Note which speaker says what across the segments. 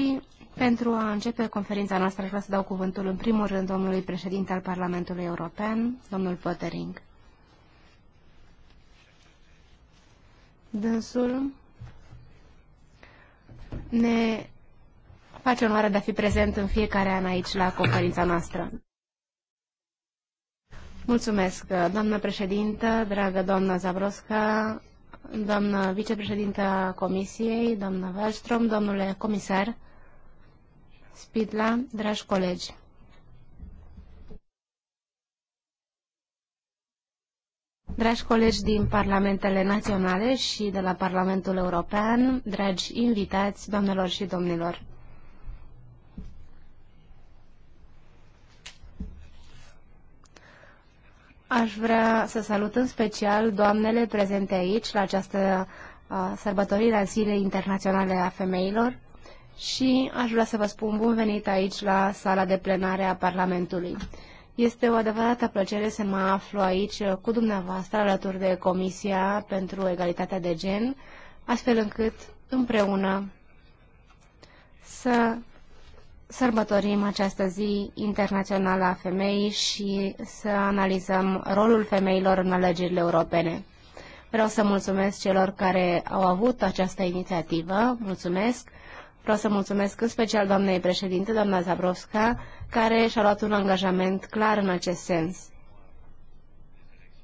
Speaker 1: Și pentru a începe conferința noastră, aș vrea să dau cuvântul în primul rând domnului președinte al Parlamentului European, domnul Pöttering. Dânsul ne face onoarea de a fi prezent în fiecare an aici la conferința noastră. Mulțumesc, doamnă președintă, dragă doamnă Zabrosca, doamnă vicepreședintă Comisiei, doamnă Wallström, domnule comisar, Spidla, dragi colegi. Dragi colegi din Parlamentele Naționale și de la Parlamentul European, dragi invitați, doamnelor și domnilor. Aș vrea să salut în special doamnele prezente aici la această uh, sărbătorire a Zilei Internaționale a Femeilor, și aș vrea să vă spun bun venit aici la sala de plenare a Parlamentului. Este o adevărată plăcere să mă aflu aici cu dumneavoastră alături de Comisia pentru Egalitatea de Gen, astfel încât împreună să sărbătorim această zi internațională a femeii și să analizăm rolul femeilor în alegerile europene. Vreau să mulțumesc celor care au avut această inițiativă, mulțumesc, Vreau să mulțumesc în special doamnei președinte, doamna Zabrovska, care și-a luat un angajament clar în acest sens.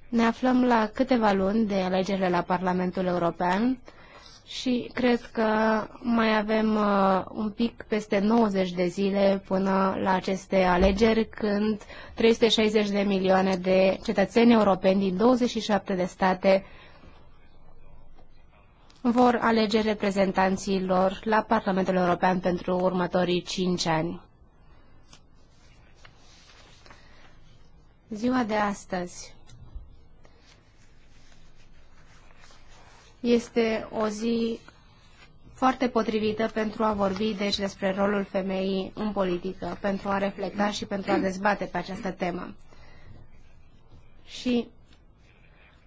Speaker 1: Ne aflăm la câteva luni de alegerile la Parlamentul European și cred că mai avem uh, un pic peste 90 de zile până la aceste alegeri, când 360 de milioane de cetățeni europeni din 27 de state vor alege reprezentanții lor la Parlamentul European pentru următorii cinci ani. Ziua de astăzi este o zi foarte potrivită pentru a vorbi deci despre rolul femeii în politică, pentru a reflecta și pentru a dezbate pe această temă. Și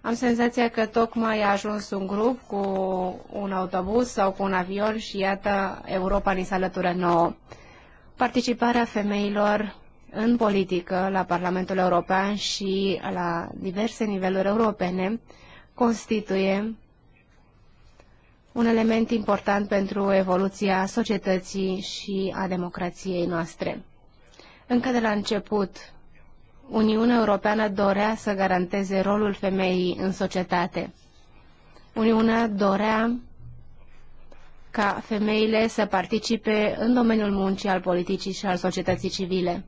Speaker 1: am senzația că tocmai a ajuns un grup cu un autobuz sau cu un avion și iată, Europa ni se alătură nouă. Participarea femeilor în politică la Parlamentul European și la diverse niveluri europene constituie un element important pentru evoluția societății și a democrației noastre. Încă de la început, Uniunea Europeană dorea să garanteze rolul femeii în societate. Uniunea dorea ca femeile să participe în domeniul muncii, al politicii și al societății civile.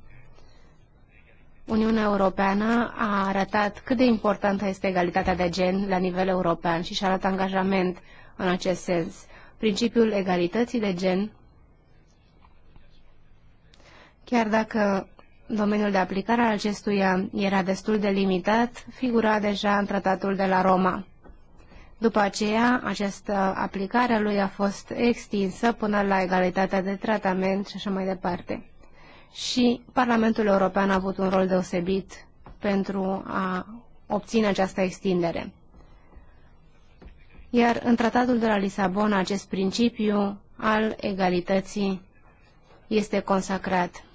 Speaker 1: Uniunea Europeană a arătat cât de importantă este egalitatea de gen la nivel european și și-a luat angajament în acest sens. Principiul egalității de gen, chiar dacă domeniul de aplicare al acestuia era destul de limitat, figura deja în tratatul de la Roma. După aceea, această aplicare a lui a fost extinsă până la egalitatea de tratament și așa mai departe. Și Parlamentul European a avut un rol deosebit pentru a obține această extindere. Iar în tratatul de la Lisabona acest principiu al egalității este consacrat.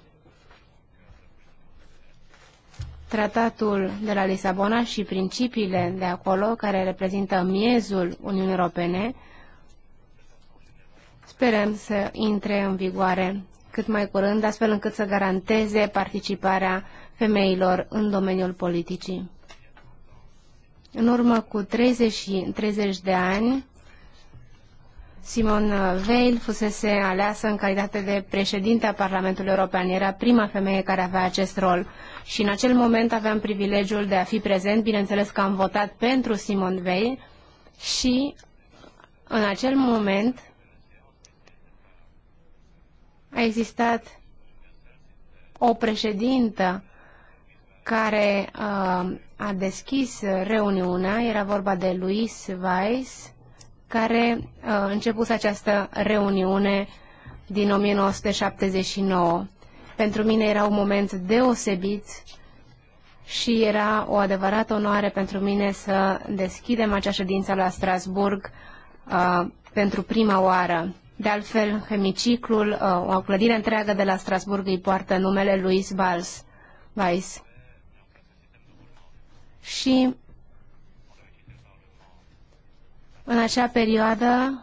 Speaker 1: tratatul de la Lisabona și principiile de acolo, care reprezintă miezul Uniunii Europene, sperăm să intre în vigoare cât mai curând, astfel încât să garanteze participarea femeilor în domeniul politicii. În urmă cu 30, 30 de ani, Simon Veil fusese aleasă în calitate de președinte a Parlamentului European. Era prima femeie care avea acest rol și în acel moment aveam privilegiul de a fi prezent. Bineînțeles că am votat pentru Simon Veil și în acel moment a existat o președintă care uh, a deschis reuniunea, era vorba de Luis Weiss, care a uh, început această reuniune din 1979. Pentru mine era un moment deosebit și era o adevărată onoare pentru mine să deschidem acea ședință la Strasburg a, uh, pentru prima oară. De altfel, hemiciclul, a uh, o clădire întreagă de la Strasburg îi poartă numele lui Valls. Weiss. Și în acea perioadă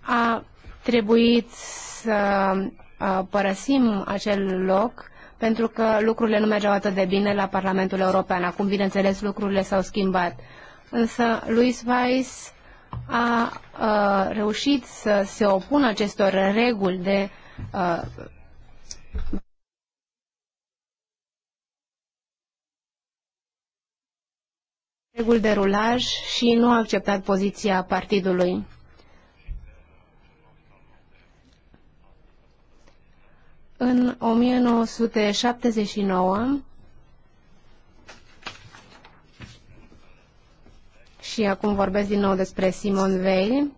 Speaker 1: a trebuit să părăsim acel loc pentru că lucrurile nu mergeau atât de bine la Parlamentul European. Acum, bineînțeles, lucrurile s-au schimbat. Însă, Louis Weiss a, a reușit să se opună acestor reguli de a, reguli de rulaj și nu a acceptat poziția partidului. În 1979 și acum vorbesc din nou despre Simon Veil,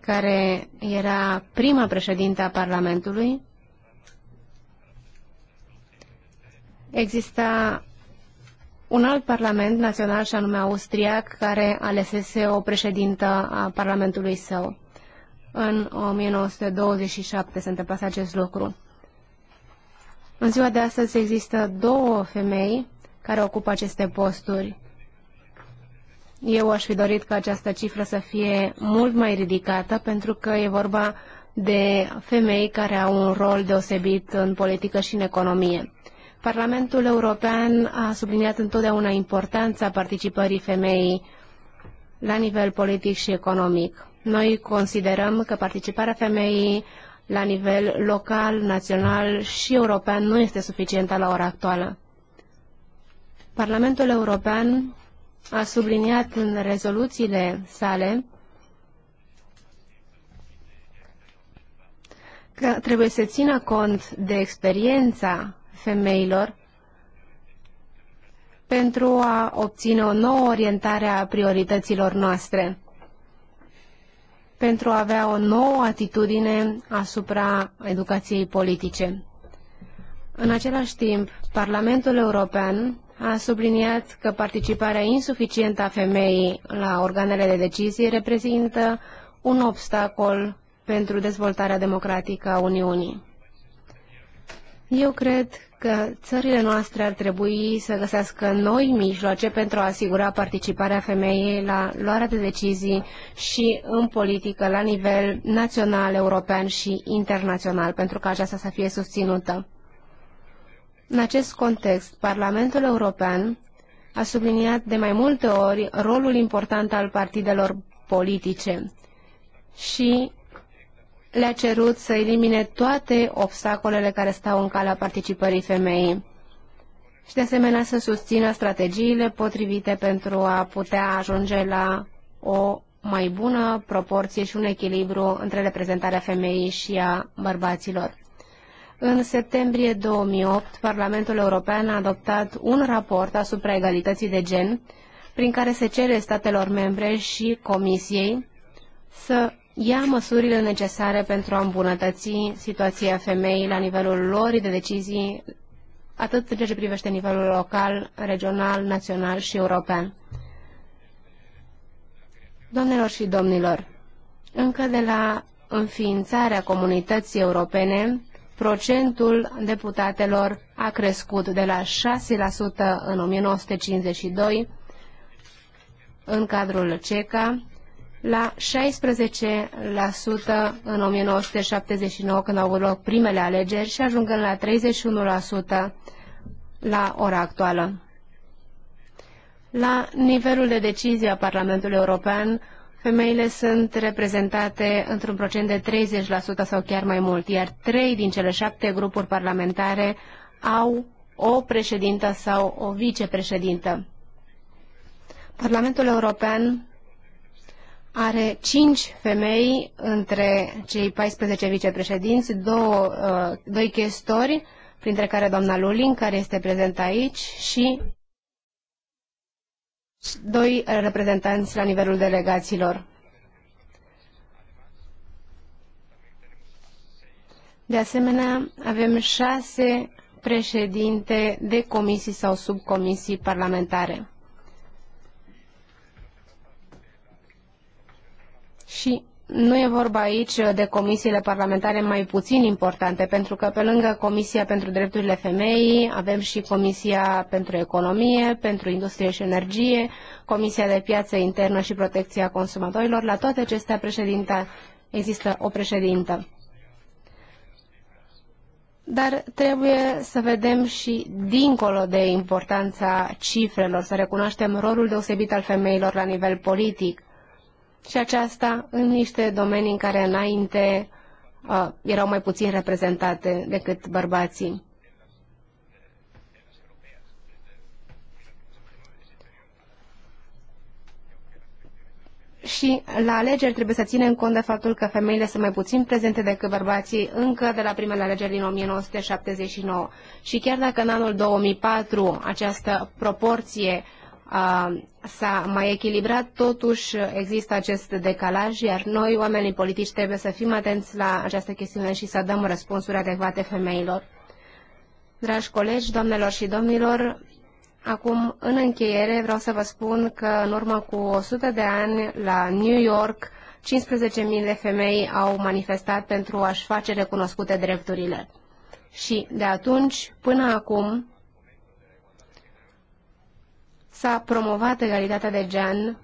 Speaker 1: care era prima președinte a Parlamentului, exista un alt parlament național, și anume austriac, care alesese o președintă a parlamentului său. În 1927 se întâmplă acest lucru. În ziua de astăzi există două femei care ocupă aceste posturi. Eu aș fi dorit ca această cifră să fie mult mai ridicată, pentru că e vorba de femei care au un rol deosebit în politică și în economie. Parlamentul European a subliniat întotdeauna importanța participării femeii la nivel politic și economic. Noi considerăm că participarea femeii la nivel local, național și european nu este suficientă la ora actuală. Parlamentul European a subliniat în rezoluțiile sale că trebuie să țină cont de experiența femeilor pentru a obține o nouă orientare a priorităților noastre, pentru a avea o nouă atitudine asupra educației politice. În același timp, Parlamentul European a subliniat că participarea insuficientă a femeii la organele de decizie reprezintă un obstacol pentru dezvoltarea democratică a Uniunii. Eu cred că țările noastre ar trebui să găsească noi mijloace pentru a asigura participarea femeii la luarea de decizii și în politică la nivel național, european și internațional, pentru ca aceasta să fie susținută. În acest context, Parlamentul European a subliniat de mai multe ori rolul important al partidelor politice și le-a cerut să elimine toate obstacolele care stau în calea participării femeii și de asemenea să susțină strategiile potrivite pentru a putea ajunge la o mai bună proporție și un echilibru între reprezentarea femeii și a bărbaților. În septembrie 2008, Parlamentul European a adoptat un raport asupra egalității de gen, prin care se cere statelor membre și Comisiei să ia măsurile necesare pentru a îmbunătăți situația femeii la nivelul lor de decizii, atât în ceea ce privește nivelul local, regional, național și european. Doamnelor și domnilor, încă de la înființarea comunității europene, procentul deputatelor a crescut de la 6% în 1952 în cadrul CECA la 16% în 1979 când au avut loc primele alegeri și ajungând la 31% la ora actuală. La nivelul de decizie a Parlamentului European, femeile sunt reprezentate într-un procent de 30% sau chiar mai mult, iar trei din cele șapte grupuri parlamentare au o președintă sau o vicepreședintă. Parlamentul European are cinci femei între cei 14 vicepreședinți, două, uh, doi chestori, printre care doamna Lulin, care este prezent aici, și doi reprezentanți la nivelul delegațiilor. De asemenea, avem șase președinte de comisii sau subcomisii parlamentare. Și nu e vorba aici de comisiile parlamentare mai puțin importante, pentru că pe lângă Comisia pentru Drepturile Femeii avem și Comisia pentru Economie, pentru Industrie și Energie, Comisia de Piață Internă și Protecția Consumatorilor. La toate acestea președinta, există o președintă. Dar trebuie să vedem și dincolo de importanța cifrelor, să recunoaștem rolul deosebit al femeilor la nivel politic și aceasta în niște domenii în care înainte uh, erau mai puțin reprezentate decât bărbații. Și la alegeri trebuie să ținem cont de faptul că femeile sunt mai puțin prezente decât bărbații încă de la primele alegeri din 1979. Și chiar dacă în anul 2004 această proporție uh, s-a mai echilibrat, totuși există acest decalaj, iar noi, oamenii politici, trebuie să fim atenți la această chestiune și să dăm răspunsuri adecvate femeilor. Dragi colegi, doamnelor și domnilor, acum, în încheiere, vreau să vă spun că în urmă cu 100 de ani, la New York, 15.000 de femei au manifestat pentru a-și face recunoscute drepturile. Și de atunci până acum, s-a promovat egalitatea de gen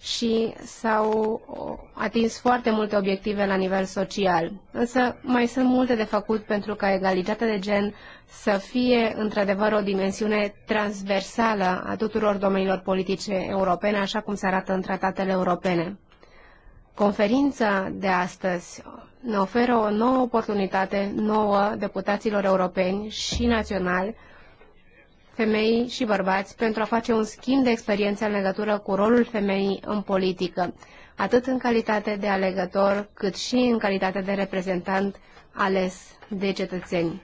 Speaker 1: și s-au atins foarte multe obiective la nivel social. Însă mai sunt multe de făcut pentru ca egalitatea de gen să fie într-adevăr o dimensiune transversală a tuturor domeniilor politice europene, așa cum se arată în tratatele europene. Conferința de astăzi ne oferă o nouă oportunitate nouă deputaților europeni și naționali femei și bărbați pentru a face un schimb de experiență în legătură cu rolul femeii în politică, atât în calitate de alegător, cât și în calitate de reprezentant ales de cetățeni.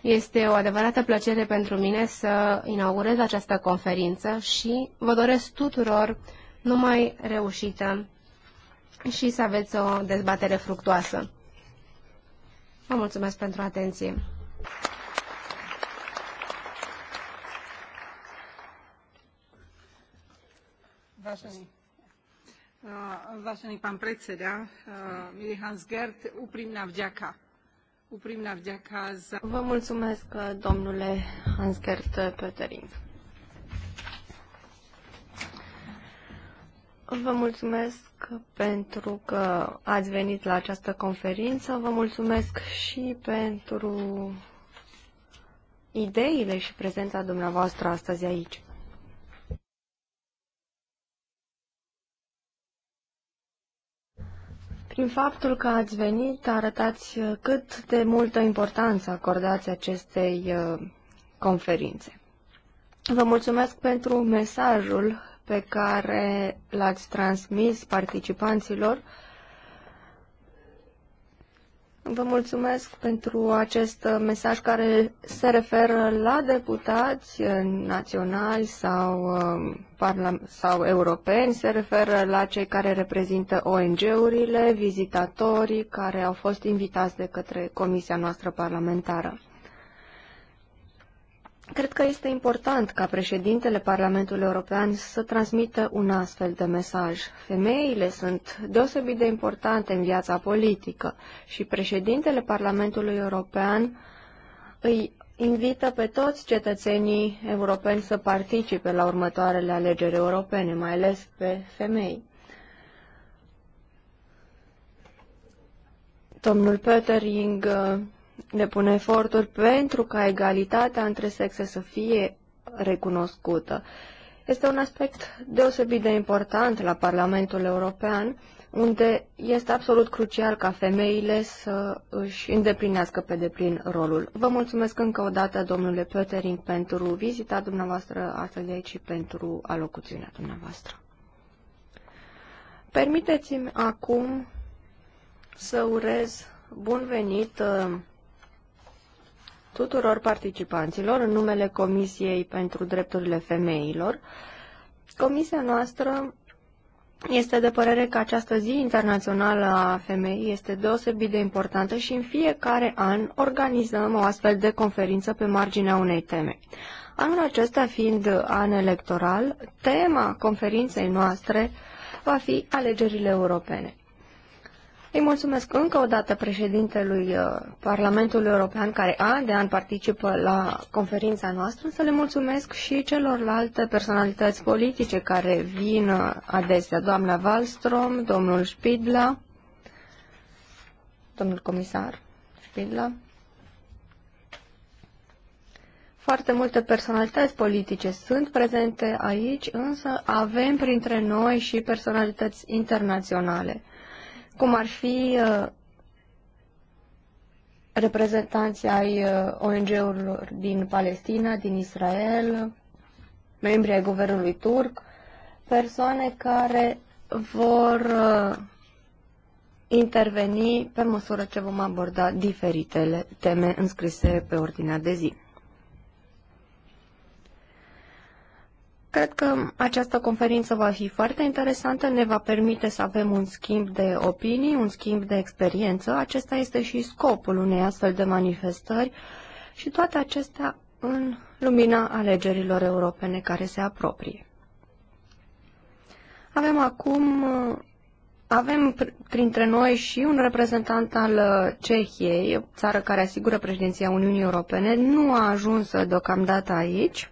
Speaker 1: Este o adevărată plăcere pentru mine să inaugurez această conferință și vă doresc tuturor numai reușită și să aveți o dezbatere fructoasă. Vă mulțumesc pentru atenție.
Speaker 2: Eh, vážený pán predseda, eh, milý Hans Gert, úprimná vďaka. Úprimná vďaka za... Vă
Speaker 3: mulțumesc, domnule Hans Gert Pötering. Vă mulțumesc pentru că ați venit la această conferință. Vă mulțumesc și pentru ideile și prezența dumneavoastră astăzi aici. Prin faptul că ați venit, arătați uh, cât de multă importanță acordați acestei uh, conferințe. Vă mulțumesc pentru mesajul pe care l-ați transmis participanților Vă mulțumesc pentru acest mesaj care se referă la deputați naționali sau, um, sau europeni, se referă la cei care reprezintă ONG-urile, vizitatorii care au fost invitați de către Comisia noastră parlamentară. Cred că este important ca președintele Parlamentului European să transmită un astfel de mesaj. Femeile sunt deosebit de importante în viața politică și președintele Parlamentului European îi invită pe toți cetățenii europeni să participe la următoarele alegeri europene, mai ales pe femei. Domnul Pöttering depune eforturi pentru ca egalitatea între sexe să fie recunoscută. Este un aspect deosebit de important la Parlamentul European, unde este absolut crucial ca femeile să își îndeplinească pe deplin rolul. Vă mulțumesc încă o dată, domnule Pötering, pentru vizita dumneavoastră astăzi aici și pentru alocuțiunea dumneavoastră. Permiteți-mi acum să urez bun venit uh, tuturor participanților în numele Comisiei pentru Drepturile Femeilor. Comisia noastră este de părere că această zi internațională a femeii este deosebit de importantă și în fiecare an organizăm o astfel de conferință pe marginea unei teme. Anul acesta fiind an electoral, tema conferinței noastre va fi alegerile europene. Îi mulțumesc încă o dată președintelui uh, Parlamentului European, care an de an participă la conferința noastră, să le mulțumesc și celorlalte personalități politice care vin uh, adesea, doamna Wallström, domnul Spidla, domnul comisar Spidla. Foarte multe personalități politice sunt prezente aici, însă avem printre noi și personalități internaționale – cum ar fi uh, reprezentanții ai uh, ONG-urilor din Palestina, din Israel, membri ai guvernului turc, persoane care vor uh, interveni pe măsură ce vom aborda diferitele teme înscrise pe ordinea de zi. Cred că această conferință va fi foarte interesantă, ne va permite să avem un schimb de opinii, un schimb de experiență. Acesta este și scopul unei astfel de manifestări și toate acestea în lumina alegerilor europene care se apropie. Avem acum, avem printre noi și un reprezentant al Cehiei, țară care asigură președinția Uniunii Europene, nu a ajuns deocamdată aici.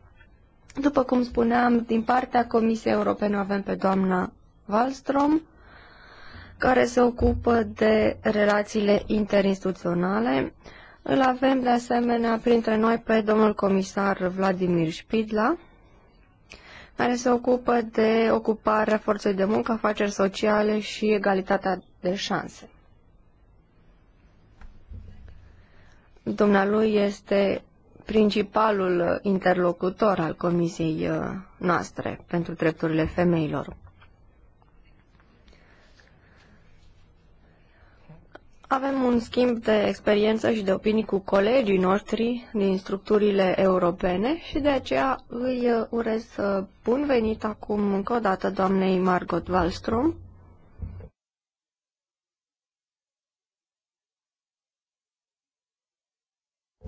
Speaker 3: După cum spuneam, din partea Comisiei Europene avem pe doamna Wallström, care se ocupă de relațiile interinstituționale. Îl avem de asemenea printre noi pe domnul comisar Vladimir Spidla, care se ocupă de ocuparea forței de muncă, afaceri sociale și egalitatea de șanse. Dumnealui este principalul uh, interlocutor al comisiei uh, noastre pentru drepturile femeilor. Avem un schimb de experiență și de opinii cu colegii noștri din structurile europene și de aceea îi uh, urez bun venit acum încă o dată doamnei Margot Wallström,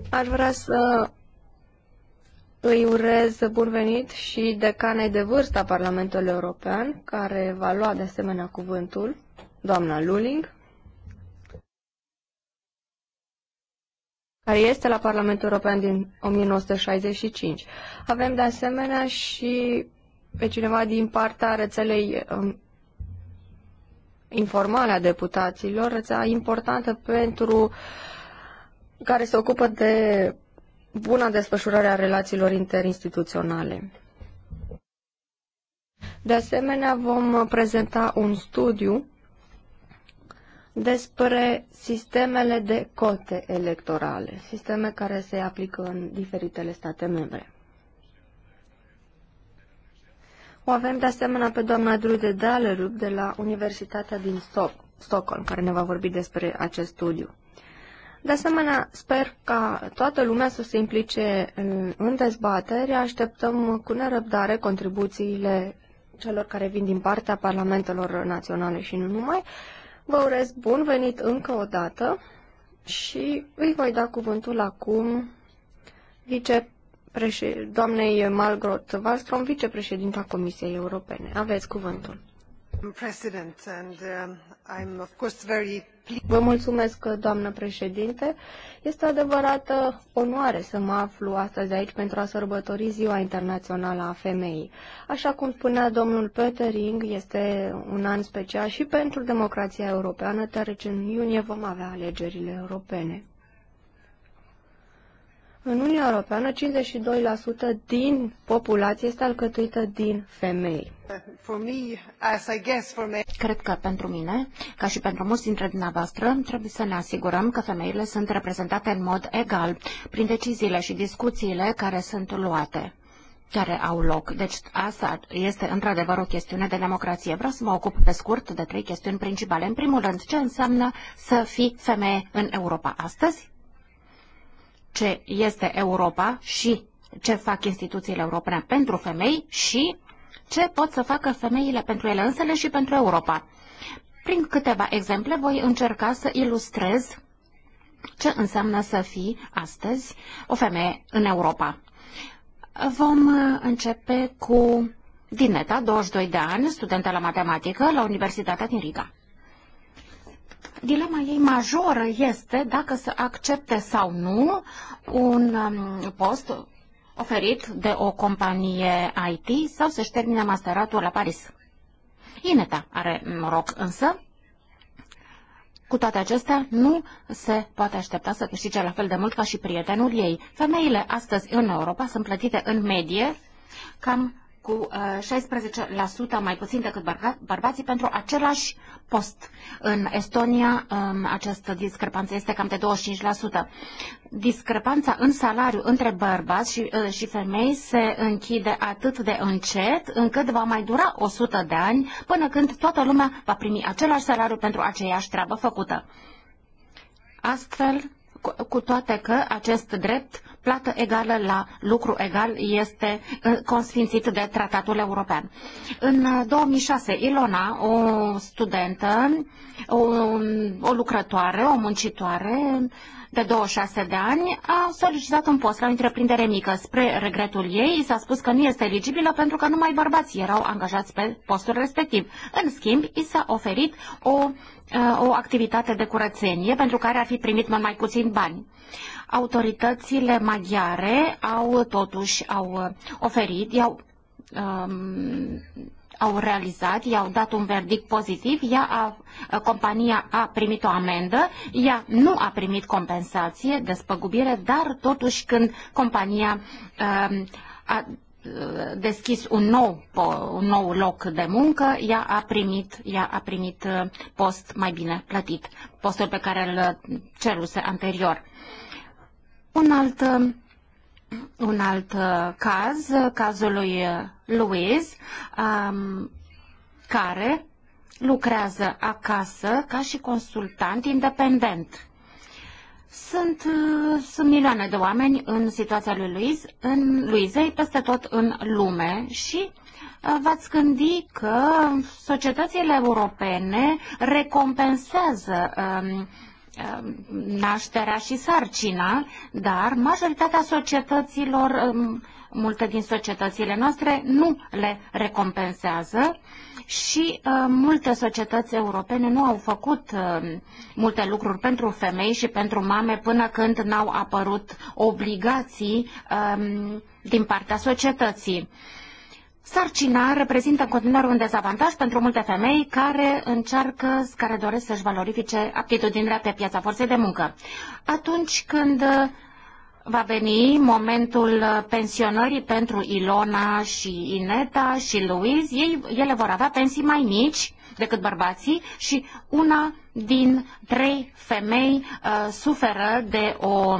Speaker 3: Ar vrea să îi urez bun venit și decanei de vârstă a Parlamentului European, care va lua de asemenea cuvântul, doamna Luling, care este la Parlamentul European din 1965. Avem de asemenea și pe cineva din partea rețelei um, informale a deputaților, rețea importantă pentru uh, care se ocupă de buna desfășurare a relațiilor interinstituționale. De asemenea, vom prezenta un studiu despre sistemele de cote electorale, sisteme care se aplică în diferitele state membre. O avem de asemenea pe doamna Drude Dalerup de la Universitatea din Stockholm, care ne va vorbi despre acest studiu. De asemenea, sper ca toată lumea să se implice în, în dezbatere. Așteptăm cu nerăbdare contribuțiile celor care vin din partea parlamentelor naționale și nu numai. Vă urez bun venit încă o dată și îi voi da cuvântul acum vice doamnei Malgrot Wallström, vicepreședinta Comisiei Europene. Aveți cuvântul.
Speaker 2: President, and um, I'm of course very
Speaker 3: Vă mulțumesc, doamnă președinte. Este adevărată onoare să mă aflu astăzi aici pentru a sărbători Ziua Internațională a Femeii. Așa cum spunea domnul Petering, este un an special și pentru democrația europeană, deoarece în iunie vom avea alegerile europene. În Uniunea Europeană, 52% din populație este alcătuită din femei. Cred că pentru
Speaker 1: mine, ca și pentru mulți dintre dumneavoastră, trebuie să ne asigurăm că femeile sunt reprezentate în mod egal prin deciziile și discuțiile care sunt luate care au loc. Deci asta este într-adevăr o chestiune de democrație. Vreau să mă ocup pe scurt de trei chestiuni principale. În primul rând, ce înseamnă să fii femeie în Europa astăzi? ce este Europa și ce fac instituțiile europene pentru femei și ce pot să facă femeile pentru ele însele și pentru Europa. Prin câteva exemple voi încerca să ilustrez ce înseamnă să fii astăzi o femeie în Europa. Vom uh, începe cu Dineta, 22 de ani, studentă la matematică la Universitatea din Riga. Dilema ei majoră este dacă să accepte sau nu un um, post oferit de o companie IT sau să-și termine masteratul la Paris. Ineta are noroc însă cu toate acestea, nu se poate aștepta să câștige la fel de mult ca și prietenul ei. Femeile astăzi în Europa sunt plătite în medie cam cu 16% uh, mai puțin decât barba bărbații pentru același post. În Estonia um, această discrepanță este cam de 25%. Discrepanța în salariu între bărbați și, uh, și femei se închide atât de încet încât va mai dura 100 de ani până când toată lumea va primi același salariu pentru aceeași treabă făcută. Astfel, cu toate că acest drept plată egală la lucru egal este uh, consfințit de tratatul european. În 2006, uh, Ilona, o studentă, o, um, o lucrătoare, o muncitoare, de 26 de ani a solicitat un post la o întreprindere mică. Spre regretul ei, s-a spus că nu este eligibilă pentru că numai bărbații erau angajați pe postul respectiv. În schimb, i s-a oferit o, uh, o activitate de curățenie pentru care ar fi primit mai, mai puțin bani. Autoritățile maghiare au totuși au uh, oferit, i-au um, au realizat, i-au dat un verdict pozitiv, ea a, compania a primit o amendă, ea nu a primit compensație, despăgubire, dar totuși când compania um, uh, a deschis un nou, un nou loc de muncă, ea a primit, ea a primit uh, post mai bine plătit, postul pe care îl ceruse anterior. Un alt um, un alt uh, caz, cazul lui uh, Louise, um, care lucrează acasă ca și consultant independent. Sunt, uh, sunt milioane de oameni în situația lui Luiz, în Luizei, peste tot în lume și v-ați gândi că societățile europene recompensează um, Um, nașterea și sarcina, dar majoritatea societăților, um, multe din societățile noastre, nu le recompensează și uh, multe societăți europene nu au făcut uh, multe lucruri pentru femei și pentru mame până când n-au apărut obligații um, din partea societății. Sarcina reprezintă în continuare un dezavantaj pentru multe femei care încearcă, care doresc să-și valorifice aptitudinile pe piața forței de muncă. Atunci când uh, va veni momentul uh, pensionării pentru Ilona și Ineta și Luiz, ei, ele vor avea pensii mai mici decât bărbații și una din trei femei uh, suferă de o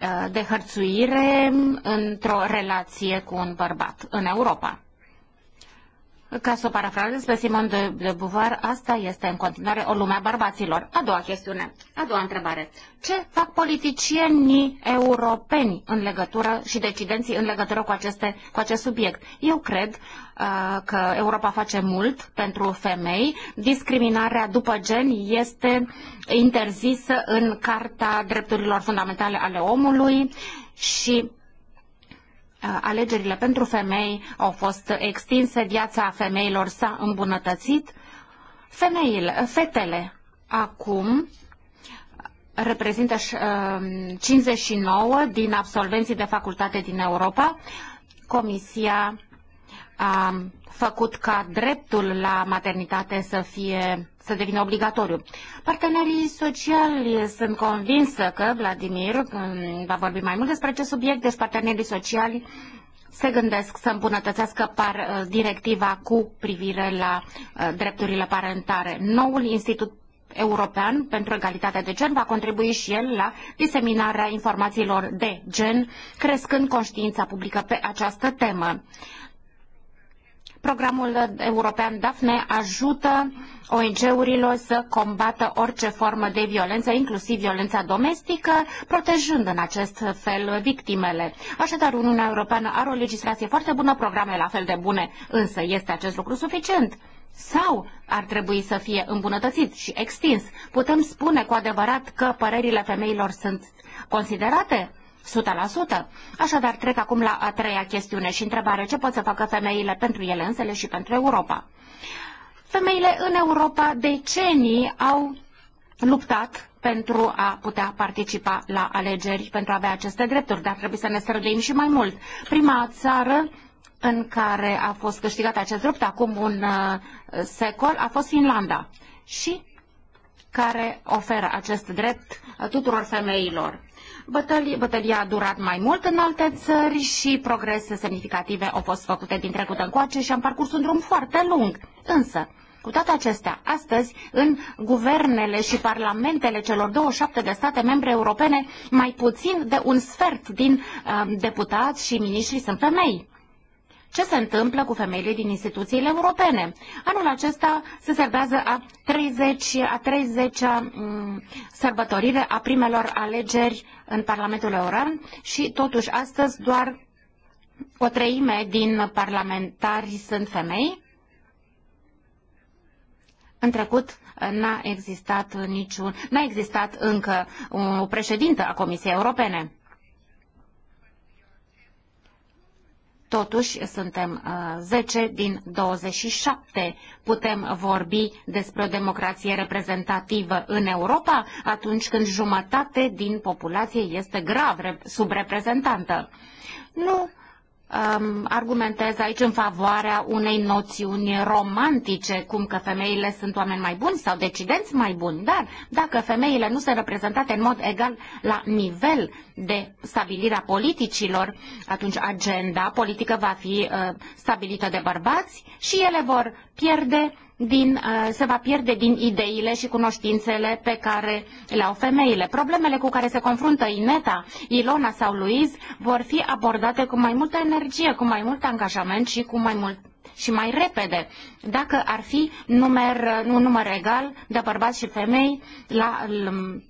Speaker 1: uh, de hărțuire într-o relație cu un bărbat în Europa. Ca să o parafrazez pe Simon de, de Beauvoir, asta este în continuare o lume a bărbaților. A doua chestiune, a doua întrebare. Ce fac politicienii europeni în legătură și decidenții în legătură cu, aceste, cu acest subiect? Eu cred uh, că Europa face mult pentru femei. Discriminarea după gen este interzisă în Carta Drepturilor Fundamentale ale Omului și Uh, alegerile pentru femei au fost extinse, viața femeilor s-a îmbunătățit. Femeile, fetele acum reprezintă 59 uh, din absolvenții de facultate din Europa. Comisia a făcut ca dreptul la maternitate să fie să devină obligatoriu. Partenerii sociali sunt convinsă că Vladimir va vorbi mai mult despre acest subiect, deci partenerii sociali se gândesc să îmbunătățească par, uh, directiva cu privire la uh, drepturile parentare. Noul Institut European pentru Egalitatea de Gen va contribui și el la diseminarea informațiilor de gen, crescând conștiința publică pe această temă. Programul european DAFNE ajută ONG-urilor să combată orice formă de violență, inclusiv violența domestică, protejând în acest fel victimele. Așadar, Uniunea Europeană are o legislație foarte bună, programe la fel de bune, însă este acest lucru suficient? Sau ar trebui să fie îmbunătățit și extins? Putem spune cu adevărat că părerile femeilor sunt considerate? 100%. Așadar, trec acum la a treia chestiune și întrebare. Ce pot să facă femeile pentru ele însele și pentru Europa? Femeile în Europa decenii au luptat pentru a putea participa la alegeri, pentru a avea aceste drepturi, dar trebuie să ne străduim și mai mult. Prima țară în care a fost câștigat acest drept acum un uh, secol a fost Finlanda și care oferă acest drept uh, tuturor femeilor. Bătălia, bătălia a durat mai mult în alte țări și progrese semnificative au fost făcute din trecut încoace și am parcurs un drum foarte lung. Însă, cu toate acestea, astăzi, în guvernele și parlamentele celor 27 de state membre europene, mai puțin de un sfert din uh, deputați și miniștri sunt femei ce se întâmplă cu femeile din instituțiile europene. Anul acesta se servează a 30 a 30 -a, mm, sărbătorire a primelor alegeri în Parlamentul European și totuși astăzi doar o treime din parlamentari sunt femei. În trecut n-a existat niciun, n-a existat încă o președintă a Comisiei Europene. Totuși, suntem 10 uh, din 27. Putem vorbi despre o democrație reprezentativă în Europa atunci când jumătate din populație este grav subreprezentantă. Nu um, argumentez aici în favoarea unei noțiuni romantice, cum că femeile sunt oameni mai buni sau decidenți mai buni, dar dacă femeile nu sunt reprezentate în mod egal la nivel de stabilirea politicilor, atunci agenda politică va fi uh, stabilită de bărbați și ele vor pierde din, uh, se va pierde din ideile și cunoștințele pe care le au femeile. Problemele cu care se confruntă Ineta, Ilona sau Luiz vor fi abordate cu mai multă energie, cu mai mult angajament și cu mai mult și mai repede, dacă ar fi număr, uh, un număr egal de bărbați și femei la um,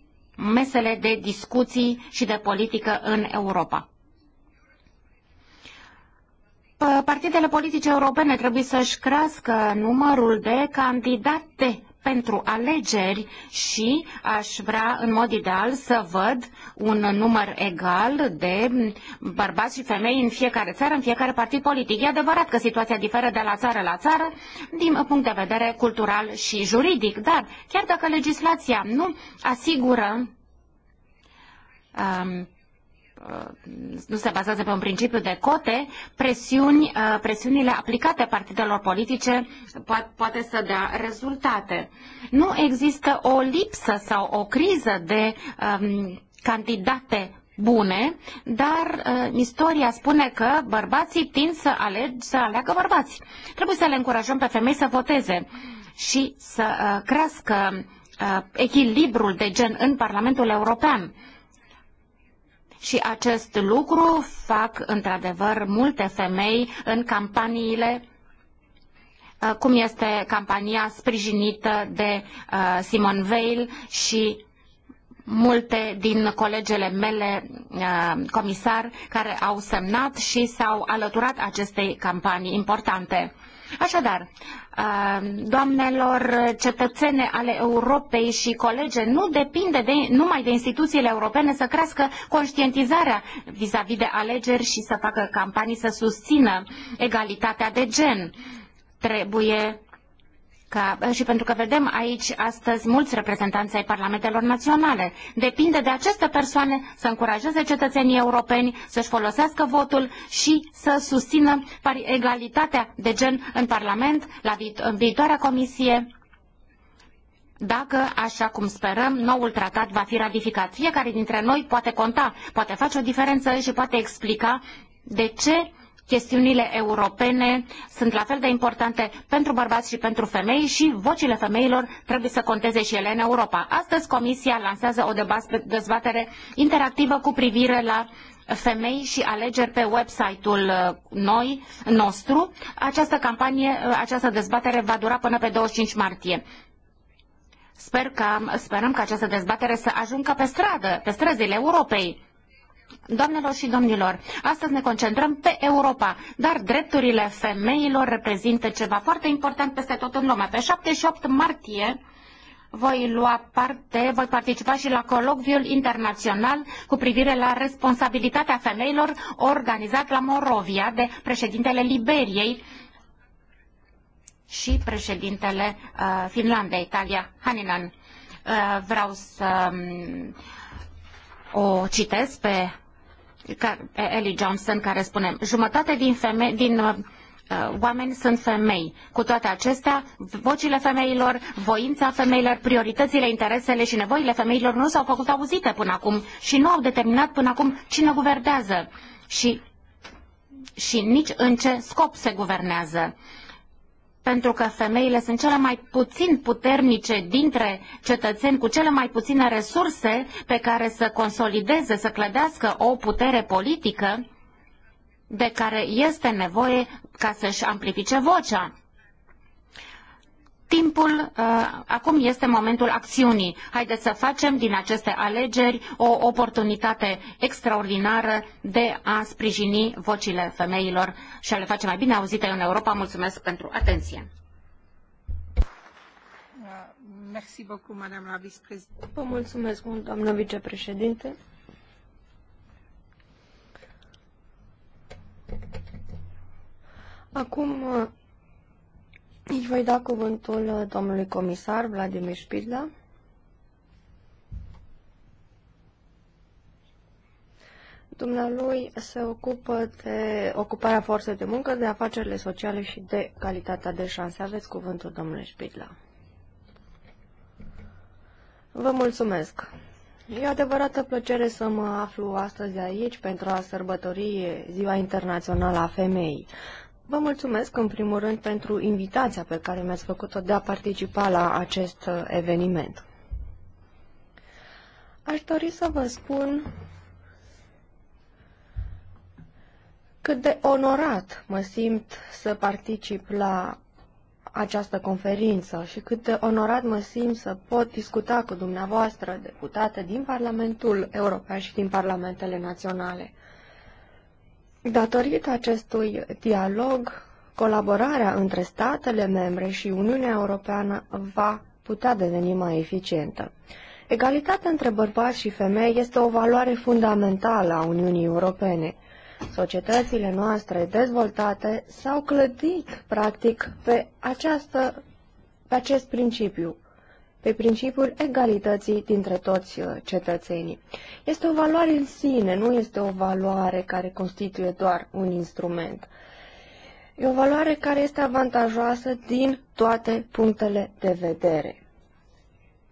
Speaker 1: mesele de discuții și de politică în Europa. Ă, partidele politice europene trebuie să-și crească numărul de candidate pentru alegeri și aș vrea în mod ideal să văd un număr egal de bărbați și femei în fiecare țară, în fiecare partid politic. E adevărat că situația diferă de la țară la țară din punct de vedere cultural și juridic, dar chiar dacă legislația nu asigură um, Uh, nu se bazează pe un principiu de cote, presiuni, uh, presiunile aplicate partidelor politice poate să dea rezultate. Nu există o lipsă sau o criză de um, candidate bune, dar uh, istoria spune că bărbații tind să, aleg, să aleagă bărbați. Trebuie să le încurajăm pe femei să voteze și să uh, crească uh, echilibrul de gen în Parlamentul European și acest lucru fac într-adevăr multe femei în campaniile uh, cum este campania sprijinită de uh, Simon Veil și multe din colegele mele uh, comisar care au semnat și s-au alăturat acestei campanii importante. Așadar, uh, doamnelor cetățene ale Europei și colege, nu depinde de, numai de instituțiile europene să crească conștientizarea vis-a-vis -vis de alegeri și să facă campanii să susțină egalitatea de gen. Trebuie ca, și pentru că vedem aici astăzi mulți reprezentanți ai parlamentelor naționale. Depinde de aceste persoane să încurajeze cetățenii europeni să-și folosească votul și să susțină egalitatea de gen în Parlament, la viitoarea comisie dacă, așa cum sperăm, noul tratat va fi ratificat. Fiecare dintre noi poate conta, poate face o diferență și poate explica de ce chestiunile europene sunt la fel de importante pentru bărbați și pentru femei și vocile femeilor trebuie să conteze și ele în Europa. Astăzi Comisia lansează o dezbatere interactivă cu privire la femei și alegeri pe website-ul uh, noi, nostru. Această campanie, uh, această dezbatere va dura până pe 25 martie. Sper că, sperăm că această dezbatere să ajungă pe stradă, pe străzile Europei Doamnelor și domnilor, astăzi ne concentrăm pe Europa, dar drepturile femeilor reprezintă ceva foarte important peste tot în lume. Pe 7 și martie voi lua parte, voi participa și la colocviul internațional cu privire la responsabilitatea femeilor organizat la Morovia de președintele Liberiei și președintele uh, Finlandei, Italia Haninan. Uh, vreau să uh, o citez pe Ellie Johnson care spune jumătate din, femei, din uh, oameni sunt femei. Cu toate acestea, vocile femeilor, voința femeilor, prioritățile, interesele și nevoile femeilor nu s-au făcut auzite până acum și nu au determinat până acum cine guvernează și, și nici în ce scop se guvernează pentru că femeile sunt cele mai puțin puternice dintre cetățeni cu cele mai puține resurse pe care să consolideze, să clădească o putere politică de care este nevoie ca să-și amplifice vocea timpul, uh, acum este momentul acțiunii. Haideți să facem din aceste alegeri o oportunitate extraordinară de a sprijini vocile femeilor și a le face mai bine auzite în
Speaker 3: Europa. Mulțumesc pentru atenție. Vă mulțumesc mult, doamnă vicepreședinte. Acum uh, îi voi da cuvântul uh, domnului comisar Vladimir Spidla. Dumnealui se ocupă de ocuparea forței de muncă, de afacerile sociale și de calitatea de șanse. Aveți cuvântul, domnule Spidla. Vă mulțumesc. E adevărată plăcere să mă aflu astăzi aici pentru a sărbători Ziua Internațională a Femeii. Vă mulțumesc în primul rând pentru invitația pe care mi-ați făcut-o de a participa la acest uh, eveniment. Aș dori să vă spun cât de onorat mă simt să particip la această conferință și cât de onorat mă simt să pot discuta cu dumneavoastră, deputate din Parlamentul European și din Parlamentele Naționale. Datorită acestui dialog, colaborarea între statele membre și Uniunea Europeană va putea deveni mai eficientă. Egalitatea între bărbați și femei este o valoare fundamentală a Uniunii Europene. Societățile noastre dezvoltate s-au clădit, practic, pe, această, pe acest principiu pe principiul egalității dintre toți uh, cetățenii. Este o valoare în sine, nu este o valoare care constituie doar un instrument. E o valoare care este avantajoasă din toate punctele de vedere.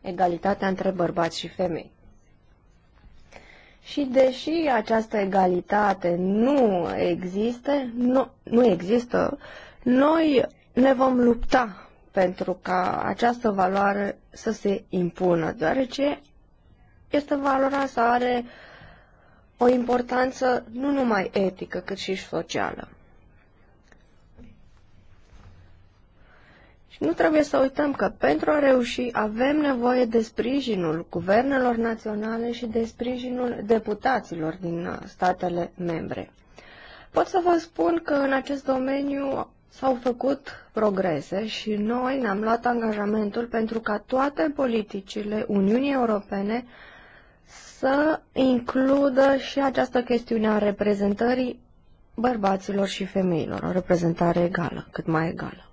Speaker 3: Egalitatea între bărbați și femei. Și deși această egalitate nu există, nu, nu există, noi ne vom lupta pentru ca această valoare să se impună, deoarece este valoarea să are o importanță nu numai etică, cât și socială. Și nu trebuie să uităm că pentru a reuși avem nevoie de sprijinul guvernelor naționale și de sprijinul deputaților din statele membre. Pot să vă spun că în acest domeniu s-au făcut progrese și noi ne-am luat angajamentul pentru ca toate politicile Uniunii Europene să includă și această chestiune a reprezentării bărbaților și femeilor, o reprezentare egală, cât mai egală.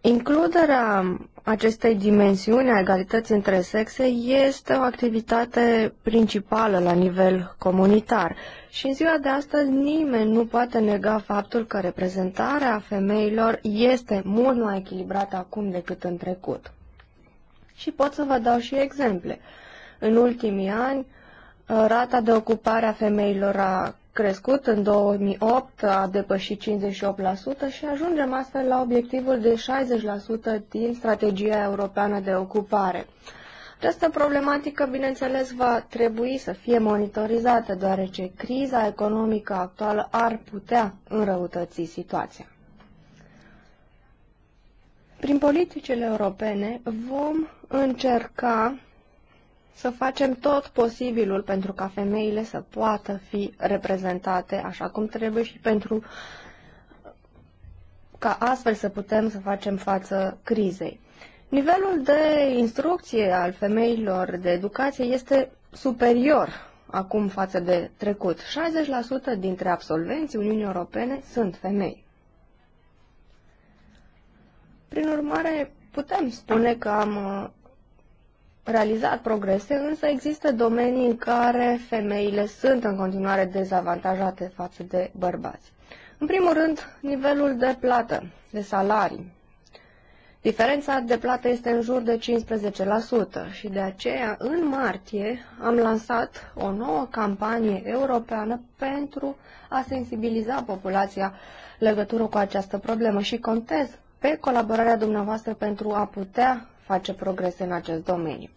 Speaker 3: Includerea acestei dimensiuni a egalității între sexe este o activitate principală la nivel comunitar. Și în ziua de astăzi nimeni nu poate nega faptul că reprezentarea femeilor este mult mai echilibrată acum decât în trecut. Și pot să vă dau și exemple. În ultimii ani, rata de ocupare a femeilor a crescut, în 2008 a depășit 58% și ajungem astfel la obiectivul de 60% din strategia europeană de ocupare. Această problematică, bineînțeles, va trebui să fie monitorizată, deoarece criza economică actuală ar putea înrăutăți situația. Prin politicile europene vom încerca să facem tot posibilul pentru ca femeile să poată fi reprezentate așa cum trebuie și pentru ca astfel să putem să facem față crizei. Nivelul de instrucție al femeilor de educație este superior acum față de trecut. 60% dintre absolvenții Uniunii Europene sunt femei. Prin urmare, putem spune că am realizat progrese, însă există domenii în care femeile sunt în continuare dezavantajate față de bărbați. În primul rând, nivelul de plată, de salarii. Diferența de plată este în jur de 15% și de aceea, în martie, am lansat o nouă campanie europeană pentru a sensibiliza populația legătură cu această problemă și contez pe colaborarea dumneavoastră pentru a putea face progrese în acest domeniu.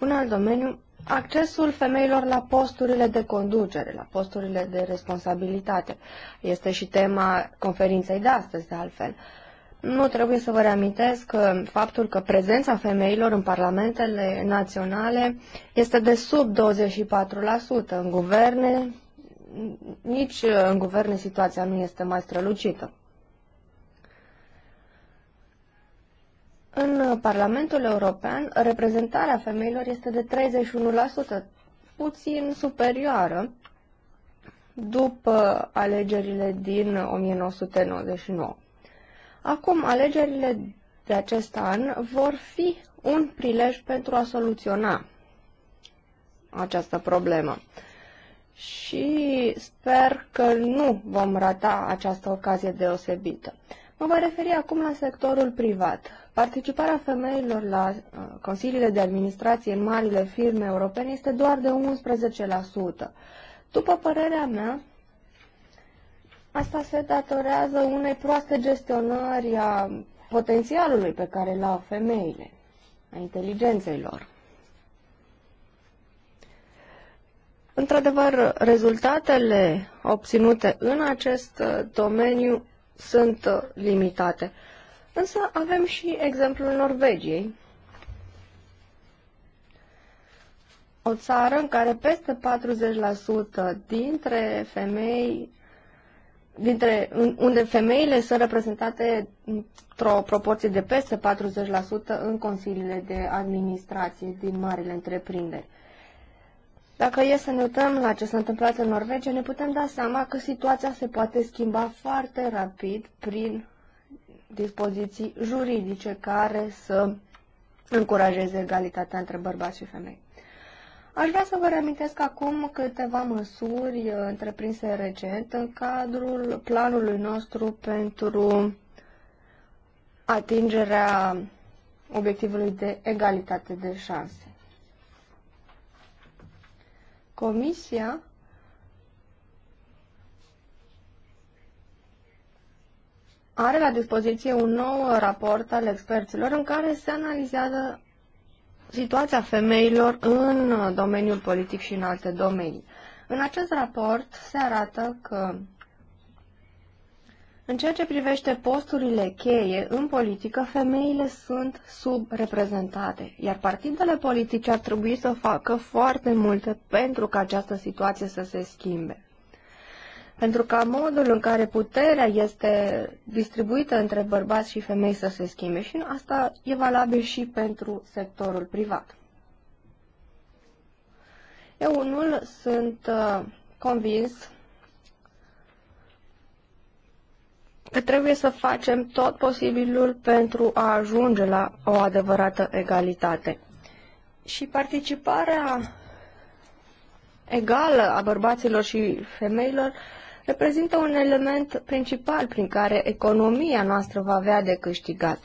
Speaker 3: Un alt domeniu, accesul femeilor la posturile de conducere, la posturile de responsabilitate. Este și tema conferinței de astăzi, de altfel. Nu trebuie să vă reamintesc că faptul că prezența femeilor în parlamentele naționale este de sub 24%. În guverne, nici în guverne situația nu este mai strălucită. În Parlamentul European, reprezentarea femeilor este de 31%, puțin superioară după alegerile din 1999. Acum, alegerile de acest an vor fi un prilej pentru a soluționa această problemă. Și sper că nu vom rata această ocazie deosebită. Mă voi referi acum la sectorul privat. Participarea femeilor la uh, consiliile de administrație în marile firme europene este doar de 11%. După părerea mea, asta se datorează unei proaste gestionări a potențialului pe care l-au femeile, a inteligenței lor. Într-adevăr, rezultatele obținute în acest uh, domeniu sunt uh, limitate. Însă avem și exemplul Norvegiei, o țară în care peste 40% dintre femei, dintre, unde femeile sunt reprezentate într-o proporție de peste 40% în consiliile de administrație din marile întreprinderi. Dacă e să ne uităm la ce s-a întâmplat în Norvegia, ne putem da seama că situația se poate schimba foarte rapid prin dispoziții juridice care să încurajeze egalitatea între bărbați și femei. Aș vrea să vă reamintesc acum câteva măsuri uh, întreprinse recent în cadrul planului nostru pentru atingerea obiectivului de egalitate de șanse. Comisia are la dispoziție un nou raport al experților în care se analizează situația femeilor în domeniul politic și în alte domenii. În acest raport se arată că în ceea ce privește posturile cheie în politică, femeile sunt subreprezentate, iar partidele politice ar trebui să facă foarte multe pentru ca această situație să se schimbe. Pentru ca modul în care puterea este distribuită între bărbați și femei să se schimbe și asta e valabil și pentru sectorul privat. Eu unul sunt uh, convins că trebuie să facem tot posibilul pentru a ajunge la o adevărată egalitate. Și participarea egală a bărbaților și femeilor reprezintă un element principal prin care economia noastră va avea de câștigat.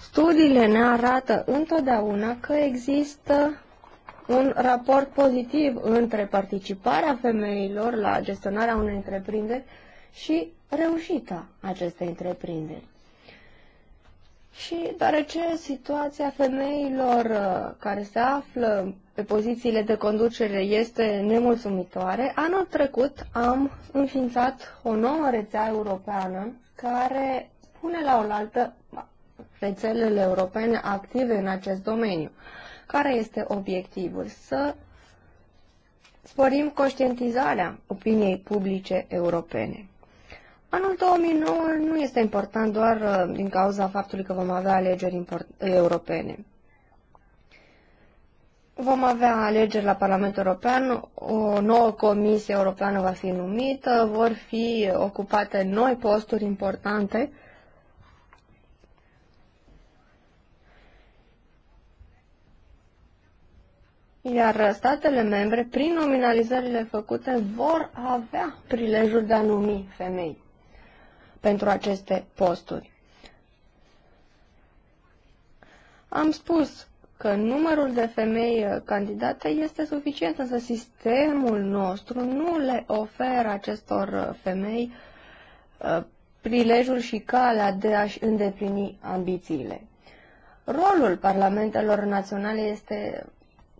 Speaker 3: Studiile ne arată întotdeauna că există un raport pozitiv între participarea femeilor la gestionarea unei întreprinderi și reușită aceste întreprinderi. Și deoarece situația femeilor uh, care se află pe pozițiile de conducere este nemulțumitoare, anul trecut am înființat o nouă rețea europeană care pune la oaltă rețelele europene active în acest domeniu. Care este obiectivul? Să sporim conștientizarea opiniei publice europene. Anul 2009 nu este important doar uh, din cauza faptului că vom avea alegeri uh, europene. Vom avea alegeri la Parlamentul European, o nouă comisie europeană va fi numită, vor fi ocupate noi posturi importante. Iar statele membre, prin nominalizările făcute, vor avea prilejul de a numi femei pentru aceste posturi. Am spus că numărul de femei uh, candidate este suficient, însă sistemul nostru nu le oferă acestor uh, femei uh, prilejul și calea de a-și îndeplini ambițiile. Rolul parlamentelor naționale este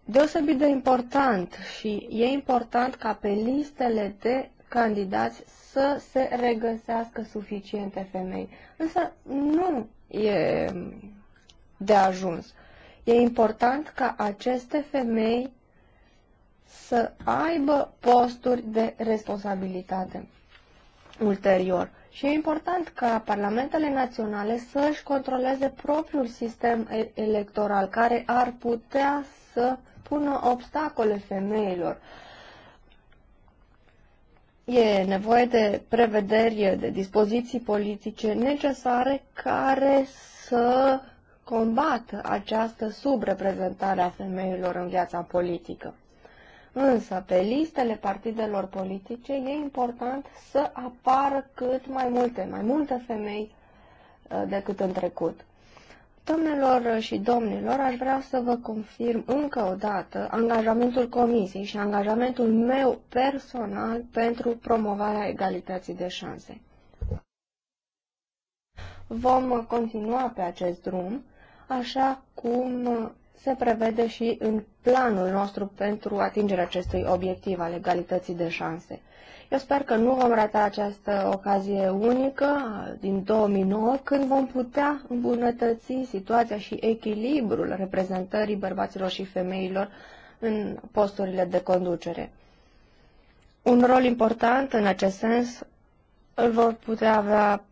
Speaker 3: deosebit de important și e important ca pe listele de candidați să se regăsească suficiente femei. Însă nu e de ajuns. E important ca aceste femei să aibă posturi de responsabilitate ulterior. Și e important ca parlamentele naționale să-și controleze propriul sistem electoral, care ar putea să pună obstacole femeilor. Uh, E nevoie de prevederi, de dispoziții politice necesare care să combată această subreprezentare a femeilor în viața politică. Însă, pe listele partidelor politice e important să apară cât mai multe, mai multe femei uh, decât în trecut. Domnilor și domnilor, aș vrea să vă confirm încă o dată angajamentul Comisiei și angajamentul meu personal pentru promovarea egalității de șanse. Vom continua pe acest drum, așa cum se prevede și în planul nostru pentru atingerea acestui obiectiv al egalității de șanse. Eu sper că nu vom rata această ocazie unică din 2009, când vom putea îmbunătăți situația și echilibrul reprezentării bărbaților și femeilor în posturile de conducere. Un rol important în acest sens îl vor putea avea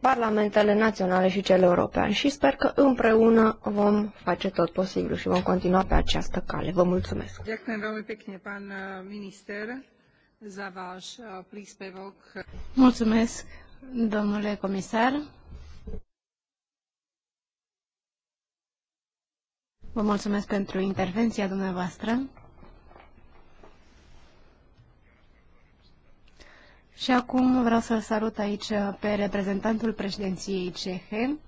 Speaker 3: parlamentele naționale și cele europene și sper că împreună vom face tot posibilul și vom continua pe această cale. Vă mulțumesc!
Speaker 2: Ďakujem minister. Eh,
Speaker 3: mulțumesc, domnule
Speaker 1: comisar. Vă mulțumesc pentru intervenția dumneavoastră. Și acum vreau să-l salut aici pe reprezentantul președinției cehe,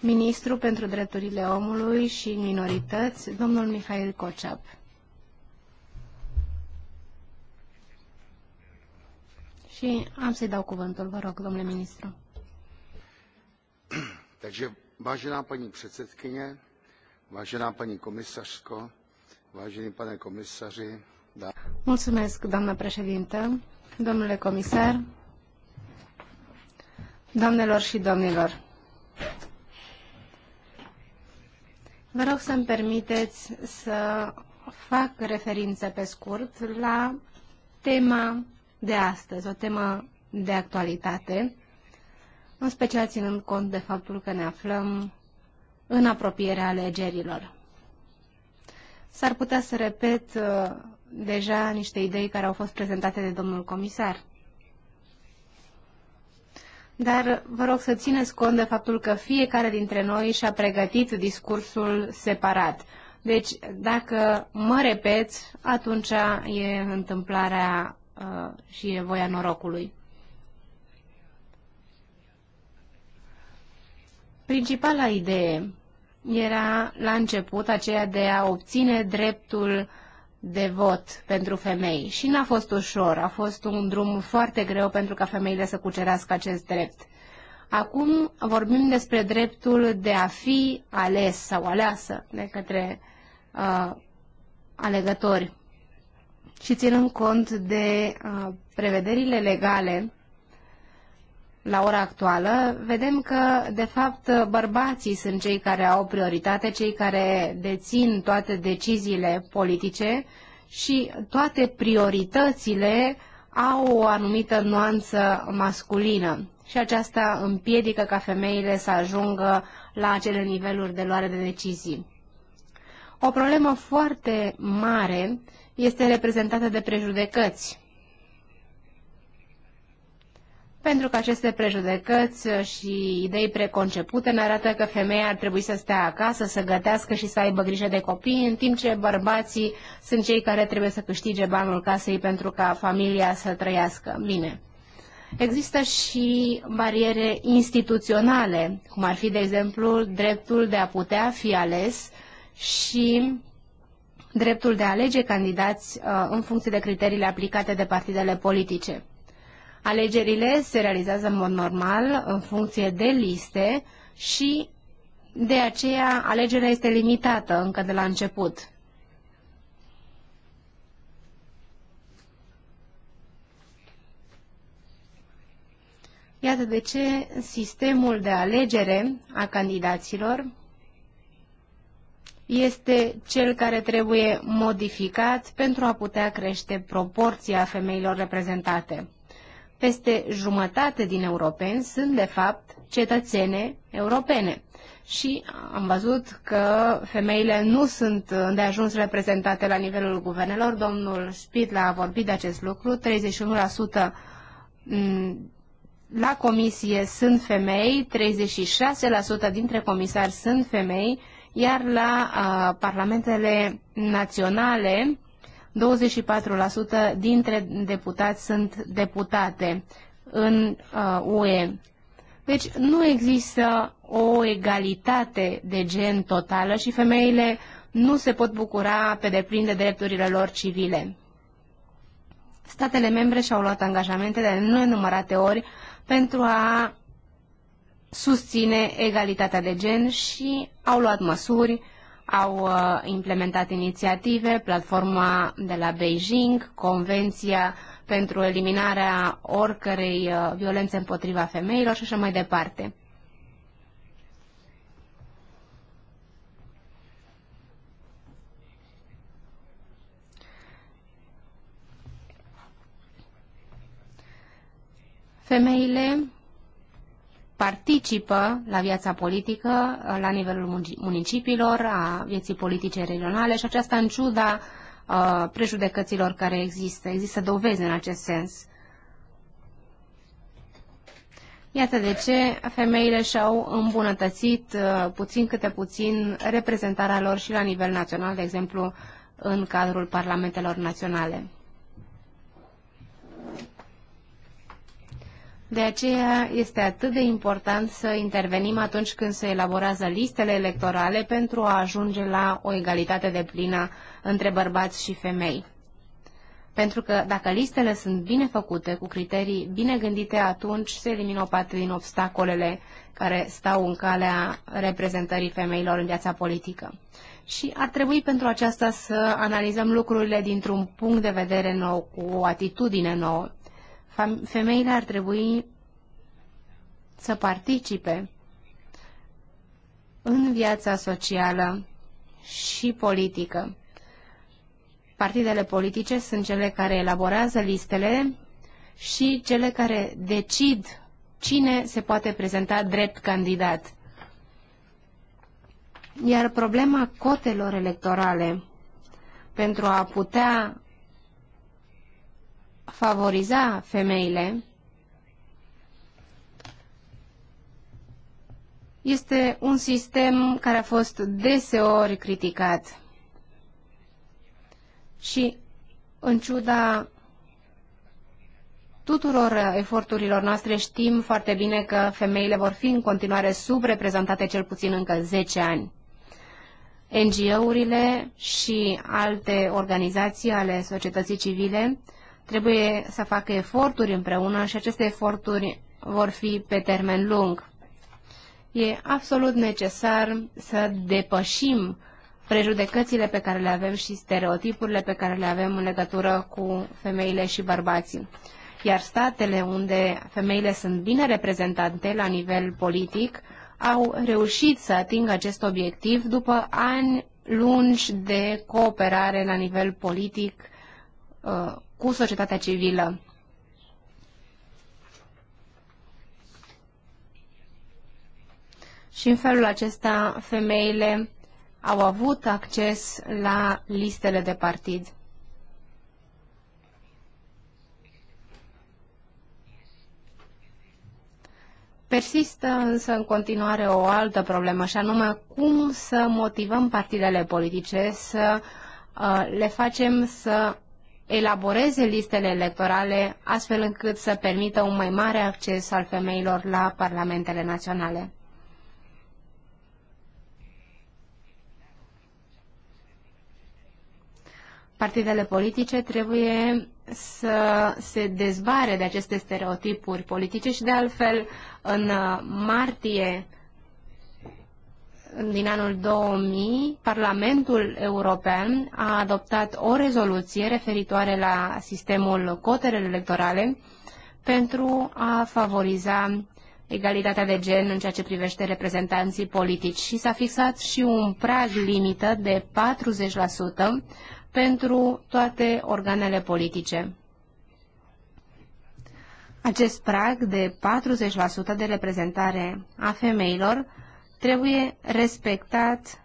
Speaker 1: ministru pentru drepturile omului și minorități, domnul Mihail Kocap. și am să-i dau cuvântul, vă rog, domnule ministru.
Speaker 3: Takže, vážená paní předsedkyně, vážená paní komisařko, vážený pane komisaři, da...
Speaker 1: Mulțumesc, doamnă președintă, domnule comisar, doamnelor
Speaker 2: și domnilor.
Speaker 1: Vă rog să-mi permiteți să fac referință pe scurt la tema de astăzi, o temă de actualitate, în special ținând cont de faptul că ne aflăm în apropierea alegerilor. S-ar putea să repet uh, deja niște idei care au fost prezentate de domnul comisar. Dar vă rog să țineți cont de faptul că fiecare dintre noi și-a pregătit discursul separat. Deci, dacă mă repet, atunci e întâmplarea Uh, și e voia norocului. Principala idee era la început aceea de a obține dreptul de vot pentru femei și n-a fost ușor, a fost un drum foarte greu pentru ca femeile să cucerească acest drept. Acum vorbim despre dreptul de a fi ales sau aleasă de către uh, alegători și ținând cont de uh, prevederile legale la ora actuală, vedem că, de fapt, bărbații sunt cei care au prioritate, cei care dețin toate deciziile politice și toate prioritățile au o anumită nuanță masculină. Și aceasta împiedică ca femeile să ajungă la acele niveluri de luare de decizii. O problemă foarte mare este reprezentată de prejudecăți. Pentru că aceste prejudecăți și idei preconcepute ne arată că femeia ar trebui să stea acasă, să gătească și să aibă grijă de copii, în timp ce bărbații sunt cei care trebuie să câștige banul casei pentru ca familia să trăiască bine. Există și bariere instituționale, cum ar fi, de exemplu, dreptul de a putea fi ales și dreptul de a alege candidați uh, în funcție de criteriile aplicate de partidele politice. Alegerile se realizează în mod normal în funcție de liste și de aceea alegerea este limitată încă de la început. Iată de ce sistemul de alegere a candidaților este cel care trebuie modificat pentru a putea crește proporția femeilor reprezentate. Peste jumătate din europeni sunt, de fapt, cetățene europene. Și am văzut că femeile nu sunt ajuns reprezentate la nivelul guvernelor. Domnul Spit a vorbit de acest lucru. 31% mm, la comisie sunt femei, 36% dintre comisari sunt femei iar la a, parlamentele naționale 24% dintre deputați sunt deputate în a, UE. Deci nu există o egalitate de gen totală și femeile nu se pot bucura pe deplin de drepturile lor civile. Statele membre și-au luat angajamente de nenumărate ori pentru a susține egalitatea de gen și au luat măsuri, au uh, implementat inițiative, platforma de la Beijing, Convenția pentru eliminarea oricărei uh, violențe împotriva femeilor și așa mai departe. Femeile participă la viața politică la nivelul municipiilor, a vieții politice regionale și aceasta în ciuda uh, prejudecăților care există. Există dovezi în acest sens. Iată de ce femeile și-au îmbunătățit uh, puțin câte puțin reprezentarea lor și la nivel național, de exemplu, în cadrul parlamentelor naționale. De aceea este atât de important să intervenim atunci când se elaborează listele electorale pentru a ajunge la o egalitate de plină între bărbați și femei. Pentru că dacă listele sunt bine făcute, cu criterii bine gândite, atunci se elimină o parte din obstacolele care stau în calea reprezentării femeilor în viața politică. Și ar trebui pentru aceasta să analizăm lucrurile dintr-un punct de vedere nou, cu o atitudine nouă, femeile ar trebui să participe în viața socială și politică. Partidele politice sunt cele care elaborează listele și cele care decid cine se poate prezenta drept candidat. Iar problema cotelor electorale pentru a putea favoriza femeile este un sistem care a fost deseori criticat. Și în ciuda tuturor eforturilor noastre știm foarte bine că femeile vor fi în continuare subreprezentate cel puțin încă 10 ani. NGO-urile și alte organizații ale societății civile Trebuie să facă eforturi împreună și aceste eforturi vor fi pe termen lung. E absolut necesar să depășim prejudecățile pe care le avem și stereotipurile pe care le avem în legătură cu femeile și bărbații. Iar statele unde femeile sunt bine reprezentate la nivel politic au reușit să atingă acest obiectiv după ani lungi de cooperare la nivel politic uh, cu societatea civilă. Și în felul acesta femeile au avut acces la listele de partid. Persistă însă în continuare o altă problemă, și anume cum să motivăm partidele politice să uh, le facem să elaboreze listele electorale astfel încât să permită un mai mare acces al femeilor la parlamentele naționale. Partidele politice trebuie să se dezbare de aceste stereotipuri politice și de altfel în martie din anul 2000, Parlamentul European a adoptat o rezoluție referitoare la sistemul cotelor electorale pentru a favoriza egalitatea de gen în ceea ce privește reprezentanții politici și s-a fixat și un prag limită de 40% pentru toate organele politice. Acest prag de 40% de reprezentare a femeilor trebuie respectat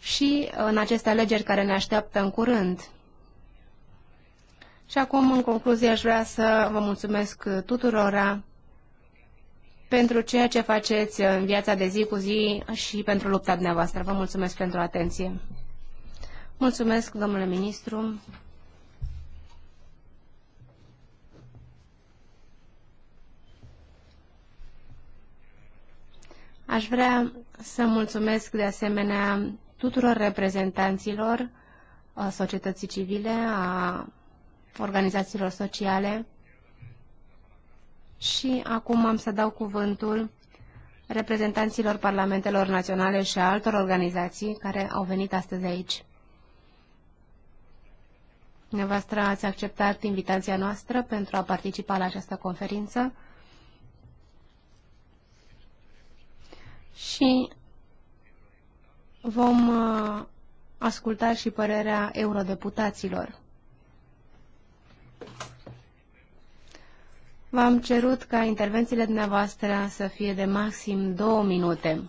Speaker 1: și în aceste alegeri care ne așteaptă în curând. Și acum, în concluzie, aș vrea să vă mulțumesc tuturora pentru ceea ce faceți în viața de zi cu zi și pentru lupta dumneavoastră. Vă mulțumesc pentru atenție. Mulțumesc, domnule ministru. Aș vrea să mulțumesc de asemenea tuturor reprezentanților a uh, societății civile, a organizațiilor sociale și acum am să dau cuvântul reprezentanților parlamentelor naționale și a altor organizații care au venit astăzi aici. Nevastră, ați acceptat invitația noastră pentru a participa la această conferință și vom uh, asculta și părerea eurodeputaților. V-am cerut ca intervențiile dumneavoastră să fie de maxim două minute.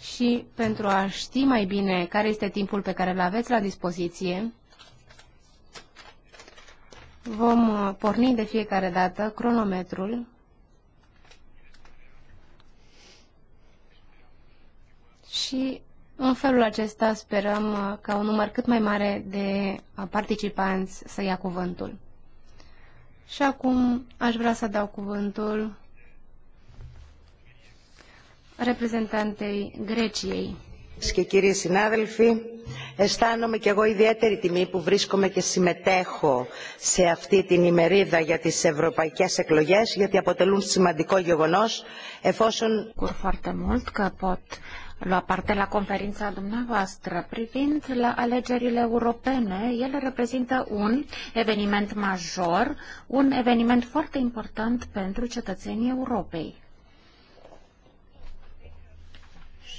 Speaker 1: Și pentru a ști mai bine care este timpul pe care îl aveți la dispoziție, vom uh, porni de fiecare dată cronometrul și în felul acesta sperăm ca un număr cât mai mare de participanți să ia cuvântul. Și acum aș vrea să dau cuvântul reprezentantei Greciei.
Speaker 3: Και κύριοι συνάδελφοι, αισθάνομαι και εγώ ιδιαίτερη
Speaker 1: τιμή που βρίσκομαι και συμμετέχω σε αυτή την ημερίδα για τις ευρωπαϊκές εκλογές, γιατί αποτελούν σημαντικό γεγονός, εφόσον... Cur foarte mult că pot lua parte la conferința dumneavoastră. Privind la alegerile europene, ele reprezintă un eveniment major, un eveniment foarte important pentru cetățenii Europei.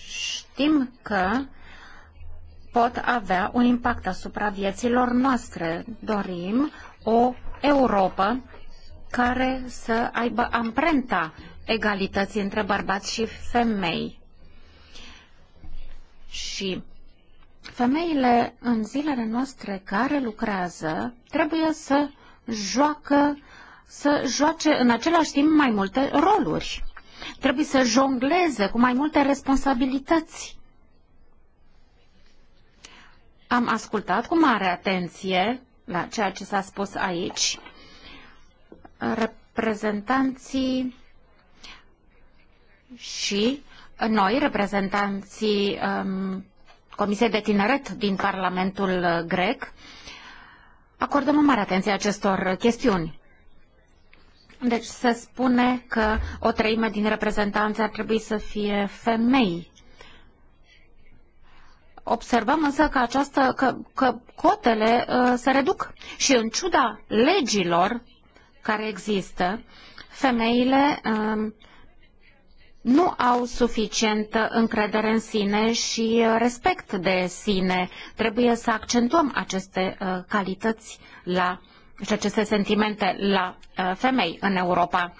Speaker 1: Știm că pot avea un impact asupra vieților noastre. Dorim o Europa care să aibă amprenta egalității între bărbați și femei. Și femeile în zilele noastre care lucrează trebuie să joacă, să joace în același timp mai multe roluri. Trebuie să jongleze cu mai multe responsabilități. Am ascultat cu mare atenție la ceea ce s-a spus aici. Reprezentanții și noi, reprezentanții um, Comisiei de Tineret din Parlamentul uh, grec, acordăm o mare atenție acestor chestiuni. Deci se spune că o treime din reprezentanți ar trebui să fie femei. Observăm însă că, această, că, că cotele uh, se reduc și în ciuda legilor care există, femeile uh, nu au suficientă încredere în sine și uh, respect de sine. Trebuie să accentuăm aceste uh, calități la, și aceste sentimente la uh, femei în Europa.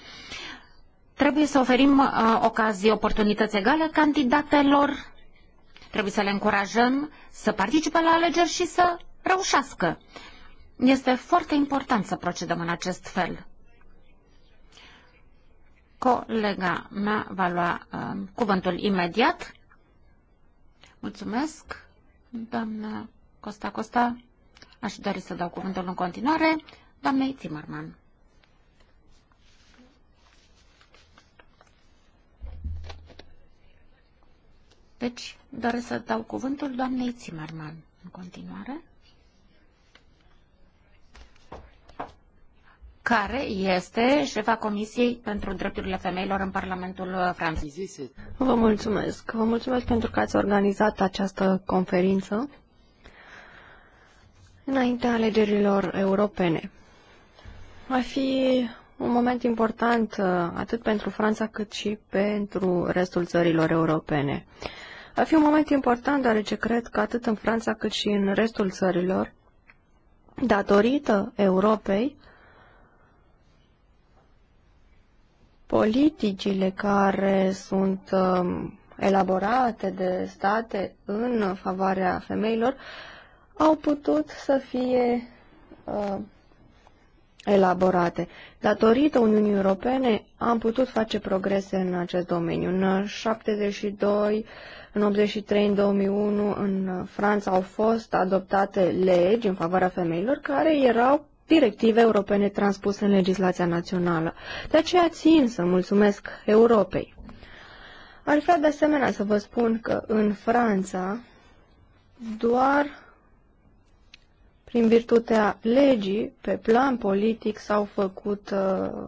Speaker 1: Trebuie să oferim ocazii, oportunități egale candidatelor, trebuie să le încurajăm să participe la alegeri și să reușească. Este foarte important să procedăm în acest fel. Colega mea va lua uh, cuvântul imediat. Mulțumesc, doamna Costa Costa. Aș dori să dau cuvântul în continuare doamnei Zimmerman. Deci, doresc să dau cuvântul doamnei Zimmerman în continuare. care este șefa Comisiei pentru Drepturile Femeilor în Parlamentul uh, Franței.
Speaker 3: Vă mulțumesc. Vă mulțumesc pentru că ați organizat această conferință înaintea alegerilor europene. Va fi un moment important uh, atât pentru Franța cât și pentru restul țărilor europene. Va fi un moment important deoarece cred că atât în Franța cât și în restul țărilor, datorită Europei, Politicile care sunt um, elaborate de state în favoarea femeilor au putut să fie uh, elaborate. Datorită Uniunii Europene am putut face progrese în acest domeniu. În 72, în 83, în 2001, în Franța au fost adoptate legi în favoarea femeilor care erau directive europene transpuse în legislația națională. De aceea țin să mulțumesc Europei. Ar vrea de asemenea să vă spun că în Franța doar prin virtutea legii, pe plan politic s-au făcut uh,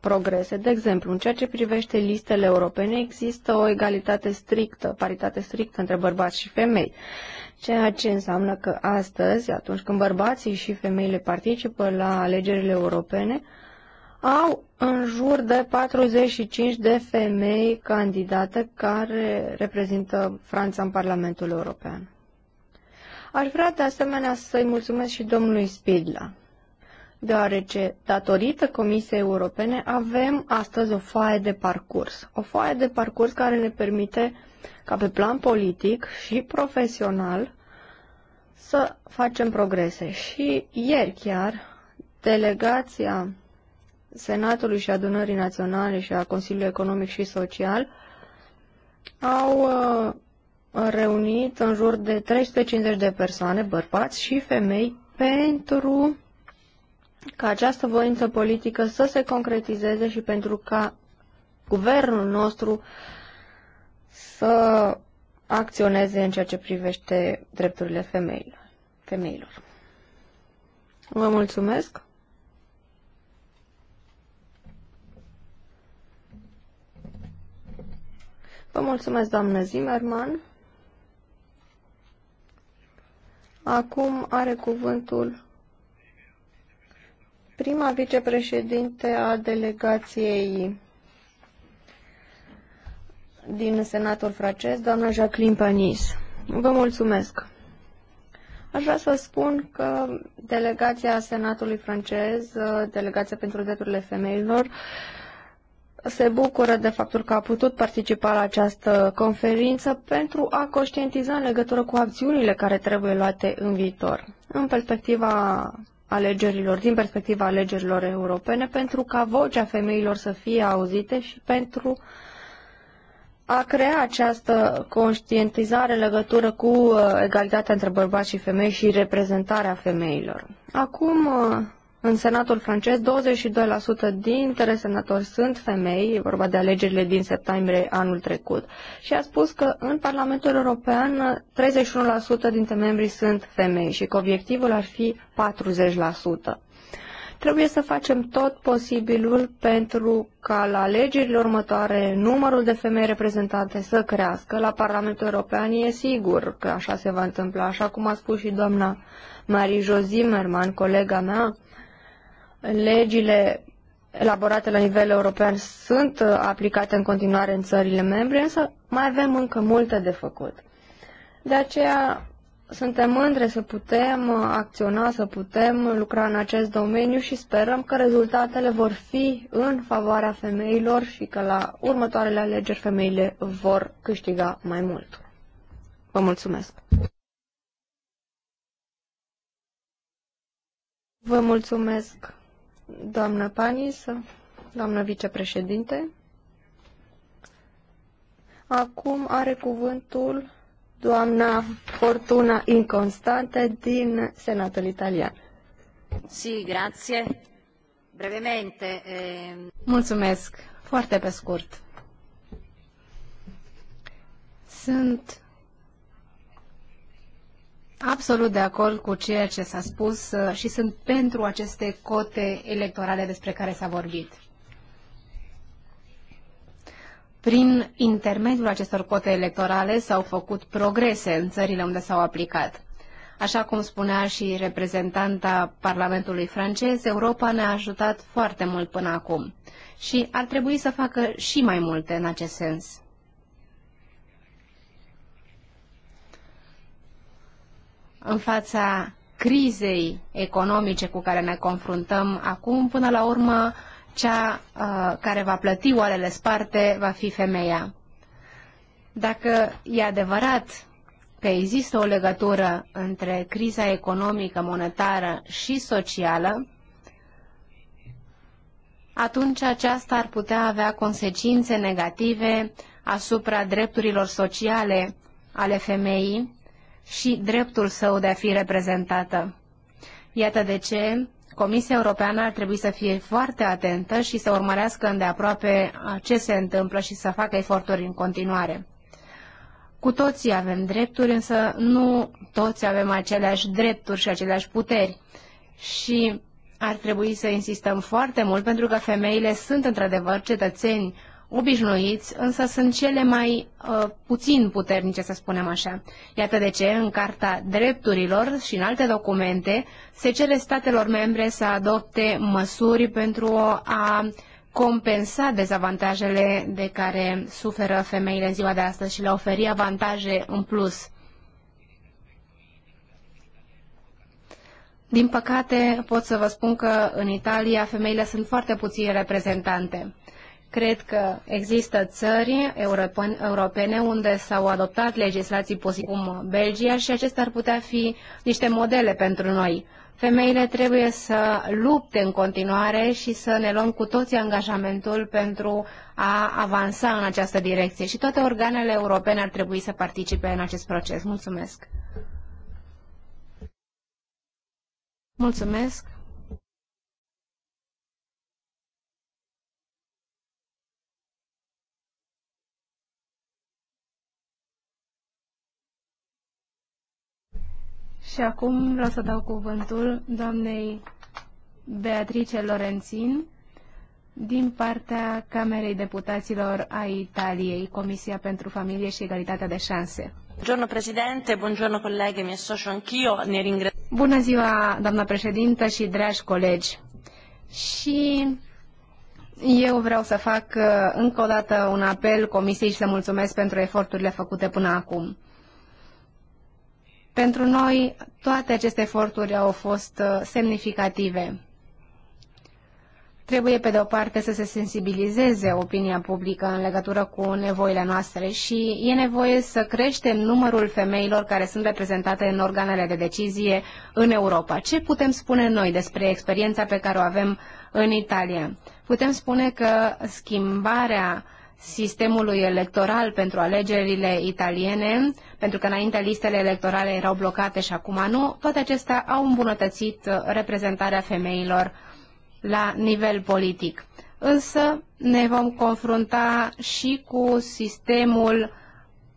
Speaker 3: progrese. De exemplu, în ceea ce privește listele europene, există o egalitate strictă, paritate strictă între bărbați și femei ceea ce înseamnă că astăzi, atunci când bărbații și femeile participă la alegerile europene, au în jur de 45 de femei candidate care reprezintă Franța în Parlamentul European. Aș vrea de asemenea să-i mulțumesc și domnului Spidla, deoarece, datorită Comisiei Europene, avem astăzi o foaie de parcurs. O foaie de parcurs care ne permite ca pe plan politic și profesional să facem progrese. Și ieri chiar, delegația Senatului și Adunării Naționale și a Consiliului Economic și Social au uh, reunit în jur de 350 de persoane, bărbați și femei, pentru ca această voință politică să se concretizeze și pentru ca guvernul nostru să acționeze în ceea ce privește drepturile femeilor. femeilor. Vă mulțumesc! Vă mulțumesc, doamnă Zimmerman. Acum are cuvântul prima vicepreședinte a delegației din Senatul francez, doamna Jacqueline Panis. Vă mulțumesc. Aș vrea să spun că delegația Senatului francez, delegația pentru drepturile femeilor, se bucură de faptul că a putut participa la această conferință pentru a conștientiza în legătură cu acțiunile care trebuie luate în viitor, în perspectiva alegerilor, din perspectiva alegerilor europene, pentru ca vocea femeilor să fie auzite și pentru a crea această conștientizare în legătură cu uh, egalitatea între bărbați și femei și reprezentarea femeilor. Acum, uh, în Senatul francez, 22% dintre senatori sunt femei, e vorba de alegerile din septembrie anul trecut, și a spus că în Parlamentul European 31% dintre membrii sunt femei și că obiectivul ar fi 40%. Trebuie să facem tot posibilul pentru ca la alegerile următoare numărul de femei reprezentante să crească. La Parlamentul European e sigur că așa se va întâmpla, așa cum a spus și doamna Marie-Jo Zimmerman, colega mea. Legile elaborate la nivel european sunt uh, aplicate în continuare în țările membre, însă mai avem încă multe de făcut. De aceea suntem mândre să putem uh, acționa, să putem lucra în acest domeniu și sperăm că rezultatele vor fi în favoarea femeilor și că la următoarele alegeri femeile vor câștiga mai mult. Vă mulțumesc! Vă mulțumesc, doamnă Panis, doamnă vicepreședinte. Acum are cuvântul doamna Fortuna Inconstante din Senatul Italian.
Speaker 1: Si, grazie. Brevemente. Eh... Mulțumesc. Foarte pe scurt. Sunt absolut de acord cu ceea ce s-a spus uh, și sunt pentru aceste cote electorale despre care s-a vorbit. Prin intermediul acestor cote electorale s-au făcut progrese în țările unde s-au aplicat. Așa cum spunea și reprezentanta Parlamentului francez, Europa ne-a ajutat foarte mult până acum și ar trebui să facă și mai multe în acest sens. În fața crizei economice cu care ne confruntăm acum, până la urmă, cea uh, care va plăti oarele sparte va fi femeia. Dacă e adevărat că există o legătură între criza economică, monetară și socială, atunci aceasta ar putea avea consecințe negative asupra drepturilor sociale ale femeii și dreptul său de a fi reprezentată. Iată de ce Comisia Europeană ar trebui să fie foarte atentă și să urmărească îndeaproape ce se întâmplă și să facă eforturi în continuare. Cu toții avem drepturi, însă nu toți avem aceleași drepturi și aceleași puteri. Și ar trebui să insistăm foarte mult pentru că femeile sunt într-adevăr cetățeni obișnuiți, însă sunt cele mai uh, puțin puternice, să spunem așa. Iată de ce, în Carta Drepturilor și în alte documente, se cere statelor membre să adopte măsuri pentru a compensa dezavantajele de care suferă femeile în ziua de astăzi și le oferi avantaje în plus. Din păcate, pot să vă spun că în Italia femeile sunt foarte puțin reprezentante. Cred că există țări europene unde s-au adoptat legislații pozitive, cum Belgia, și acestea ar putea fi niște modele pentru noi. Femeile trebuie să lupte în continuare și să ne luăm cu toții angajamentul pentru a avansa în această direcție și toate organele europene ar trebui să participe în acest proces. Mulțumesc!
Speaker 4: Mulțumesc! Și acum vreau să dau
Speaker 1: cuvântul doamnei Beatrice Lorenzin din partea Camerei Deputaților a Italiei, Comisia pentru Familie și Egalitatea de Șanse.
Speaker 3: Buongiorno Presidente, buongiorno colleghe, mi associo anch'io, ne ringrazio.
Speaker 1: Bună ziua, doamna președintă și dragi colegi.
Speaker 3: Și
Speaker 1: eu vreau să fac uh, încă o dată un apel Comisiei și să mulțumesc pentru eforturile făcute până acum. Pentru noi, toate aceste eforturi au fost uh, semnificative. Trebuie, pe de o parte, să se sensibilizeze opinia publică în legătură cu nevoile noastre și e nevoie să creștem numărul femeilor care sunt reprezentate în organele de decizie în Europa. Ce putem spune noi despre experiența pe care o avem în Italia? Putem spune că schimbarea uh, sistemului electoral pentru alegerile italiene, pentru că înainte listele electorale erau blocate și acum nu, toate acestea au îmbunătățit uh, reprezentarea femeilor la nivel politic.
Speaker 4: Însă
Speaker 1: ne vom confrunta și cu sistemul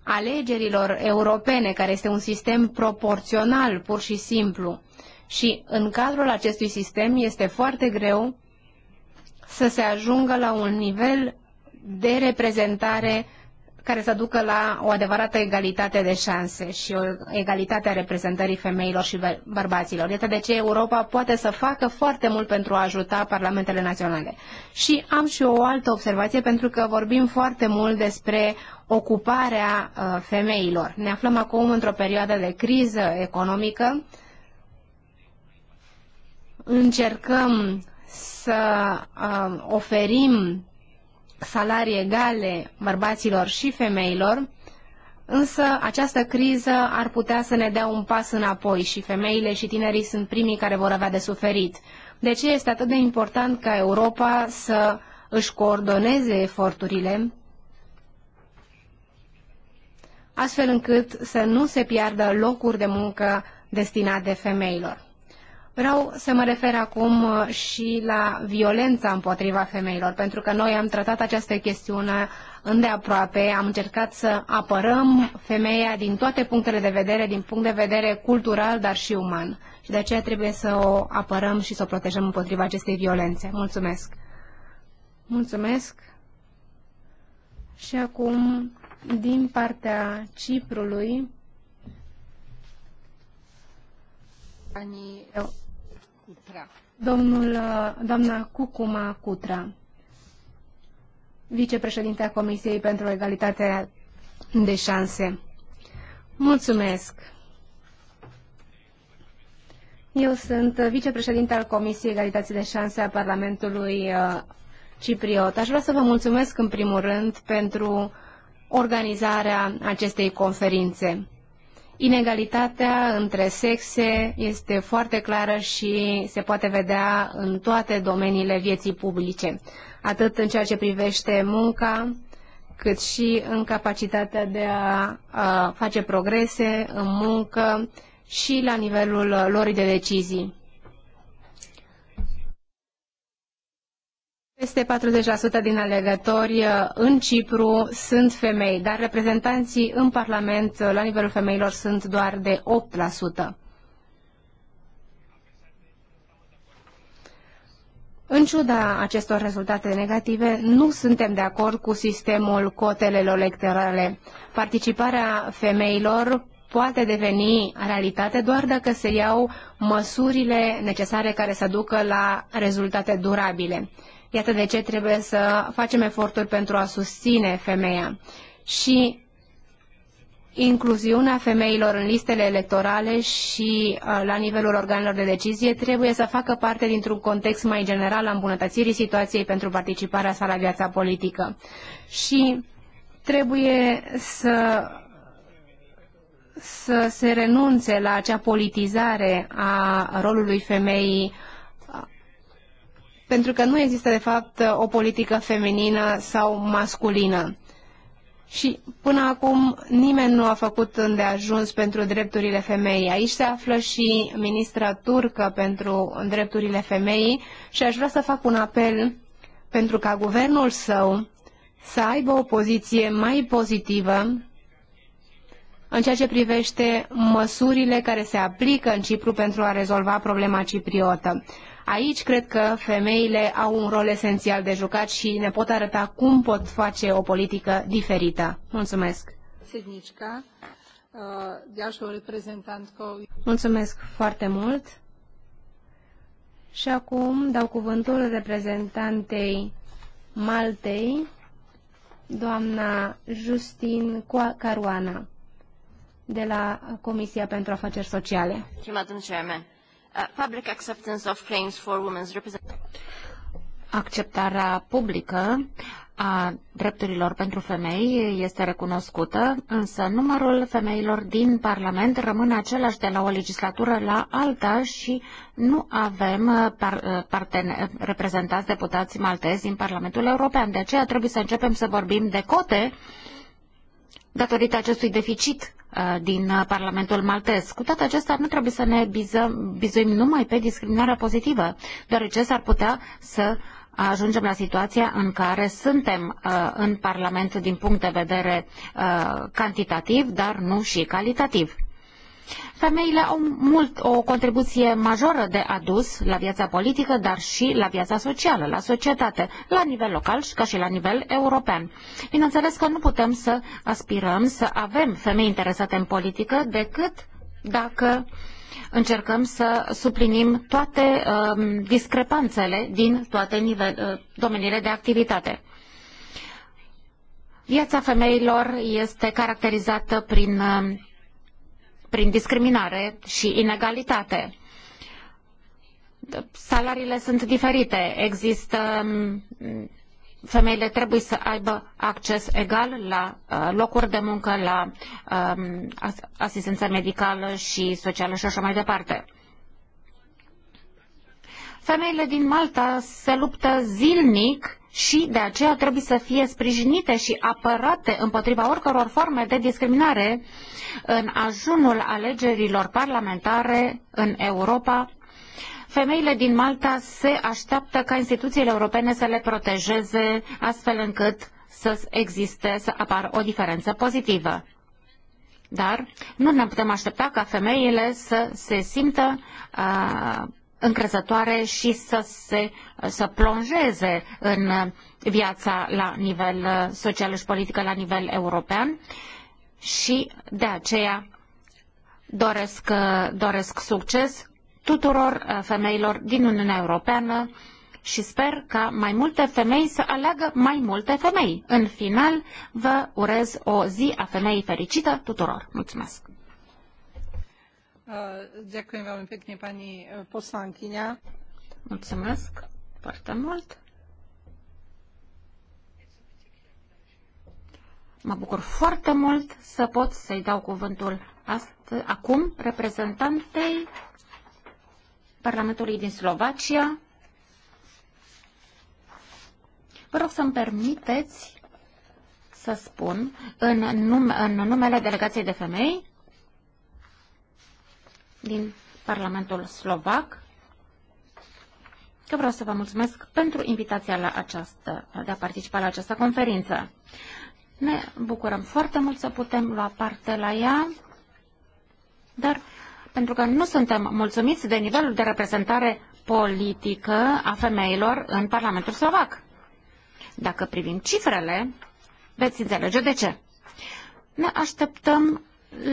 Speaker 1: alegerilor europene, care este un sistem proporțional, pur și simplu. Și în cadrul acestui sistem este foarte greu să se ajungă la un nivel de reprezentare care să ducă la o adevărată egalitate de șanse și o egalitate a reprezentării femeilor și bărbaților. Iată de ce Europa poate să facă foarte mult pentru a ajuta parlamentele naționale. Și am și o altă observație pentru că vorbim foarte mult despre ocuparea uh, femeilor. Ne aflăm acum într-o perioadă de criză economică. Încercăm să uh, oferim salarii egale bărbaților și femeilor, însă această criză ar putea să ne dea un pas înapoi și femeile și tinerii sunt primii care vor avea de suferit. De ce este atât de important ca Europa să își coordoneze eforturile astfel încât să nu se piardă locuri de muncă destinate femeilor. Vreau să mă refer acum uh, și la violența împotriva femeilor, pentru că noi am tratat această chestiune îndeaproape, am încercat să apărăm femeia din toate punctele de vedere, din punct de vedere cultural, dar și uman. Și de aceea trebuie să o apărăm și să o protejăm împotriva acestei violențe. Mulțumesc! Mulțumesc! Și acum, din partea Ciprului, Domnul, doamna Cucuma Cutra, vicepreședintea Comisiei pentru Egalitatea de Șanse. Mulțumesc! Eu sunt vicepreședinte al Comisiei Egalității de Șanse a Parlamentului uh, Cipriot. Aș vrea să vă mulțumesc în primul rând pentru organizarea acestei conferințe. Inegalitatea între sexe este foarte clară și se poate vedea în toate domeniile vieții publice, atât în ceea ce privește munca, cât și în capacitatea de a, a face progrese în muncă și la nivelul lor de decizii. Peste 40% din alegători uh, în Cipru sunt femei, dar reprezentanții în Parlament uh, la nivelul femeilor sunt doar de 8%. În ciuda acestor rezultate negative, nu suntem de acord cu sistemul cotelelor electorale. Participarea femeilor poate deveni realitate doar dacă se iau măsurile necesare care să ducă la rezultate durabile. Iată de ce trebuie să facem eforturi pentru a susține femeia. Și incluziunea femeilor în listele electorale și uh, la nivelul organelor de decizie trebuie să facă parte dintr-un context mai general a îmbunătățirii situației pentru participarea sa la viața politică. Și trebuie să să se renunțe la acea politizare a rolului femeii pentru că nu există, de fapt, o politică feminină sau masculină. Și până acum nimeni nu a făcut îndeajuns pentru drepturile femeii. Aici se află și ministra turcă pentru drepturile femeii și aș vrea să fac un apel pentru ca guvernul său să aibă o poziție mai pozitivă în ceea ce privește măsurile care se aplică în Cipru pentru a rezolva problema cipriotă. Aici cred că femeile au un rol esențial de jucat și ne pot arăta cum pot face o politică diferită. Mulțumesc! Uh, Mulțumesc foarte mult! Și acum dau cuvântul reprezentantei Maltei, doamna Justin Caruana, de la Comisia pentru Afaceri Sociale.
Speaker 3: Mulțumesc,
Speaker 1: Uh, public acceptance of claims for women's representation. Acceptarea publică a drepturilor pentru femei este recunoscută, însă numărul femeilor din Parlament rămâne același de la o legislatură la alta și nu avem uh, par, uh, parten, reprezentați deputați maltezi în Parlamentul European. De aceea trebuie să începem să vorbim de cote uh, datorită acestui deficit uh, din uh, Parlamentul maltez. Cu toate acestea, nu trebuie să ne bizăm, bizuim numai pe discriminarea pozitivă, deoarece s-ar putea să ajungem la situația în care suntem uh, în Parlament din punct de vedere uh, cantitativ, dar nu și calitativ. Femeile au mult, o contribuție majoră de adus la viața politică, dar și la viața socială, la societate, la nivel local și ca și la nivel european. Bineînțeles că nu putem să aspirăm să avem femei interesate în politică decât dacă încercăm să suplinim toate um, discrepanțele din toate nivel, uh, domeniile de activitate. Viața femeilor este caracterizată prin um, prin discriminare și inegalitate. Salariile sunt diferite. Există mm, femeile trebuie să aibă acces egal la uh, locuri de muncă, la um, asistență medicală și socială și așa mai departe. Femeile din Malta se luptă zilnic și de aceea trebuie să fie sprijinite și apărate împotriva oricăror forme de discriminare în ajunul alegerilor parlamentare în Europa, femeile din Malta se așteaptă ca instituțiile europene să le protejeze astfel încât să existe, să apară o diferență pozitivă. Dar nu ne putem aștepta ca femeile să se simtă a, încrezătoare și să se să plonjeze în viața la nivel uh, social și politică la nivel european și de aceea doresc, uh, doresc succes tuturor uh, femeilor din Uniunea Europeană și sper ca mai multe femei să aleagă mai multe femei. În final, vă urez o zi a femeii fericită tuturor. Mulțumesc!
Speaker 2: Ďakujem uh, veľmi pekne, pani poslankyňa.
Speaker 1: Mulțumesc foarte mult.
Speaker 2: Mă bucur foarte mult să pot
Speaker 1: să-i dau cuvântul ast- acum reprezentantei Parlamentului din Slovacia. Vă rog să-mi permiteți să spun în, num- în numele delegației de femei din Parlamentul Slovac că vreau să vă mulțumesc pentru invitația la această, de a participa la această conferință. Ne bucurăm foarte mult să putem lua parte la ea, dar pentru că nu suntem mulțumiți de nivelul de reprezentare politică a femeilor în Parlamentul Slovac. Dacă privim cifrele, veți înțelege de ce. Ne așteptăm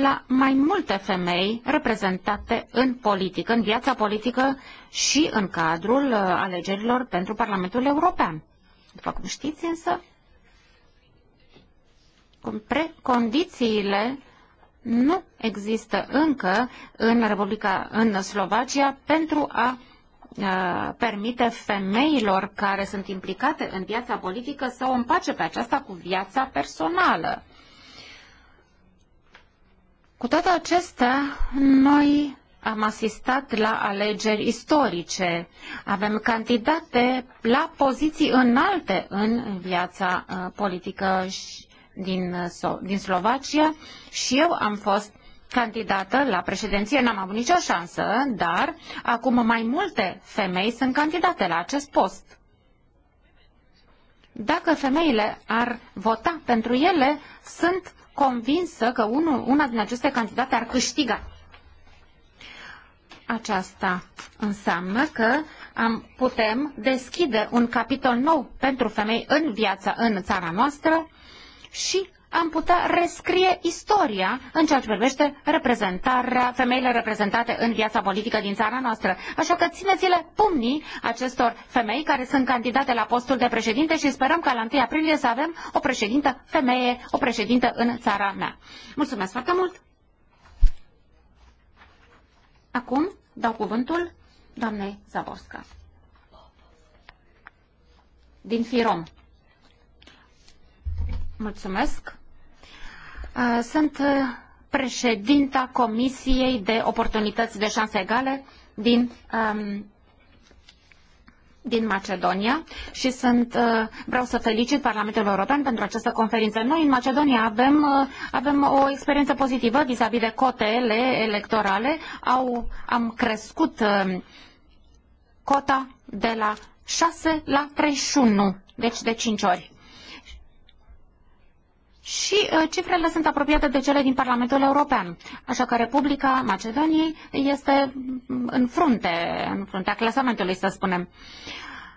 Speaker 1: la mai multe femei reprezentate în politică, în viața politică și în cadrul uh, alegerilor pentru Parlamentul European. După cum știți, însă, precondițiile nu există încă în Republica, în Slovacia, pentru a permite femeilor care sunt implicate în viața politică să o împace pe aceasta cu viața personală. Cu toate acestea, noi am asistat la alegeri istorice. Avem candidate la poziții înalte în viața politică și din, uh, din Slovacia și eu am fost candidată la președinție, n-am avut nicio șansă, dar acum mai multe femei sunt candidate la acest post. Dacă femeile ar vota pentru ele, sunt convinsă că unul, una din aceste candidate ar câștiga. Aceasta înseamnă că am, putem deschide un capitol nou pentru femei în viața în țara noastră și am putea rescrie istoria în ceea ce privește reprezentarea, femeile reprezentate în viața politică din țara noastră. Așa că țineți-le pumnii acestor femei care sunt candidate la postul de președinte și sperăm ca la 1 aprilie să avem o președintă femeie, o președintă în țara mea. Mulțumesc foarte mult! Acum dau cuvântul doamnei Zaborska. Din Firom. Mulțumesc. Uh, sunt uh, președinta Comisiei de Oportunități de Șanse Egale din, um, din Macedonia și sunt, uh, vreau să felicit Parlamentul European pentru această conferință. Noi în Macedonia avem, avem o experiență pozitivă vis-a-vis de cotele electorale. Au, am crescut cota de la 6 la 31, deci de 5 ori și uh, cifrele sunt apropiate de cele din Parlamentul European. Așa că Republica Macedoniei este mm, în frunte, în fruntea clasamentului, să spunem.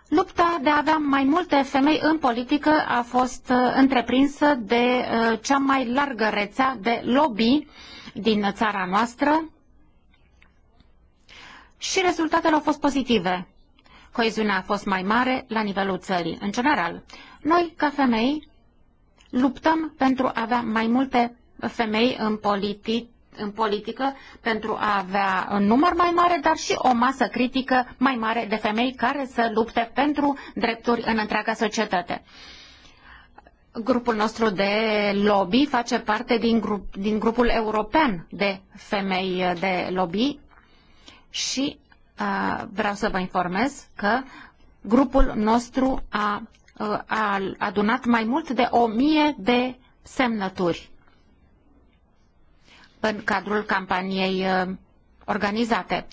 Speaker 1: Lupta de a avea mai multe femei în politică a fost uh, întreprinsă de uh, cea mai largă rețea de lobby din țara noastră și rezultatele au fost pozitive. Coeziunea a fost mai mare la nivelul țării, în general. Noi, ca femei, luptăm pentru a avea mai multe femei în, politi- în politică, pentru a avea un număr mai mare, dar și o masă critică mai mare de femei care să lupte pentru drepturi în întreaga societate. Grupul nostru de lobby face parte din, grup, din grupul european de femei de lobby și uh, vreau să vă informez că grupul nostru a a adunat mai mult de o mie de semnături în cadrul campaniei uh, organizate.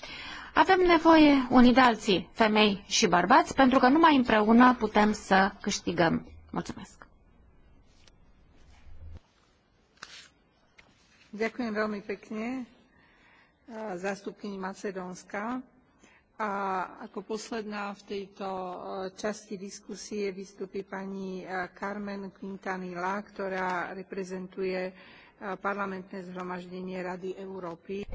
Speaker 1: Avem nevoie unii de alții, femei și bărbați, pentru că numai împreună putem să câștigăm.
Speaker 2: Mulțumesc! Ďakujem veľmi pekne uh, zástupkyni Macedónska. A ako posledná v tejto časti diskusie vystúpi pani Carmen Quintanilla, ktorá reprezentuje Parlamentné zhromaždenie Rady Europei.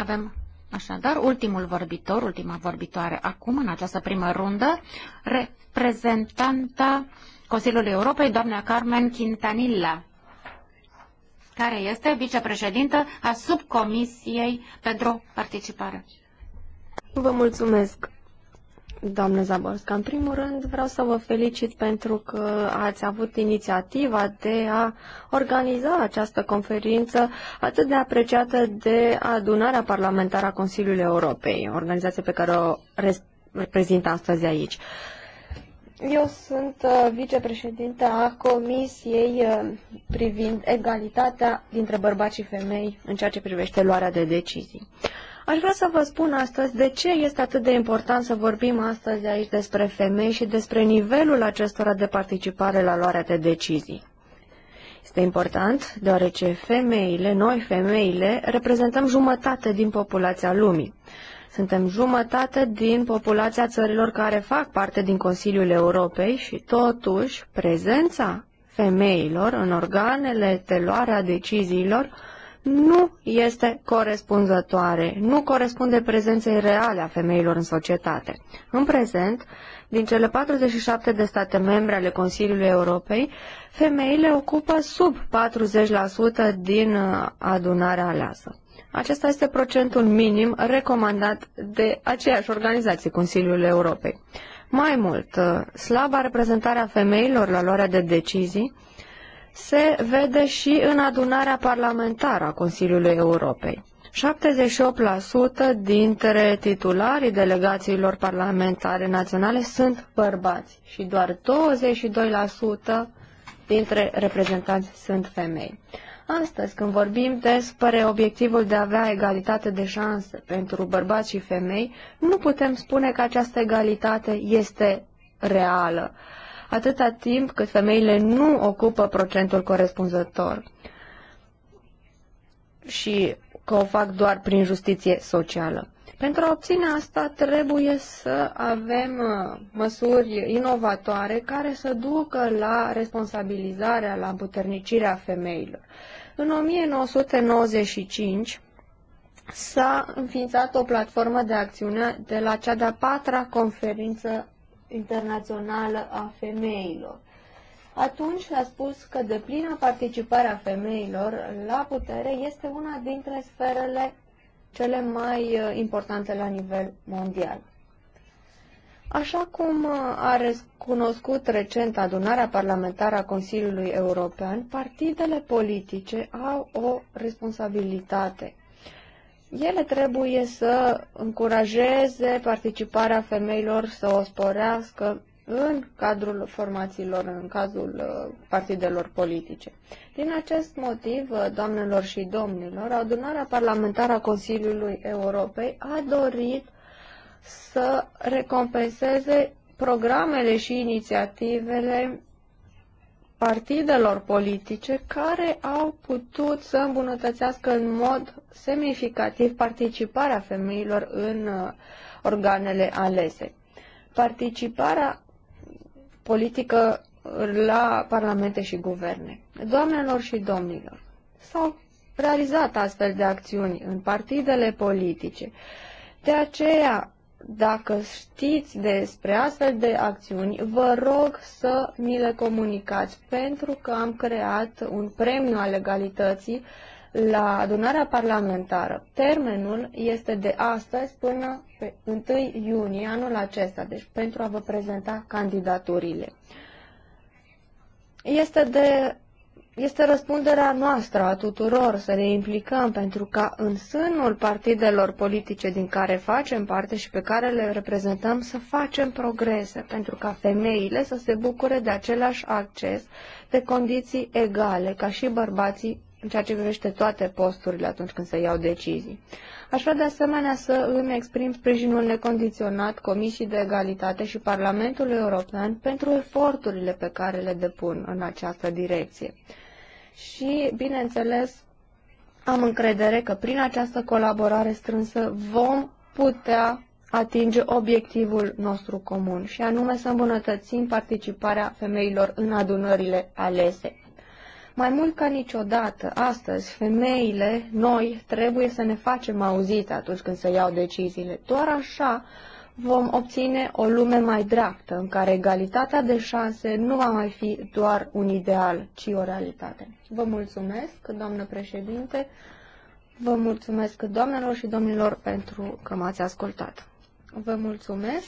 Speaker 1: Avem Așadar, ultimul vorbitor, ultima vorbitoare acum, în această primă rundă, reprezentanta Consiliului Europei, doamna Carmen Quintanilla, care este vicepreședintă a subcomisiei pentru participare.
Speaker 3: Vă mulțumesc, doamnă Zaborska. În primul rând, vreau să vă felicit pentru că ați avut inițiativa de a organiza această conferință atât de apreciată de adunarea parlamentară a Consiliului Europei, organizație pe care o reprezint astăzi aici. Eu sunt uh, vicepreședinte a Comisiei uh, privind egalitatea dintre bărbați și femei în ceea ce privește luarea de decizii. Uh, Aș vrea să vă spun astăzi de ce este atât de important să vorbim astăzi aici despre femei și despre nivelul acestora de participare la luarea de decizii. Este important deoarece femeile, noi femeile, reprezentăm jumătate din populația lumii. Suntem jumătate din populația țărilor care fac parte din Consiliul Europei și totuși prezența femeilor în organele de luare a deciziilor nu este corespunzătoare, nu corespunde prezenței reale a femeilor în societate. În prezent, din cele 47 de state membre ale Consiliului Europei, femeile ocupă sub 40% din uh, adunarea aleasă. Acesta este procentul minim recomandat de aceeași organizație, Consiliul Europei. Mai mult, uh, slaba reprezentarea femeilor la luarea de decizii se vede și în adunarea parlamentară a Consiliului Europei. 78% dintre titularii delegațiilor parlamentare naționale sunt bărbați și doar 22% dintre reprezentanți sunt femei. Astăzi, când vorbim despre obiectivul de a avea egalitate de șanse pentru bărbați și femei, nu putem spune că această egalitate este reală atâta timp cât femeile nu ocupă procentul corespunzător și că o fac doar prin justiție socială. Pentru a obține asta trebuie să avem uh, măsuri inovatoare care să ducă la responsabilizarea, la împuternicirea femeilor. În 1995 s-a înființat o platformă de acțiune de la cea de-a patra conferință internațională a femeilor. Atunci a spus că deplina participare a femeilor la putere este una dintre sferele cele mai uh, importante la nivel mondial. Așa cum uh, a recunoscut recent adunarea parlamentară a Consiliului European, partidele politice au o responsabilitate ele trebuie să încurajeze participarea femeilor să o sporească în cadrul formațiilor, în cazul uh, partidelor politice. Din acest motiv, uh, doamnelor și domnilor, adunarea parlamentară a Consiliului Europei a dorit să recompenseze programele și inițiativele partidelor politice care au putut să îmbunătățească în mod semnificativ participarea femeilor în uh, organele alese. Participarea politică la parlamente și guverne. Doamnelor și domnilor, s-au realizat astfel de acțiuni în partidele politice. De aceea, dacă știți despre astfel de acțiuni, vă rog să mi le comunicați, pentru că am creat un premiu al legalității la adunarea parlamentară. Termenul este de astăzi până pe 1 iunie anul acesta, deci pentru a vă prezenta candidaturile. Este de este răspunderea noastră a tuturor să ne implicăm pentru ca în sânul partidelor politice din care facem parte și pe care le reprezentăm să facem progrese, pentru ca femeile să se bucure de același acces, de condiții egale ca și bărbații în ceea ce privește toate posturile atunci când se iau decizii. Aș vrea de asemenea să îmi exprim sprijinul necondiționat Comisii de Egalitate și Parlamentului European pentru eforturile pe care le depun în această direcție și, bineînțeles, am încredere că prin această colaborare strânsă vom putea atinge obiectivul nostru comun și anume să îmbunătățim participarea femeilor în adunările alese. Mai mult ca niciodată, astăzi, femeile, noi, trebuie să ne facem auzite atunci când se iau deciziile. Doar așa vom obține o lume mai dreaptă, în care egalitatea de șanse nu va mai fi doar un ideal, ci o realitate. Vă mulțumesc, doamnă președinte, vă mulțumesc doamnelor și domnilor pentru că m-ați ascultat. Vă mulțumesc,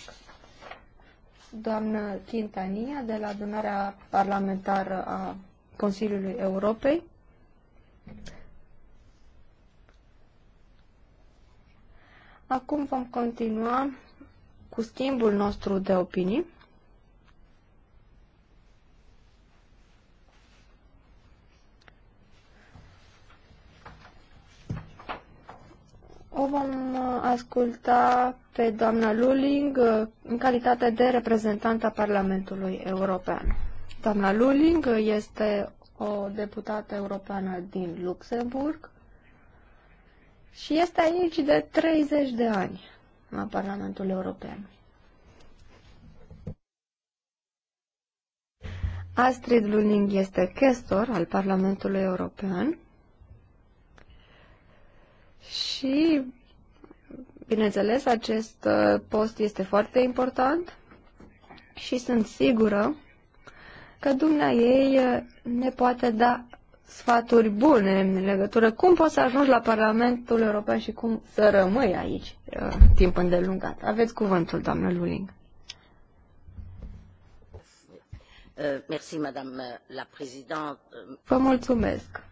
Speaker 3: doamnă Quintania, de la adunarea parlamentară a Consiliului Europei. Acum vom continua cu schimbul nostru de opinii. O vom uh, asculta pe doamna Luling uh, în calitate de reprezentant a Parlamentului European. Doamna Luling este o deputată europeană din Luxemburg și este aici de 30 de ani la Parlamentul European. Astrid Luning este chestor al Parlamentului European și, bineînțeles, acest uh, post este foarte important și sunt sigură că dumnea ei uh, ne poate da sfaturi bune în legătură cum poți să ajungi la Parlamentul European și cum să rămâi aici uh, timp îndelungat. Aveți cuvântul, doamnă Luling.
Speaker 1: Uh,
Speaker 3: Vă mulțumesc.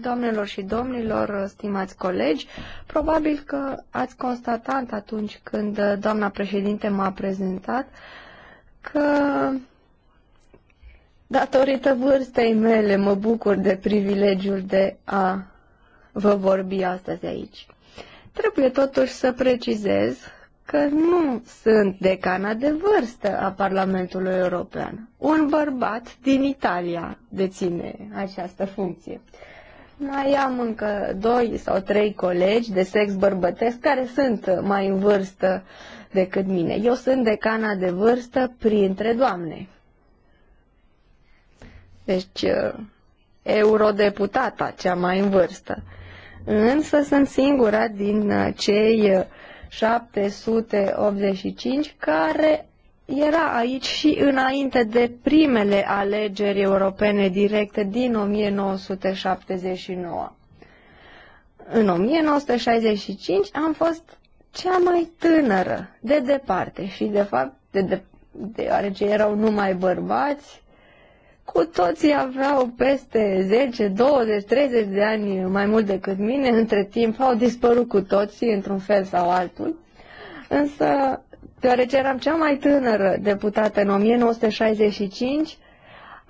Speaker 3: Doamnelor și domnilor, uh, stimați colegi, probabil că ați constatat atunci când doamna președinte m-a prezentat că Datorită vârstei mele mă bucur de privilegiul de a vă vorbi astăzi aici. Trebuie totuși să precizez că nu sunt decana de vârstă a Parlamentului European. Un bărbat din Italia deține această funcție. Mai am încă doi sau trei colegi de sex bărbătesc care sunt mai în vârstă decât mine. Eu sunt decana de vârstă printre doamne. Deci, uh, eurodeputata, cea mai în vârstă. Însă sunt singura din uh, cei 785 uh, care era aici și înainte de primele alegeri europene directe din 1979. În 1965 am fost cea mai tânără, de departe, și de fapt, de de, deoarece erau numai bărbați, cu toții aveau peste 10, 20, 30 de ani mai mult decât mine, între timp au dispărut cu toții într-un fel sau altul, însă deoarece eram cea mai tânără deputată în 1965,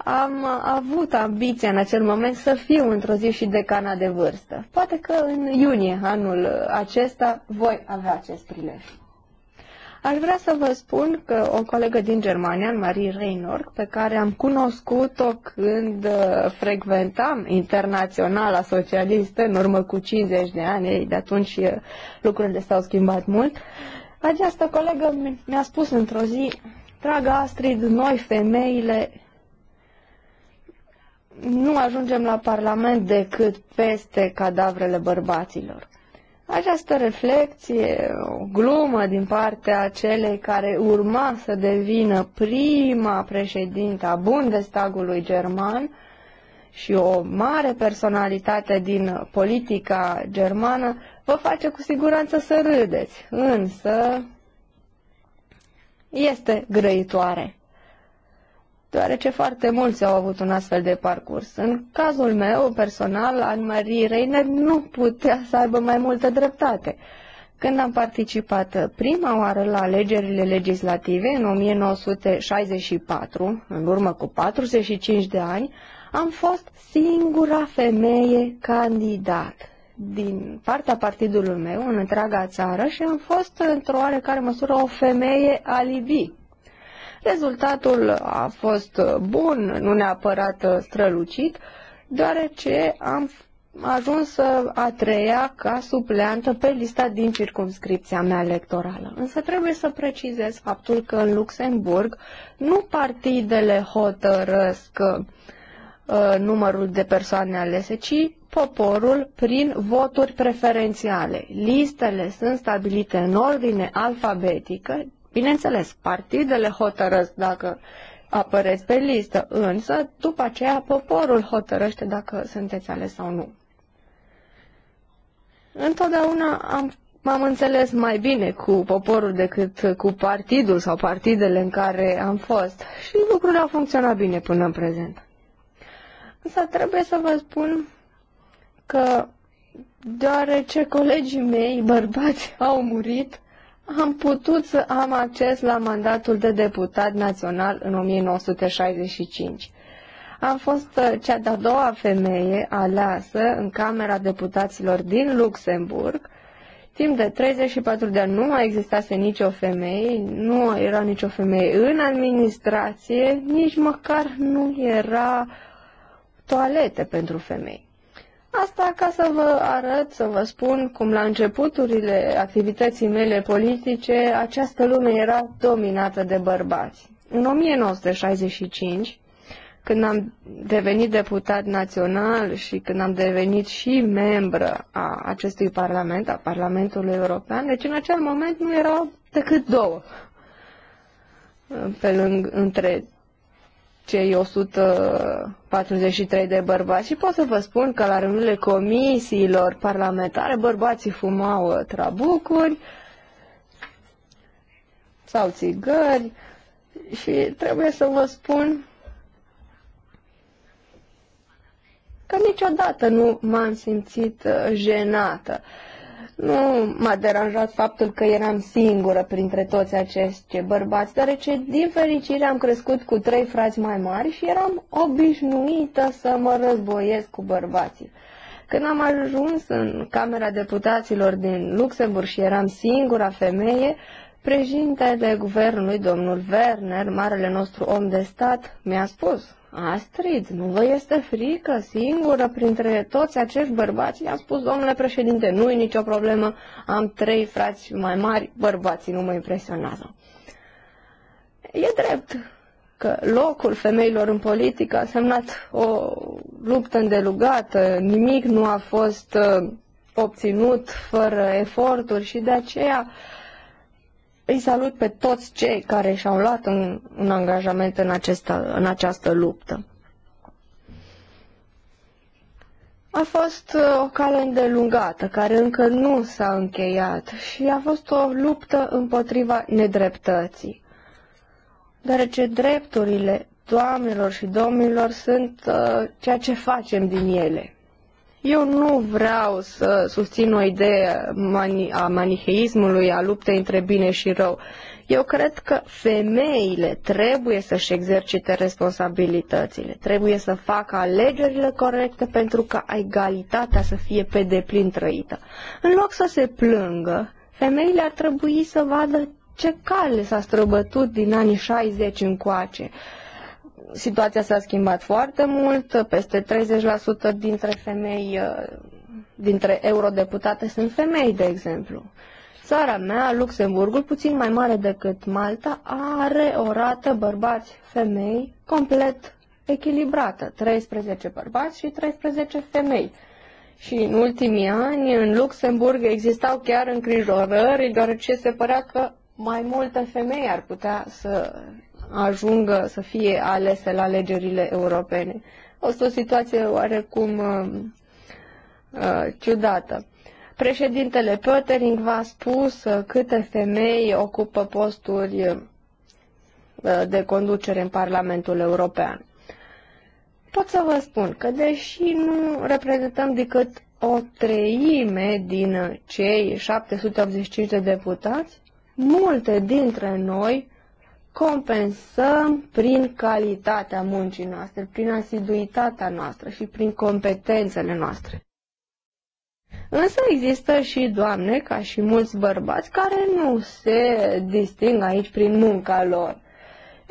Speaker 3: am avut ambiția în acel moment să fiu într-o zi și decana de vârstă. Poate că în iunie anul acesta voi avea acest prilej. Aș vrea să vă spun că o colegă din Germania, Marie Reynor, pe care am cunoscut-o când uh, frecventam internaționala socialistă în urmă cu 50 de ani, de atunci uh, lucrurile s-au schimbat mult, această colegă mi-a spus într-o zi, dragă Astrid, noi femeile nu ajungem la Parlament decât peste cadavrele bărbaților. Această reflexie, o glumă din partea celei care urma să devină prima președintă a Bundestagului german și o mare personalitate din politica germană, vă face cu siguranță să râdeți, însă este grăitoare deoarece foarte mulți au avut un astfel de parcurs. În cazul meu personal, Anne-Marie Reiner nu putea să aibă mai multă dreptate. Când am participat prima oară la alegerile legislative în 1964, în urmă cu 45 de ani, am fost singura femeie candidat din partea partidului meu în întreaga țară și am fost într-o oarecare măsură o femeie alibi Rezultatul a fost bun, nu neapărat strălucit, deoarece am ajuns a treia ca supleantă pe lista din circumscripția mea electorală. Însă trebuie să precizez faptul că în Luxemburg nu partidele hotărăsc uh, numărul de persoane alese, ci poporul prin voturi preferențiale. Listele sunt stabilite în ordine alfabetică, Bineînțeles, partidele hotărăsc dacă apăreți pe listă, însă după aceea poporul hotărăște dacă sunteți ales sau nu. Întotdeauna am, m-am înțeles mai bine cu poporul decât cu partidul sau partidele în care am fost și lucrurile au funcționat bine până în prezent. Însă trebuie să vă spun că deoarece colegii mei bărbați au murit, am putut să am acces la mandatul de deputat național în 1965. Am fost uh, cea de-a doua femeie aleasă în Camera Deputaților din Luxemburg. Timp de 34 de ani nu a existase nicio femeie, nu era nicio femeie în administrație, nici măcar nu era toalete pentru femei. Asta ca să vă arăt, să vă spun cum la începuturile activității mele politice, această lume era dominată de bărbați. În 1965, când am devenit deputat național și când am devenit și membră a acestui parlament, a Parlamentului European, deci în acel moment nu erau decât două pe lângă, între cei 143 de bărbați și pot să vă spun că la reuniunile comisiilor parlamentare bărbații fumau uh, trabucuri sau țigări și trebuie să vă spun că niciodată nu m-am simțit uh, jenată. Uh, nu m-a deranjat faptul că eram singură printre toți acești bărbați, deoarece, din fericire, am crescut cu trei frați mai mari și eram obișnuită să mă războiesc cu bărbații. Când am ajuns în Camera Deputaților din Luxemburg și eram singura femeie, președintele guvernului, domnul Werner, marele nostru om de stat, mi-a spus, Astrid, nu vă este frică singură printre toți acești bărbați? I-am spus, domnule președinte, nu e nicio problemă, am trei frați mai mari, bărbații nu mă impresionează. E drept că locul femeilor în politică a semnat o luptă îndelugată, nimic nu a fost uh, obținut fără eforturi și de aceea uh, îi salut pe toți cei care și-au luat un, un angajament în, acesta, în această luptă. A fost uh, o cale îndelungată, care încă nu s-a încheiat și a fost o luptă împotriva nedreptății. Deoarece drepturile doamnelor și domnilor sunt uh, ceea ce facem din ele. Eu nu vreau să susțin o idee a maniheismului, a luptei între bine și rău. Eu cred că femeile trebuie să-și exercite responsabilitățile, trebuie să facă alegerile corecte pentru ca egalitatea să fie pe deplin trăită. În loc să se plângă, femeile ar trebui să vadă ce cale s-a străbătut din anii 60 încoace, situația s-a schimbat foarte mult, peste 30% dintre femei, uh, dintre eurodeputate sunt femei, de exemplu. Țara mea, Luxemburgul, puțin mai mare decât Malta, are o rată bărbați-femei complet echilibrată, 13 bărbați și 13 femei. Și în ultimii ani, în Luxemburg, existau chiar îngrijorări, deoarece se părea că mai multe femei ar putea să ajungă să fie alese la alegerile europene. A fost o situație oarecum uh, uh ciudată. Președintele Pöttering v-a spus uh, câte femei ocupă posturi uh, de conducere în Parlamentul European. Pot să vă spun că deși nu reprezentăm decât o treime din cei 785 de deputați, multe dintre noi compensăm prin calitatea muncii noastre, prin asiduitatea noastră și prin competențele noastre. Însă există și doamne, ca și mulți bărbați, care nu se disting aici prin munca lor.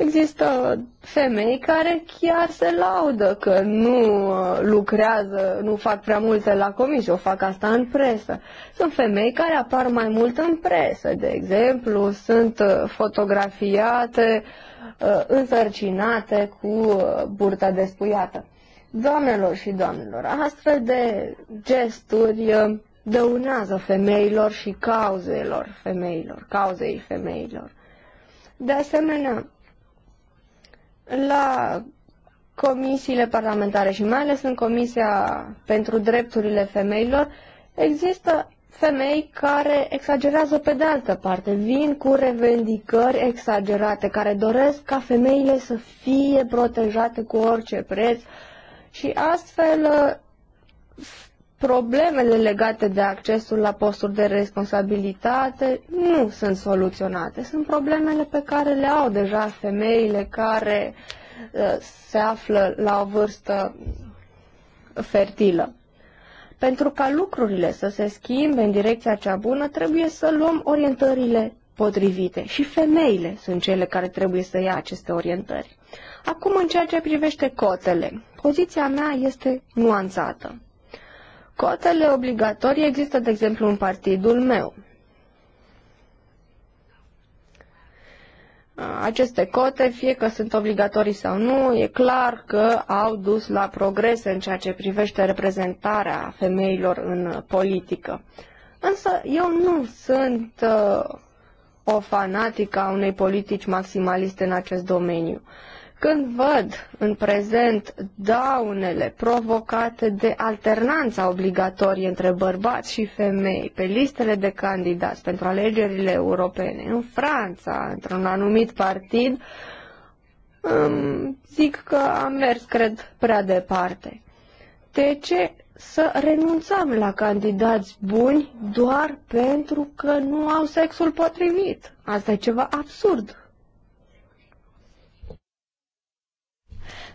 Speaker 3: Există femei care chiar se laudă că nu uh, lucrează, nu fac prea multe la comisie, o fac asta în presă. Sunt femei care apar mai mult în presă, de exemplu, sunt uh, fotografiate, uh, însărcinate cu burta despuiată. Doamnelor și doamnelor, astfel de gesturi dăunează femeilor și cauzelor femeilor, cauzei femeilor. De asemenea, la comisiile parlamentare și mai ales în Comisia pentru Drepturile Femeilor, există femei care exagerează pe de altă parte, vin cu revendicări exagerate, care doresc ca femeile să fie protejate cu orice preț și astfel problemele legate de accesul la posturi de responsabilitate nu sunt soluționate. Sunt problemele pe care le au deja femeile care uh, se află la o vârstă fertilă. Pentru ca lucrurile să se schimbe în direcția cea bună, trebuie să luăm orientările potrivite și femeile sunt cele care trebuie să ia aceste orientări. Acum, în ceea ce privește cotele, poziția mea este nuanțată. Cotele obligatorii există, de exemplu, în partidul meu. Aceste cote, fie că sunt obligatorii sau nu, e clar că au dus la progrese în ceea ce privește reprezentarea femeilor în politică. Însă eu nu sunt uh, o fanatică a unei politici maximaliste în acest domeniu. Uh, când văd în prezent daunele provocate de alternanța obligatorie între bărbați și femei pe listele de candidați pentru alegerile europene în Franța, într-un anumit partid, zic că am mers, cred, prea departe. De ce să renunțăm la candidați buni doar pentru că nu au sexul potrivit? Asta e ceva absurd.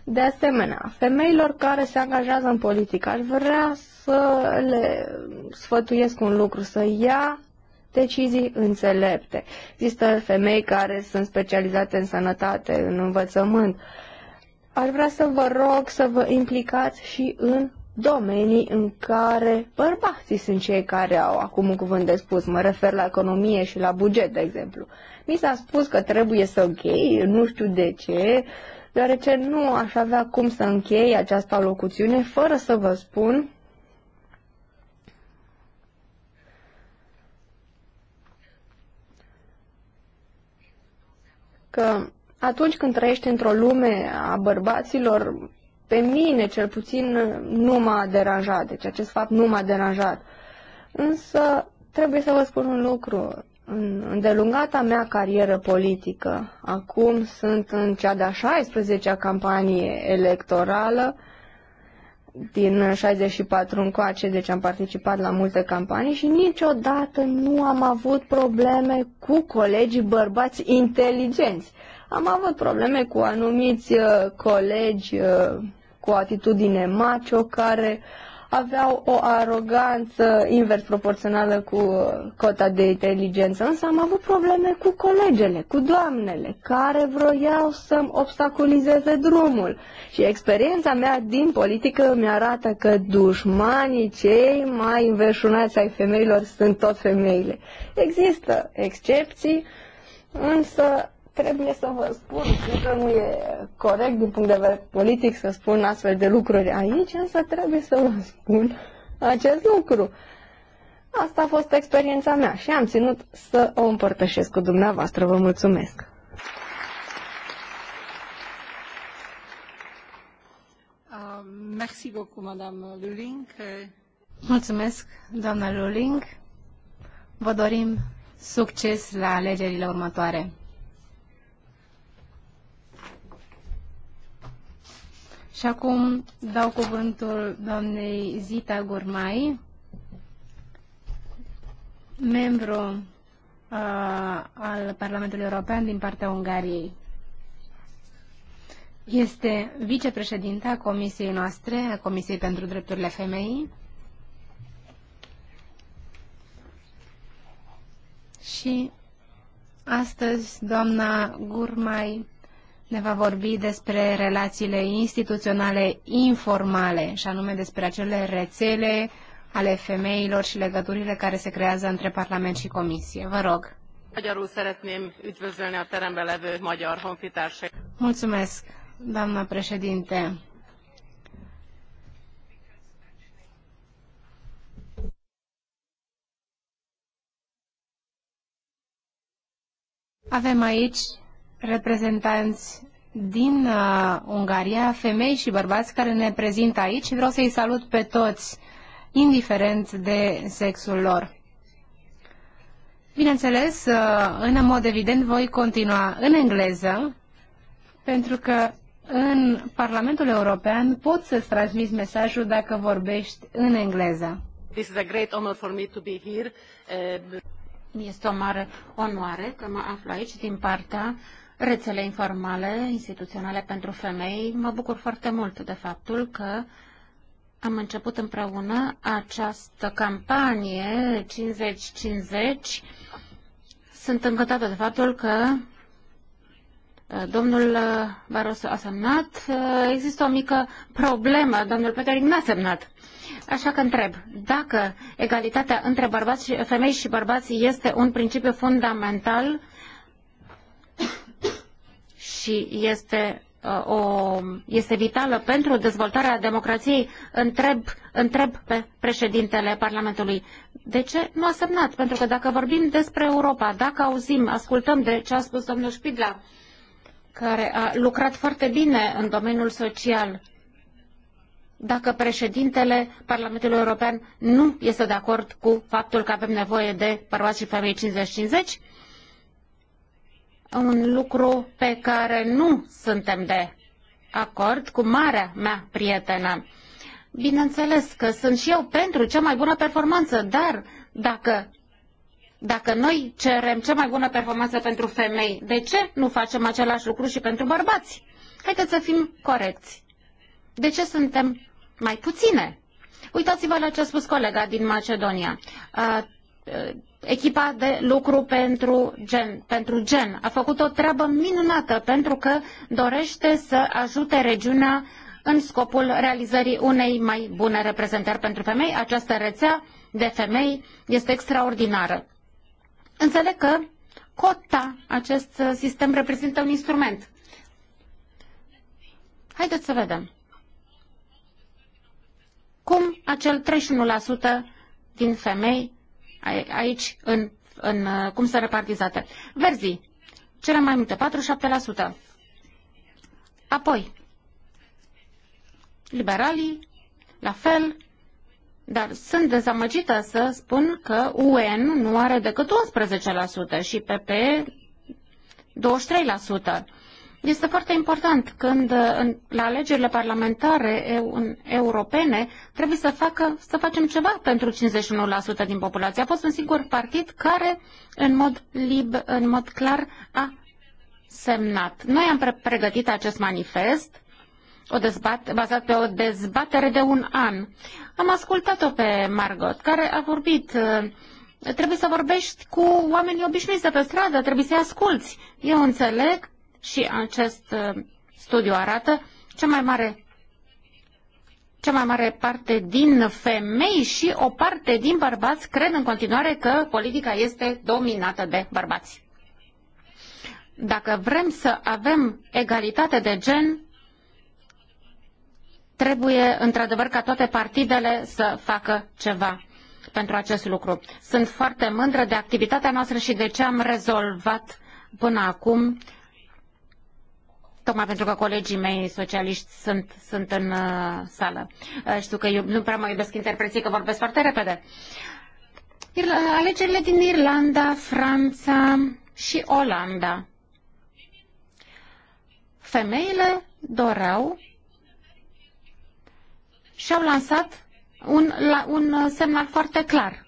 Speaker 3: De asemenea, femeilor care se angajează în politică, aș vrea să le sfătuiesc un lucru, să ia decizii înțelepte. Există femei care sunt specializate în sănătate, în învățământ. Aș vrea să vă rog să vă implicați și în domenii în care bărbații sunt cei care au acum un cuvânt de spus. Mă refer la economie și la buget, de exemplu. Mi s-a spus că trebuie să închei, nu știu de ce, uh, deoarece nu aș avea cum să închei această locuțiune fără să vă spun că atunci când trăiești într-o lume a bărbaților, pe mine cel puțin nu m-a deranjat, deci acest fapt nu m-a deranjat. Însă trebuie să vă spun un lucru, în îndelungata mea carieră politică, acum sunt în cea de-a 16-a campanie electorală, din 64 încoace, deci am participat la multe campanii și niciodată nu am avut probleme cu colegii bărbați inteligenți. Am avut probleme cu anumiți uh, colegi uh, cu atitudine macio care aveau o aroganță invers proporțională cu uh, cota de inteligență, însă am avut probleme cu colegele, cu doamnele, care vroiau să-mi obstaculizeze drumul. Și experiența mea din politică mi arată că dușmanii cei mai înveșunați ai femeilor sunt tot femeile. Există excepții, însă trebuie să vă spun, cred că nu e corect din punct de vedere politic să spun astfel de lucruri aici, însă trebuie să vă spun acest lucru. Asta a fost experiența mea și am ținut să o împărtășesc cu dumneavoastră. Vă mulțumesc!
Speaker 2: Ah,
Speaker 1: mulțumesc, doamna Luling. Vă dorim succes la alegerile următoare. Și acum dau cuvântul doamnei Zita membru uh, al Parlamentului European din partea Ungariei. Este vicepreședinta comisiei noastre, a Comisiei pentru Drepturile Femeii. Și astăzi doamna Gurmai ne va vorbi despre relațiile instituționale informale, și anume despre acele rețele ale femeilor și legăturile care se creează între Parlament și Comisie. Vă rog. Magyarul szeretném üdvözölni
Speaker 2: a teremben levő magyar honfitársai.
Speaker 1: Mulțumesc, doamna președinte. Avem aici reprezentanți din uh, Ungaria, femei și bărbați care ne prezintă aici vreau să-i salut pe toți, indiferent de sexul lor. Bineînțeles, uh, în mod evident voi continua în engleză, pentru că în Parlamentul European pot să-ți transmiți mesajul dacă vorbești în engleză.
Speaker 4: This is a great honor
Speaker 1: for me to be here. Uh... Este o mare onoare că mă aflu aici din partea uh, rețele informale instituționale pentru femei. Mă bucur foarte mult de faptul că am început împreună această campanie 50-50. Sunt încântată de faptul că uh, domnul uh, Barroso a semnat. Uh, există o mică problemă, domnul Peteric n-a semnat. Așa că întreb, dacă egalitatea între bărbați și, femei și bărbați este un principiu fundamental și este, uh, o, este vitală pentru dezvoltarea democrației, întreb, întreb pe președintele Parlamentului. De ce nu a semnat? Pentru că dacă vorbim despre Europa, dacă auzim, ascultăm de ce a spus domnul Spidla, care a lucrat foarte bine în domeniul social, dacă președintele Parlamentului European nu este de acord cu faptul că avem nevoie de bărbați și femei 50-50? un lucru pe care nu suntem de acord cu marea mea prietenă. Bineînțeles că sunt și eu pentru cea mai bună performanță, dar dacă, dacă noi cerem cea mai bună performanță pentru femei, de ce nu facem același lucru și pentru bărbați? Haideți să fim corecți. De ce suntem mai puține? Uitați-vă la ce a spus colega din Macedonia echipa de lucru pentru gen. Pentru gen. A făcut o treabă minunată pentru că dorește să ajute regiunea în scopul realizării unei mai bune reprezentări pentru femei. Această rețea de femei este extraordinară. Înțeleg că cota, acest sistem, reprezintă un instrument. Haideți să vedem. Cum acel 31% din femei aici în, în uh, cum sunt repartizate. Verzii, cele mai multe, 47%. Apoi, liberalii, la fel, dar sunt dezamăgită să spun că UN nu are decât 11% și PP 23%. Este foarte important când uh, în, la alegerile parlamentare eu, europene trebuie să, facă, să facem ceva pentru 51% din populație. A fost un singur partid care în mod, lib, în mod clar a semnat. Noi am pregătit acest manifest o dezbat, bazat pe o dezbatere de un an. Am ascultat-o pe Margot, care a vorbit uh, trebuie să vorbești cu oamenii obișnuiți de pe stradă, trebuie să-i asculți. Eu înțeleg și acest uh, studiu arată, cea mai mare cea mai mare parte din femei și o parte din bărbați cred în continuare că politica este dominată de bărbați. Dacă vrem să avem egalitate de gen, trebuie într-adevăr ca toate partidele să facă ceva pentru acest lucru. Sunt foarte mândră de activitatea noastră și de ce am rezolvat până acum tocmai pentru că colegii mei socialiști sunt, sunt în uh, sală. Uh, știu că eu nu prea mă iubesc interpreții, că vorbesc foarte repede. Ir alegerile din Irlanda, Franța și Olanda. Femeile doreau și au lansat un, la, un uh, semnal foarte clar.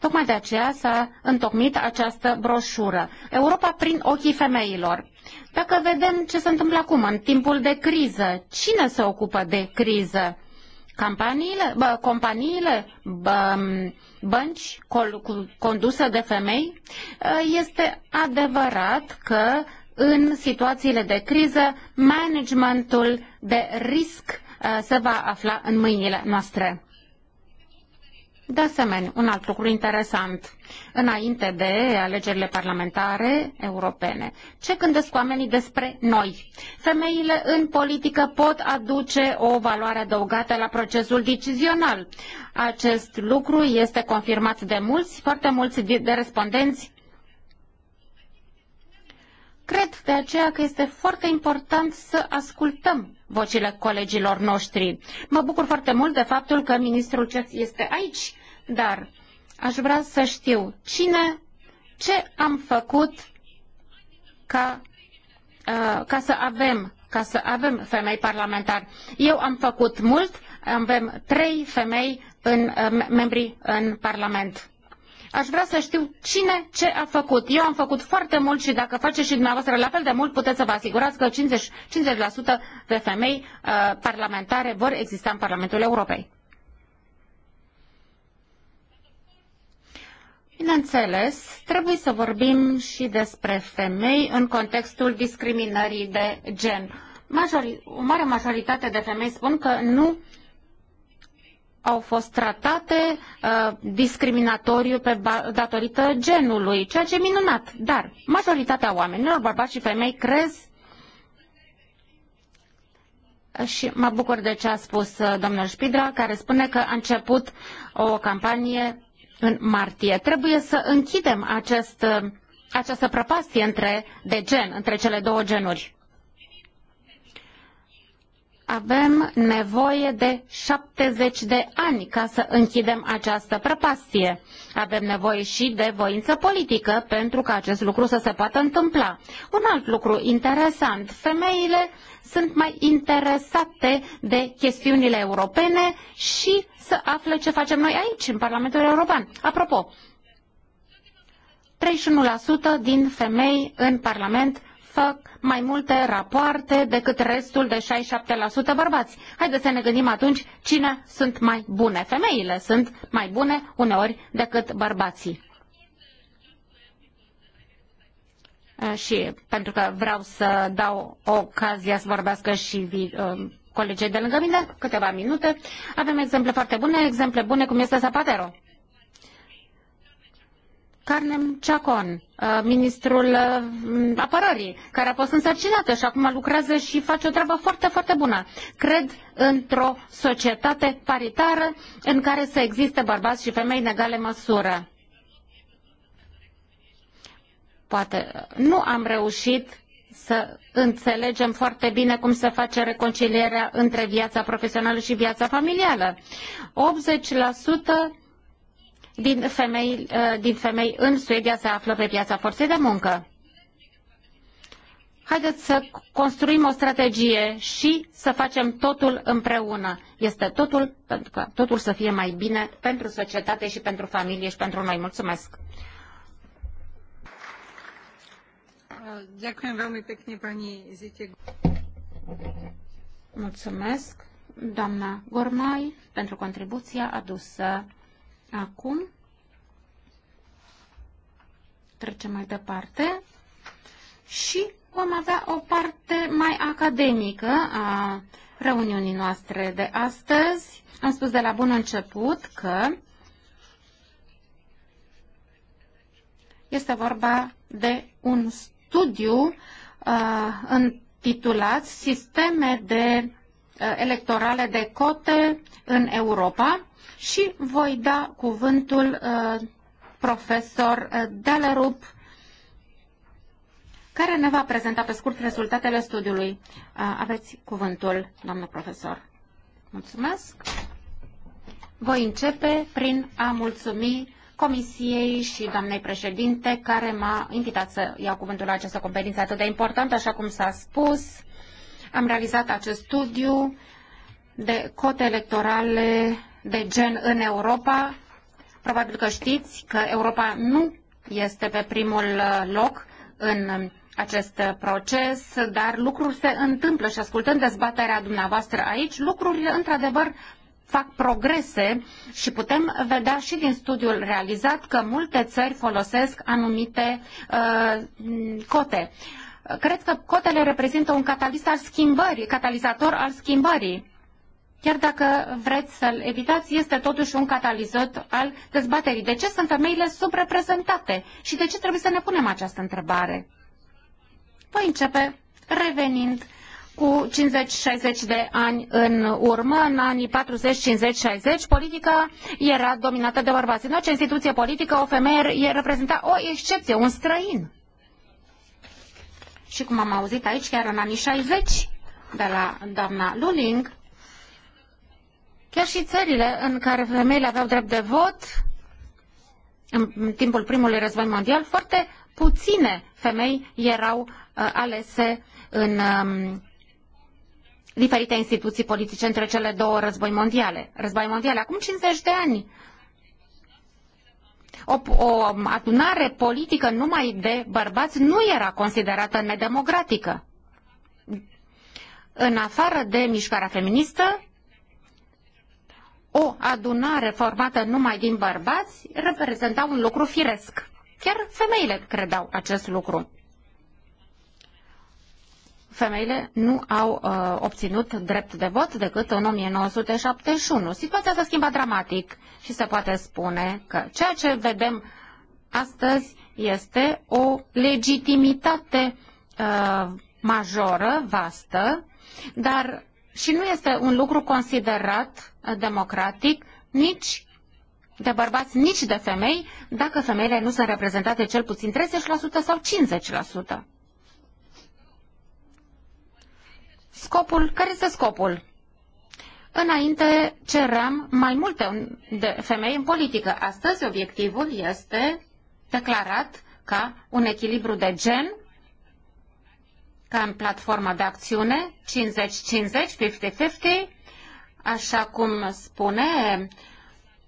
Speaker 1: Tocmai de aceea s-a întocmit această broșură. Europa prin ochii femeilor. Dacă vedem ce se întâmplă acum, în timpul de criză, cine se ocupă de criză? Campaniile, bă, companiile, bă, bănci col, conduse de femei? Ă, este adevărat că în situațiile de criză, managementul de risc ă, se va afla în mâinile noastre. De asemenea, un alt lucru interesant, înainte de alegerile parlamentare europene, ce gândesc oamenii despre noi? Femeile în politică pot aduce o valoare adăugată la procesul decizional. Acest lucru este confirmat de mulți, foarte mulți de respondenți. Cred de aceea că este foarte important să ascultăm vocile colegilor noștri. Mă bucur foarte mult de faptul că ministrul CEF este aici, dar aș vrea să știu cine, ce am făcut ca, uh, ca să avem ca să avem femei parlamentari. Eu am făcut mult, avem trei femei în, uh, membri în Parlament. Aș vrea să știu cine ce a făcut. Eu am făcut foarte mult și dacă faceți și dumneavoastră la fel de mult, puteți să vă asigurați că 50, 50% de femei uh, parlamentare vor exista în Parlamentul Europei. Bineînțeles, trebuie să vorbim și despre femei în contextul discriminării de gen. Majori, o mare majoritate de femei spun că nu au fost tratate uh, discriminatoriu pe datorită genului, ceea ce e minunat. Dar majoritatea oamenilor, bărbați și femei, crez și mă bucur de ce a spus uh, domnul Spidra, care spune că a început o campanie în martie. Trebuie să închidem acest, uh, această prăpastie între, de gen, între cele două genuri avem nevoie de 70 de ani ca să închidem această prăpastie. Avem nevoie și de voință politică pentru ca acest lucru să se poată întâmpla. Un alt lucru interesant, femeile sunt mai interesate de chestiunile europene și să afle ce facem noi aici, în Parlamentul European. Apropo, 31% din femei în Parlament fac mai multe rapoarte decât restul de 67% bărbați. Haideți să ne gândim atunci cine sunt mai bune. Femeile sunt mai bune uneori decât bărbații. Și pentru că vreau să dau ocazia să vorbească și colegii de lângă mine, câteva minute, avem exemple foarte bune, exemple bune cum este Zapatero Carmen Chacon, uh, ministrul uh, apărării, care a fost însărcinată și acum lucrează și face o treabă foarte, foarte bună. Cred într-o societate paritară în care să existe bărbați și femei în egale măsură. Poate uh, nu am reușit să înțelegem foarte bine cum se face reconcilierea între viața profesională și viața familială. 80% din femei, uh, din femei în Suedia se află pe piața forței de muncă. Haideți să construim o strategie și să facem totul împreună. Este totul pentru că totul să fie mai bine pentru societate și pentru familie și pentru noi. Mulțumesc! Mulțumesc, doamna Gormai, pentru contribuția adusă Acum trecem mai departe și vom avea o parte mai academică a reuniunii noastre de astăzi. Am spus de la bun început că este vorba de un studiu uh, intitulat Sisteme de uh, electorale de cote în Europa și voi da cuvântul uh, profesor uh, Dalarup, care ne va prezenta pe scurt rezultatele studiului. Uh, aveți cuvântul, doamnă profesor. Mulțumesc. Voi începe prin a mulțumi Comisiei și doamnei președinte care m-a invitat să iau cuvântul la această conferință atât de importantă, așa cum s-a spus. Am realizat acest studiu de cote electorale de gen în Europa. Probabil că știți că Europa nu este pe primul uh, loc în um, acest uh, proces, dar lucruri se întâmplă și ascultând dezbaterea dumneavoastră aici, lucrurile într-adevăr fac progrese și putem vedea și din studiul realizat că multe țări folosesc anumite uh, cote. Cred că cotele reprezintă un al schimbării, catalizator al schimbării chiar dacă vreți să-l evitați, este totuși un catalizat al dezbaterii. De ce sunt femeile subreprezentate și de ce trebuie să ne punem această întrebare? Voi începe revenind cu 50-60 de ani în urmă, în anii 40, 50, 60, politica era dominată de bărbați. În orice instituție politică, o femeie reprezenta o excepție, un străin. Și cum am auzit aici, chiar în anii 60, de la doamna Luling, Chiar și țările în care femeile aveau drept de vot, în timpul primului război mondial, foarte puține femei erau uh, alese în um, diferite instituții politice între cele două război mondiale. Război mondiale, acum 50 de ani. O, o adunare politică numai de bărbați nu era considerată nedemocratică. În afară de mișcarea feministă, o adunare formată numai din bărbați reprezenta un lucru firesc. Chiar femeile credeau acest lucru. Femeile nu au uh, obținut drept de vot decât în 1971. Situația s-a schimbat dramatic și se poate spune că ceea ce vedem astăzi este o legitimitate uh, majoră, vastă, dar și nu este un lucru considerat uh, democratic nici de bărbați, nici de femei, dacă femeile nu sunt reprezentate cel puțin 30% sau 50%. Scopul, care este scopul? Înainte ceream mai multe de femei în politică. Astăzi obiectivul este declarat ca un echilibru de gen ca în platforma de acțiune 50-50, 50-50, așa cum spune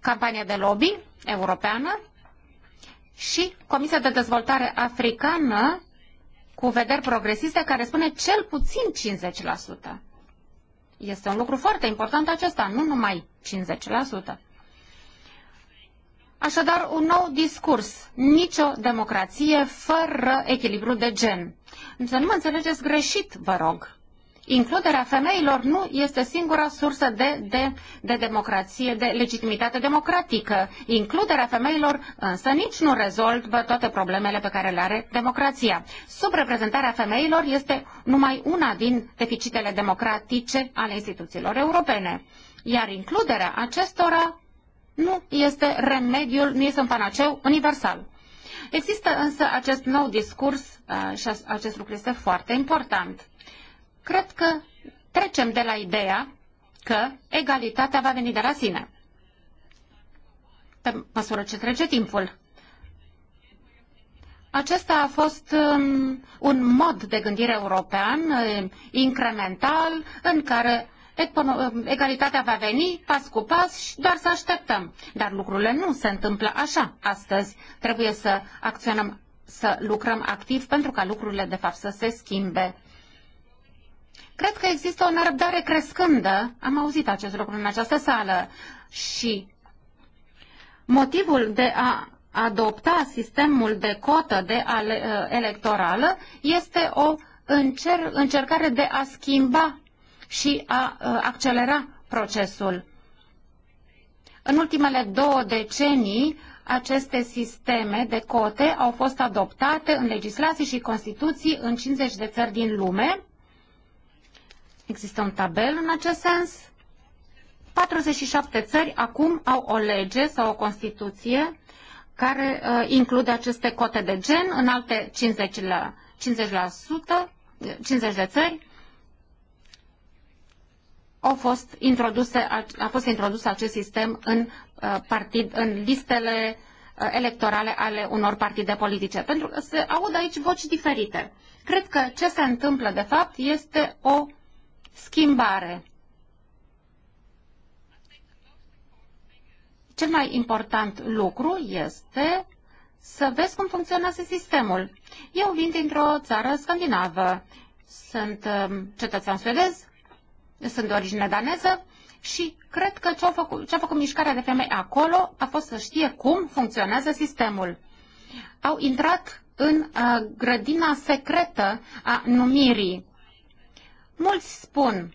Speaker 1: campania de lobby europeană și Comisia de Dezvoltare Africană cu vederi progresiste care spune cel puțin 50%. Este un lucru foarte important acesta, nu numai 50%. Așadar, un nou discurs. Nicio democrație fără echilibru de gen. Să nu mă înțelegeți greșit, vă rog. Includerea femeilor nu este singura sursă de, de, de democrație, de legitimitate democratică. Includerea femeilor însă nici nu rezolvă toate problemele pe care le are democrația. Subreprezentarea femeilor este numai una din deficitele democratice ale instituțiilor europene, iar includerea acestora nu este remediul, nu este un panaceu universal. Există însă acest nou discurs uh, și acest lucru este foarte important. Cred că trecem de la ideea că egalitatea va veni de la sine. Pe măsură ce trece timpul. Acesta a fost um, un mod de gândire european, uh, incremental, în care Um, egalitatea va veni pas cu pas și doar să așteptăm. Dar lucrurile nu se întâmplă așa. Astăzi trebuie să acționăm, să lucrăm activ pentru ca lucrurile de fapt să se schimbe. Cred că există o nerăbdare crescândă, am auzit acest lucru în această sală, și motivul de a adopta sistemul de cotă de ale, uh, electorală este o încer, încercare de a schimba și a ă, accelera procesul. În ultimele două decenii, aceste sisteme de cote au fost adoptate în legislații și constituții în 50 de țări din lume. Există un tabel în acest sens. 47 țări acum au o lege sau o constituție care uh, include aceste cote de gen în alte 50%, la, 50%, 50 de țări au fost introduse, a fost introdus acest sistem în, uh, partid, în listele uh, electorale ale unor partide politice. Pentru că se aud aici voci diferite. Cred că ce se întâmplă, de fapt, este o schimbare. Cel mai important lucru este să vezi cum funcționează sistemul. Eu vin dintr-o țară scandinavă. Sunt um, cetățean suedez, sunt de origine daneză și cred că ce-a făcut, ce-a făcut mișcarea de femei acolo a fost să știe cum funcționează sistemul. Au intrat în uh, grădina secretă a numirii. Mulți spun,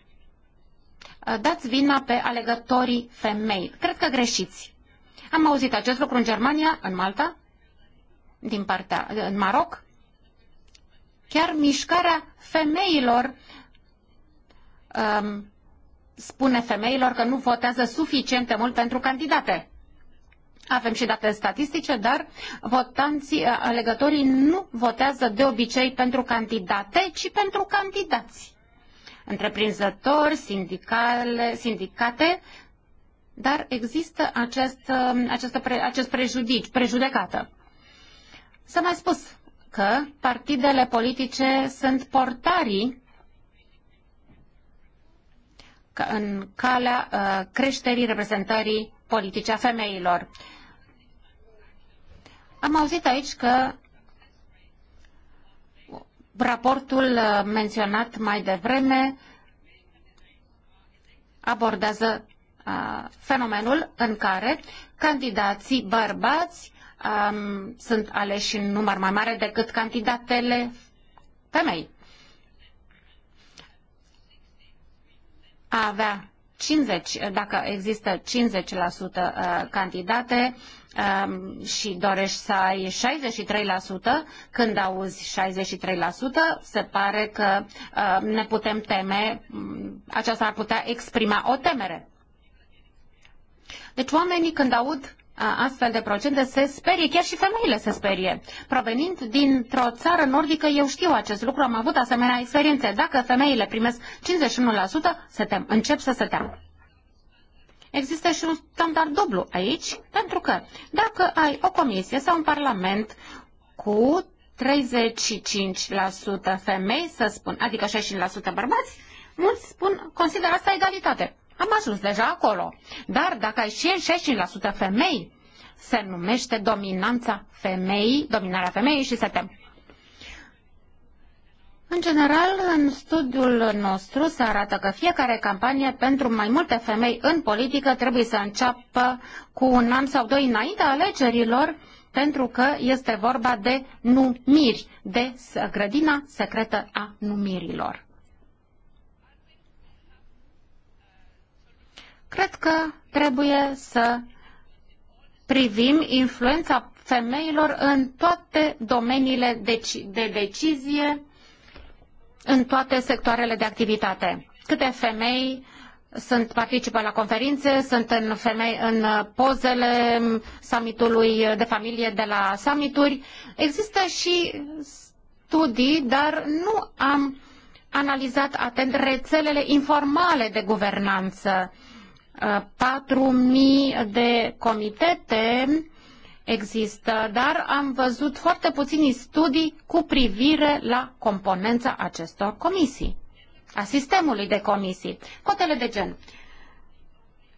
Speaker 1: uh, dați vina pe alegătorii femei. Cred că greșiți. Am auzit acest lucru în Germania, în Malta, din partea, în Maroc. Chiar mișcarea femeilor Um, spune femeilor că nu votează suficient de mult pentru candidate. Avem și date statistice, dar votanții, uh, alegătorii nu votează de obicei pentru candidate, ci pentru candidați. Întreprinzători, sindicale, sindicate, dar există acest, um, acest, acest prejudici, prejudecată. S-a mai spus că partidele politice sunt portarii în calea uh, creșterii reprezentării politice a femeilor. Am auzit aici că raportul uh, menționat mai devreme abordează uh, fenomenul în care candidații bărbați um, sunt aleși în număr mai mare decât candidatele femei. a avea 50, dacă există 50% uh, candidate um, și dorești să ai 63%, când auzi 63%, se pare că uh, ne putem teme, mm, aceasta ar putea exprima o temere. Deci oamenii când aud astfel de procente, se sperie, chiar și femeile se sperie. Provenind dintr-o țară nordică, eu știu acest lucru, am avut asemenea experiențe. Dacă femeile primesc 51%, se tem, încep să se teamă. Există și un standard dublu aici, pentru că dacă ai o comisie sau un parlament cu 35% femei, să spun, adică 60% bărbați, mulți spun, consideră asta egalitate. Am ajuns deja acolo. Dar dacă ai și 60% femei, se numește dominanța femeii, dominarea femeii și se tem. În general, în studiul nostru se arată că fiecare campanie pentru mai multe femei în politică trebuie să înceapă cu un an sau doi înainte alegerilor, pentru că este vorba de numiri, de grădina secretă a numirilor. Cred că trebuie să privim influența femeilor în toate domeniile deci- de decizie, în toate sectoarele de activitate. Câte femei sunt participă la conferințe, sunt în, femei, în pozele summitului de familie de la summituri. Există și studii, dar nu am analizat atent rețelele informale de guvernanță 4.000 de comitete există, dar am văzut foarte puțini studii cu privire la componența acestor comisii, a sistemului de comisii. Cotele de gen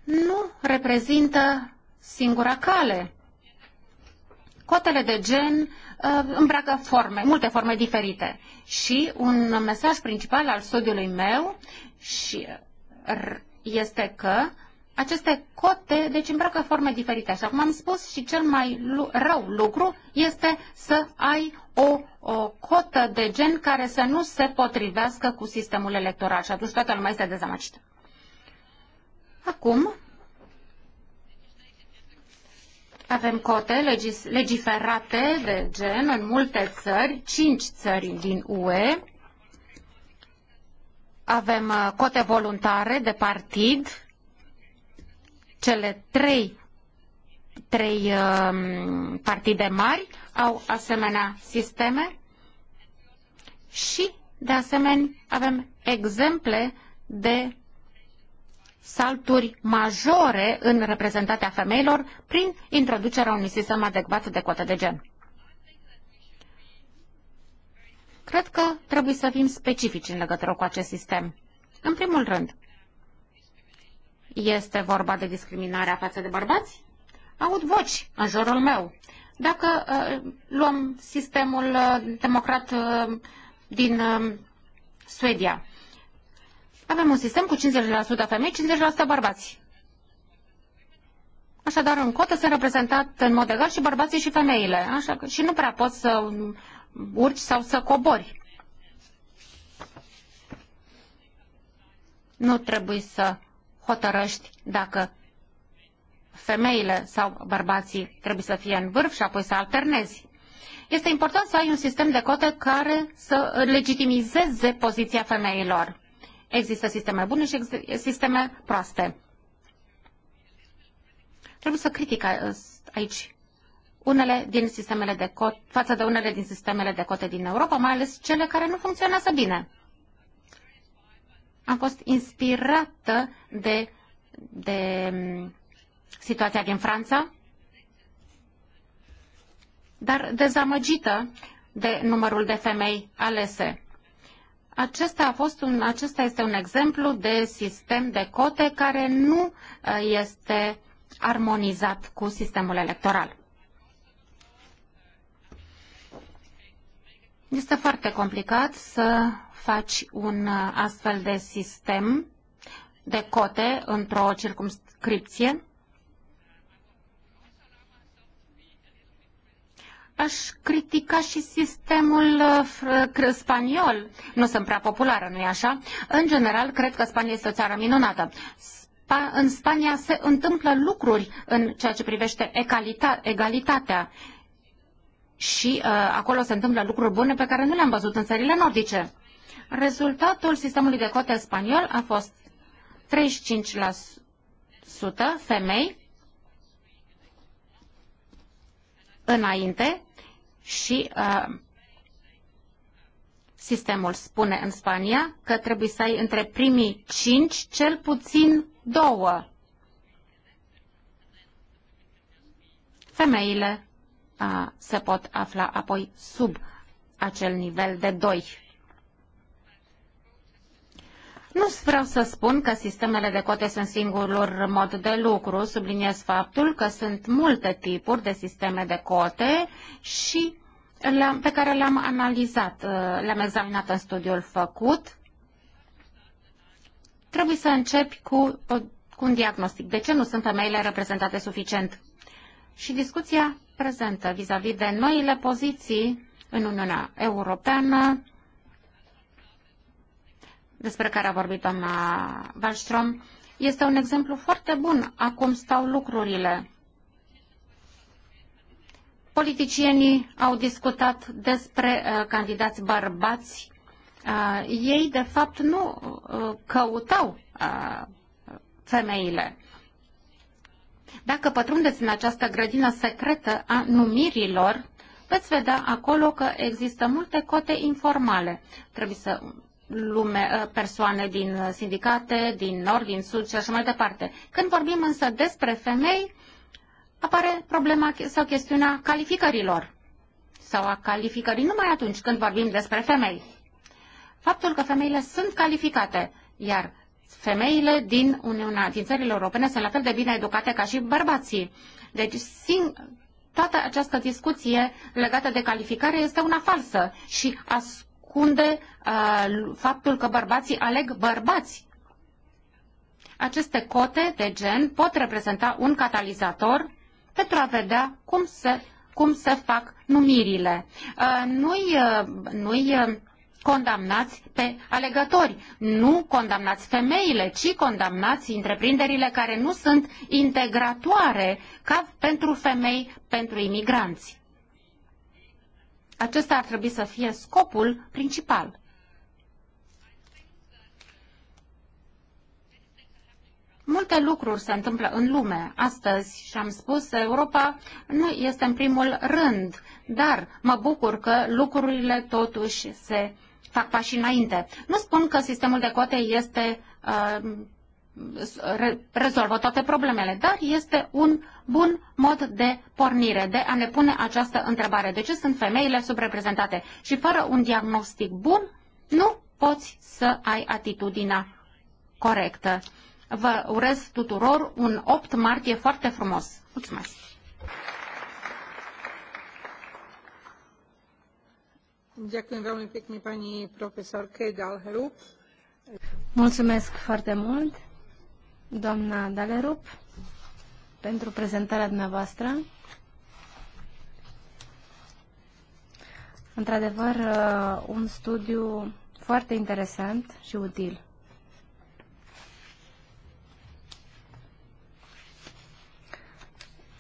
Speaker 1: nu reprezintă singura cale. Cotele de gen uh, îmbracă forme, multe forme diferite. Și un mesaj principal al studiului meu și uh, este că aceste cote, deci îmbracă forme diferite. Așa cum am spus și cel mai rău lucru este să ai o, o cotă de gen care să nu se potrivească cu sistemul electoral și atunci toată lumea este dezamăgită. Acum avem cote legis, legiferate de gen în multe țări, cinci țări din UE. Avem uh, cote voluntare de partid, cele trei, trei um, partide mari au asemenea sisteme și, de asemenea, avem exemple de salturi majore în reprezentarea femeilor prin introducerea unui sistem adecvat de cote de gen. Cred că trebuie să fim specifici în legătură cu acest sistem. În primul rând, este vorba de discriminarea față de bărbați? Aud voci în jurul meu. Dacă uh, luăm sistemul uh, democrat uh, din uh, Suedia, avem un sistem cu 50% femei, 50% bărbați. Așadar, în cotă sunt reprezentat în mod egal și bărbații și femeile. Așa că și nu prea poți să urci sau să cobori. Nu trebuie să hotărăști dacă femeile sau bărbații trebuie să fie în vârf și apoi să alternezi. Este important să ai un sistem de cote care să legitimizeze poziția femeilor. Există sisteme bune și sisteme proaste. Trebuie să critic aici unele din sistemele de cot, față de unele din sistemele de cote din Europa, mai ales cele care nu funcționează bine am fost inspirată de, de mm, situația din Franța, dar dezamăgită de numărul de femei alese. Acesta, a fost un, acesta este un exemplu de sistem de cote care nu eh, este armonizat cu sistemul electoral. Este foarte complicat să faci un uh, astfel de sistem de cote într-o circumscripție, aș critica și sistemul uh, spaniol. Nu sunt prea populară, nu-i așa? În general, cred că Spania este o țară minunată. Spa în Spania se întâmplă lucruri în ceea ce privește egalitatea. Și uh, acolo se întâmplă lucruri bune pe care nu le-am văzut în țările nordice. Rezultatul sistemului de cote spaniol a fost 35% femei înainte și uh, sistemul spune în Spania că trebuie să ai între primii 5 cel puțin două femeile uh, se pot afla apoi sub acel nivel de 2. Nu vreau să spun că sistemele de cote sunt singurul mod de lucru, subliniez faptul că sunt multe tipuri de sisteme de cote și pe care le-am analizat, uh, le-am examinat în studiul făcut. Trebuie să începi cu, uh, cu un diagnostic. De ce nu sunt femeile reprezentate suficient? Și discuția prezentă vis-a-vis -vis de noile poziții în Uniunea Europeană despre care a vorbit doamna Wallström, este un exemplu foarte bun a cum stau lucrurile. Politicienii au discutat despre uh, candidați bărbați. Uh, ei, de fapt, nu uh, căutau uh, femeile. Dacă pătrundeți în această grădină secretă a numirilor, veți vedea acolo că există multe cote informale. Trebuie să lume, ă, persoane din ă, sindicate, din nord, din sud și așa mai departe. Când vorbim însă despre femei, apare problema sau chestiunea calificărilor sau a calificării numai atunci când vorbim despre femei. Faptul că femeile sunt calificate, iar femeile din Uniunea, din țările europene sunt la fel de bine educate ca și bărbații. Deci, sing- toată această discuție legată de calificare este una falsă și ascult ascunde uh, faptul că bărbații aleg bărbați. Aceste cote de gen pot reprezenta un catalizator pentru a vedea cum se, cum se fac numirile. Uh, nu-i, uh, nu-i condamnați pe alegători, nu condamnați femeile, ci condamnați întreprinderile care nu sunt integratoare ca pentru femei, pentru imigranți. Acesta ar trebui să fie scopul principal. Multe lucruri se întâmplă în lume astăzi și am spus Europa nu este în primul rând, dar mă bucur că lucrurile totuși se fac pași înainte. Nu spun că sistemul de cote este uh, re, rezolvă toate problemele, dar este un bun mod de pornire, de a ne pune această întrebare. De ce sunt femeile subreprezentate? Și fără un diagnostic bun, nu poți să ai atitudinea corectă. Vă urez tuturor un 8 martie foarte frumos.
Speaker 2: Mulțumesc! Ďakujem veľmi pekne pani
Speaker 3: Mulțumesc foarte mult doamna
Speaker 1: Dalerup, pentru prezentarea dumneavoastră. Într-adevăr, uh, un studiu foarte interesant și util.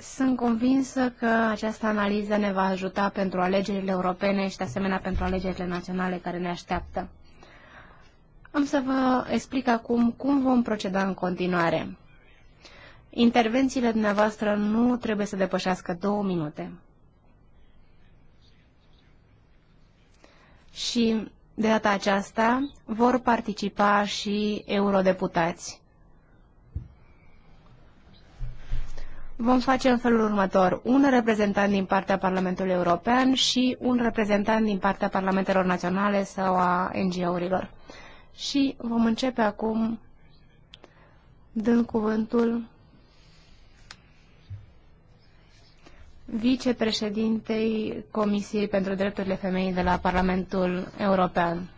Speaker 1: Sunt convinsă că această analiză ne va ajuta pentru alegerile europene și, de asemenea, pentru alegerile naționale care ne așteaptă. Am să vă explic acum cum vom proceda în continuare. Intervențiile dumneavoastră nu trebuie să depășească două minute. Și de data aceasta vor participa și eurodeputați. Vom face în felul următor un reprezentant din partea Parlamentului European și un reprezentant din partea Parlamentelor Naționale sau a NGO-urilor și vom începe acum dând cuvântul vicepreședintei Comisiei pentru Drepturile Femeii de la Parlamentul European.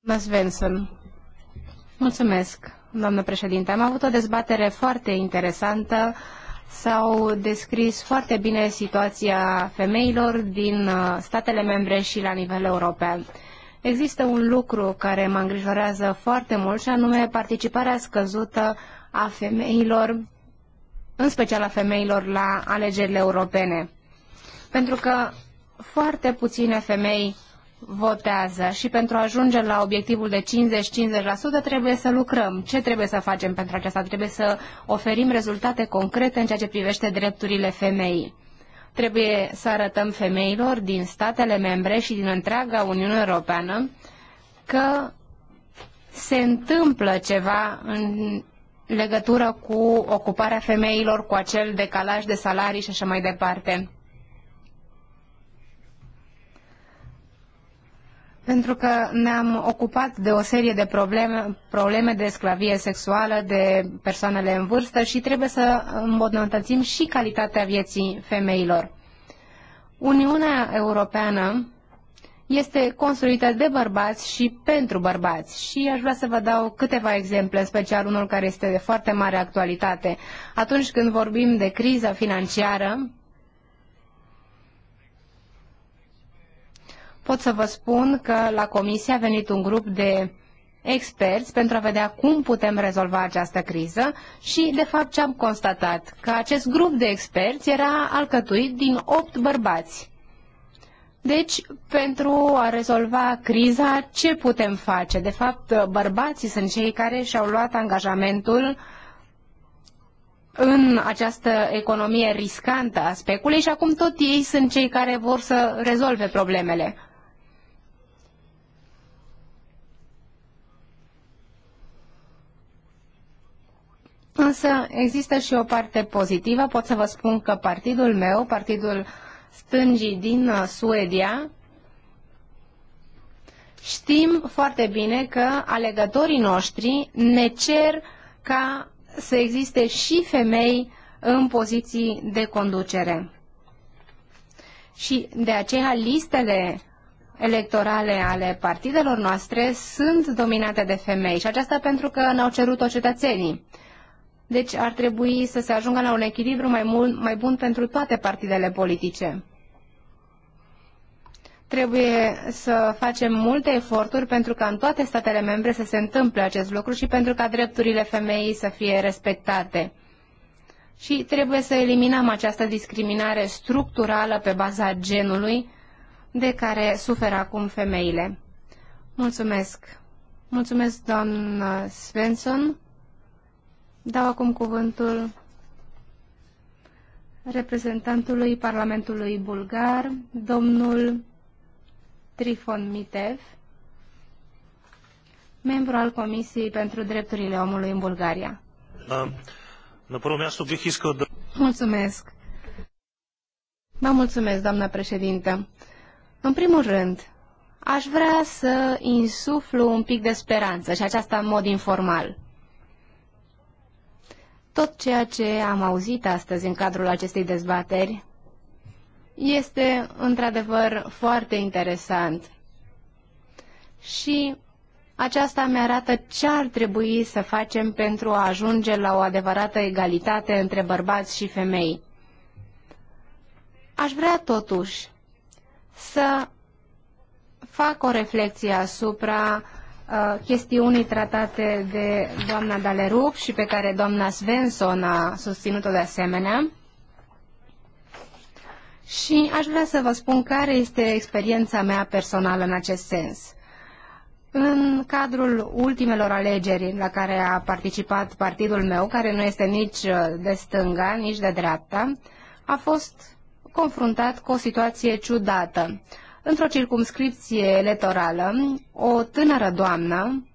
Speaker 1: Doamna Svensson, mulțumesc, doamnă președinte. Am avut o dezbatere foarte interesantă S-au descris foarte bine situația femeilor din uh, statele membre și la nivel european. Există un lucru care mă îngrijorează foarte mult și anume participarea scăzută a femeilor, în special a femeilor la alegerile europene. Pentru că foarte puține femei votează și pentru a ajunge la obiectivul de 50-50% trebuie să lucrăm. Ce trebuie să facem pentru aceasta? Trebuie să oferim rezultate concrete în ceea ce privește drepturile femeii. Trebuie să arătăm femeilor din statele membre și din întreaga Uniune Europeană că se întâmplă ceva în legătură cu ocuparea femeilor, cu acel decalaj de salarii și așa mai departe. pentru că ne-am ocupat de o serie de probleme, probleme de sclavie sexuală, de persoanele în vârstă și trebuie să îmbunătățim și calitatea vieții femeilor. Uniunea Europeană este construită de bărbați și pentru bărbați. Și aș vrea să vă dau câteva exemple, în special unul care este de foarte mare actualitate. Atunci când vorbim de criza financiară, pot să vă spun că la comisie a venit un grup de experți pentru a vedea cum putem rezolva această criză și, de fapt, ce am constatat? Că acest grup de experți era alcătuit din opt bărbați. Deci, pentru a rezolva criza, ce putem face? De fapt, bărbații sunt cei care și-au luat angajamentul în această economie riscantă a speculei și acum tot ei sunt cei care vor să rezolve problemele. Însă există și o parte pozitivă. Pot să vă spun că partidul meu, partidul stângii din uh, Suedia, știm foarte bine că alegătorii noștri ne cer ca să existe și femei în poziții de conducere. Și de aceea listele electorale ale partidelor noastre sunt dominate de femei și aceasta pentru că ne-au cerut-o cetățenii. Deci ar trebui să se ajungă la un echilibru mai, mult, mai bun pentru toate partidele politice. Trebuie să facem multe eforturi pentru ca în toate statele membre să se întâmple acest lucru și pentru ca drepturile femeii să fie respectate. Și trebuie să eliminăm această discriminare structurală pe baza genului de care suferă acum femeile. Mulțumesc! Mulțumesc, doamnă Svensson! Dau acum cuvântul reprezentantului Parlamentului Bulgar, domnul Trifon Mitev, membru al Comisiei pentru Drepturile Omului în Bulgaria. Da. Mulțumesc. Vă mulțumesc, doamnă președintă. În primul rând, aș vrea să insuflu un pic de speranță și aceasta în mod informal. Tot ceea ce am auzit astăzi în cadrul acestei dezbateri este într-adevăr foarte interesant. Și aceasta mi-arată ce ar trebui să facem pentru a ajunge la o adevărată egalitate între bărbați și femei. Aș vrea totuși să fac o reflexie asupra Uh, chestiunii tratate de doamna Dalerup și pe care doamna Svensson a susținut-o de asemenea. Și aș vrea să vă spun care este experiența mea personală în acest sens. În cadrul ultimelor alegeri la care a participat partidul meu, care nu este nici uh, de stânga, nici de dreapta, a fost confruntat cu o situație ciudată într-o circumscripție electorală, o tânără doamnă,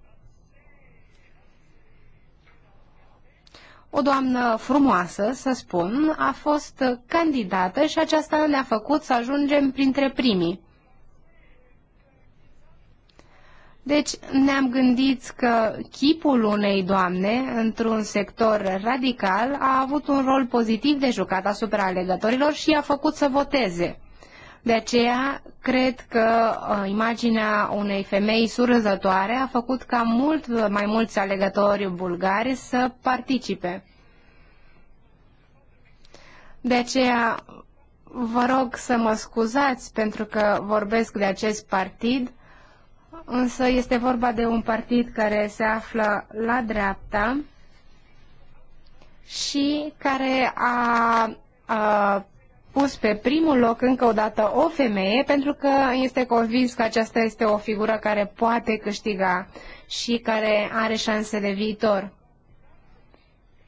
Speaker 1: o doamnă frumoasă, să spun, a fost candidată și aceasta ne-a făcut să ajungem printre primii. Deci ne-am gândit că chipul unei doamne într-un sector radical a avut un rol pozitiv de jucat asupra alegătorilor și i-a făcut să voteze. De aceea, cred că uh, imaginea unei femei surâzătoare a făcut ca mult uh, mai mulți alegători bulgari să participe. De aceea, vă rog să mă scuzați pentru că vorbesc de acest partid, însă este vorba de un partid care se află la dreapta și care a, a uh, pus pe primul loc încă o dată o femeie pentru că este convins că aceasta este o figură care poate câștiga și care are șanse de viitor.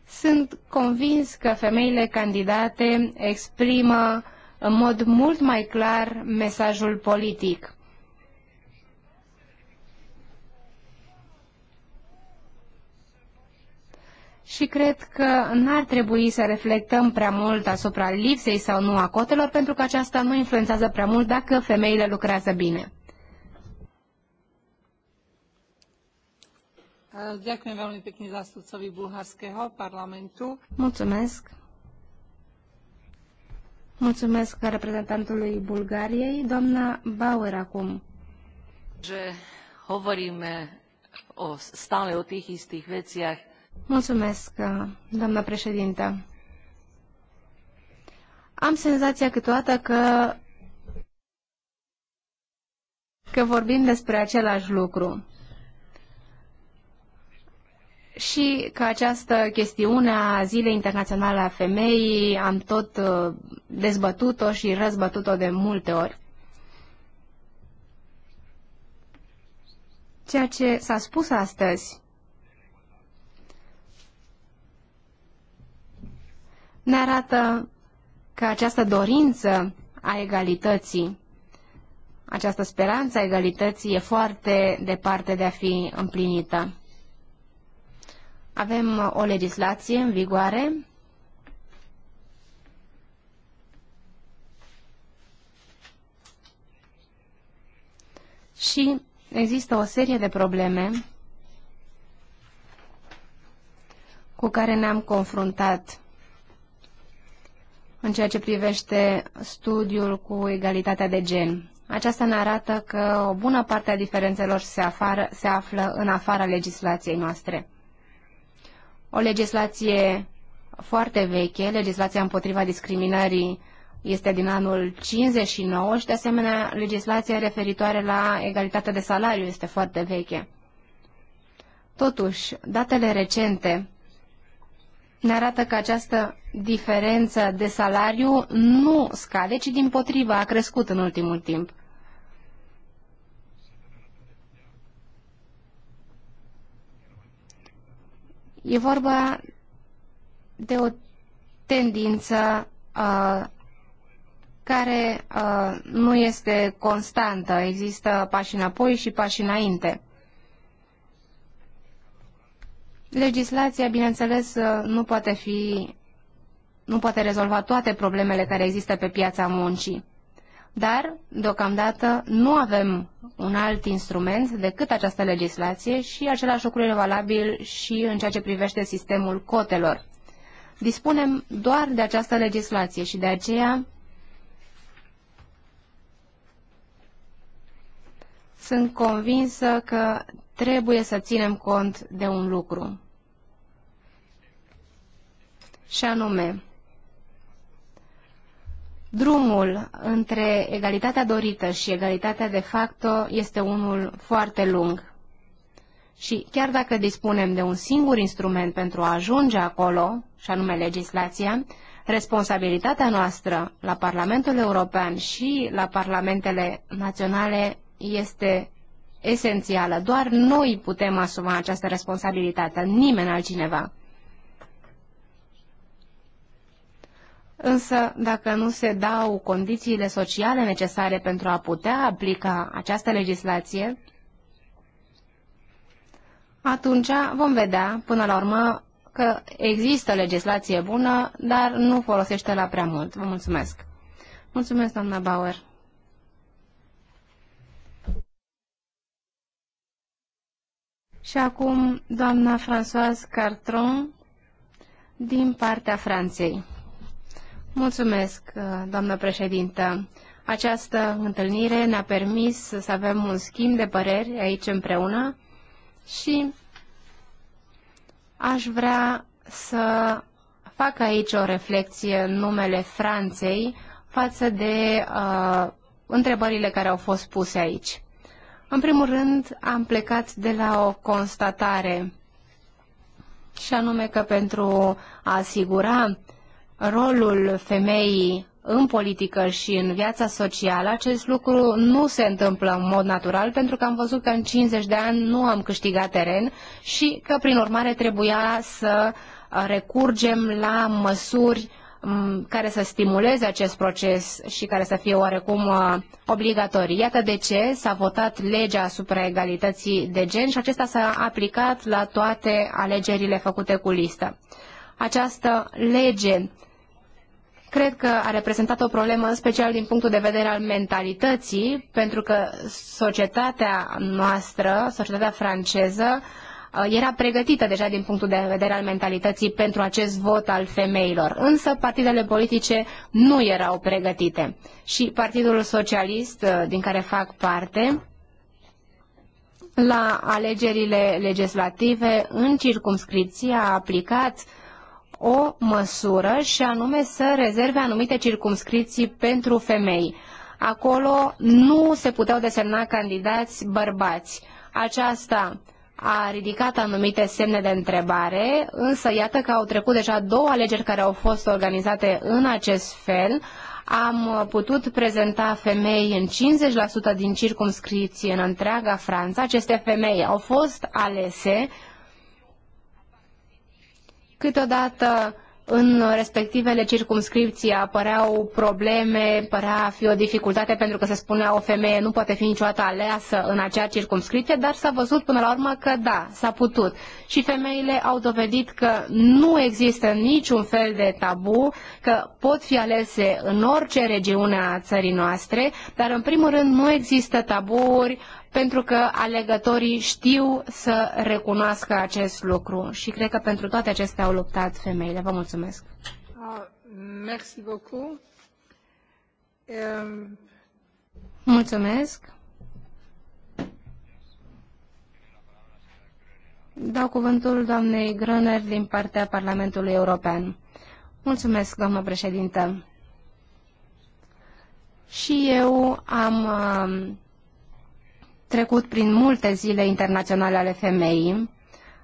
Speaker 1: Sunt convins că femeile candidate exprimă în mod mult mai clar mesajul politic. și cred că n-ar trebui să reflectăm prea mult asupra lipsei sau nu a cotelor, pentru că aceasta nu influențează prea mult dacă femeile lucrează
Speaker 3: bine. Eh, Mulțumesc.
Speaker 1: Mulțumesc reprezentantului Bulgariei, doamna Bauer acum.
Speaker 2: Že hovoríme o, stále o tých istých veciach,
Speaker 1: Mulțumesc, doamnă președintă. Am senzația câteodată că că vorbim despre același lucru. Și că această chestiune a Zilei Internaționale a Femeii am tot uh, dezbătut-o și răzbătut-o de multe ori. Ceea ce s-a spus astăzi ne arată că această dorință a egalității, această speranță a egalității e foarte departe de a fi împlinită. Avem uh, o legislație în vigoare și există o serie de probleme cu care ne-am confruntat în ceea ce privește studiul cu egalitatea de gen. Aceasta ne arată că o bună parte a diferențelor se, afară, se află în afara legislației noastre. O legislație foarte veche, legislația împotriva discriminării este din anul 59 și de asemenea legislația referitoare la egalitatea de salariu este foarte veche. Totuși, datele recente ne arată că această diferență de salariu nu scade, ci din potrivă a crescut în ultimul timp. E vorba de o tendință uh, care uh, nu este constantă. Există pași înapoi și pași înainte. Legislația, bineînțeles, uh, nu poate fi nu poate rezolva toate problemele care există pe piața muncii. Dar, deocamdată, nu avem un alt instrument decât această legislație și același lucru e valabil și în ceea ce privește sistemul cotelor. Dispunem doar de această legislație și de aceea sunt convinsă că trebuie să ținem cont de un lucru. Și anume, drumul între egalitatea dorită și egalitatea de facto este unul foarte lung. Și chiar dacă dispunem de un singur instrument pentru a ajunge acolo, și anume legislația, responsabilitatea noastră la Parlamentul European și la parlamentele naționale este esențială. Doar noi putem asuma această responsabilitate, nimeni altcineva. Însă, dacă nu se dau condițiile sociale necesare pentru a putea aplica această legislație, atunci vom vedea, până la urmă, că există legislație bună, dar nu folosește la prea mult. Vă mulțumesc. Mulțumesc, doamna Bauer. Și acum doamna Françoise Cartron din partea Franței. Mulțumesc, uh, doamnă președintă. Această întâlnire ne-a permis să avem un schimb de păreri aici împreună și aș vrea să fac aici o reflexie în numele Franței față de uh, întrebările care au fost puse aici. În primul rând, am plecat de la o constatare și anume că pentru a asigura rolul femeii în politică și în viața socială, acest lucru nu se întâmplă în mod natural, pentru că am văzut că în 50 de ani nu am câștigat teren și că, prin urmare, trebuia să recurgem la măsuri Mm, care să stimuleze acest proces și care să fie oarecum uh, obligatorii. Iată de ce s-a votat legea asupra egalității de gen și acesta s-a aplicat la toate alegerile făcute cu listă. Această lege cred că a reprezentat o problemă în special din punctul de vedere al mentalității, pentru că societatea noastră, societatea franceză, Uh, era pregătită deja din punctul de vedere al mentalității pentru acest vot al femeilor. Însă partidele politice nu erau pregătite. Și Partidul Socialist, uh, din care fac parte, la alegerile legislative în circumscripție a aplicat o măsură și anume să rezerve anumite circumscripții pentru femei. Acolo nu se puteau desemna candidați bărbați. Aceasta a ridicat anumite semne de întrebare, însă iată că au trecut deja două alegeri care au fost organizate în acest fel. Am putut prezenta femei în 50% din circumscripții în întreaga Franța. Aceste femei au fost alese. Câteodată în respectivele circumscripții apăreau probleme, părea a fi o dificultate pentru că se spunea o femeie nu poate fi niciodată aleasă în acea circumscripție, dar s-a văzut până la urmă că da, s-a putut. Și femeile au dovedit că nu există niciun fel de tabu, că pot fi alese în orice regiune a țării noastre, dar în primul rând nu există taburi pentru că alegătorii știu să recunoască acest lucru și cred că pentru toate acestea au luptat femeile. Vă mulțumesc!
Speaker 2: Ah, merci beaucoup.
Speaker 1: Mulțumesc! Dau cuvântul doamnei Gröner din partea Parlamentului European. Mulțumesc, doamnă președintă. Și eu am trecut prin multe zile internaționale ale femeii,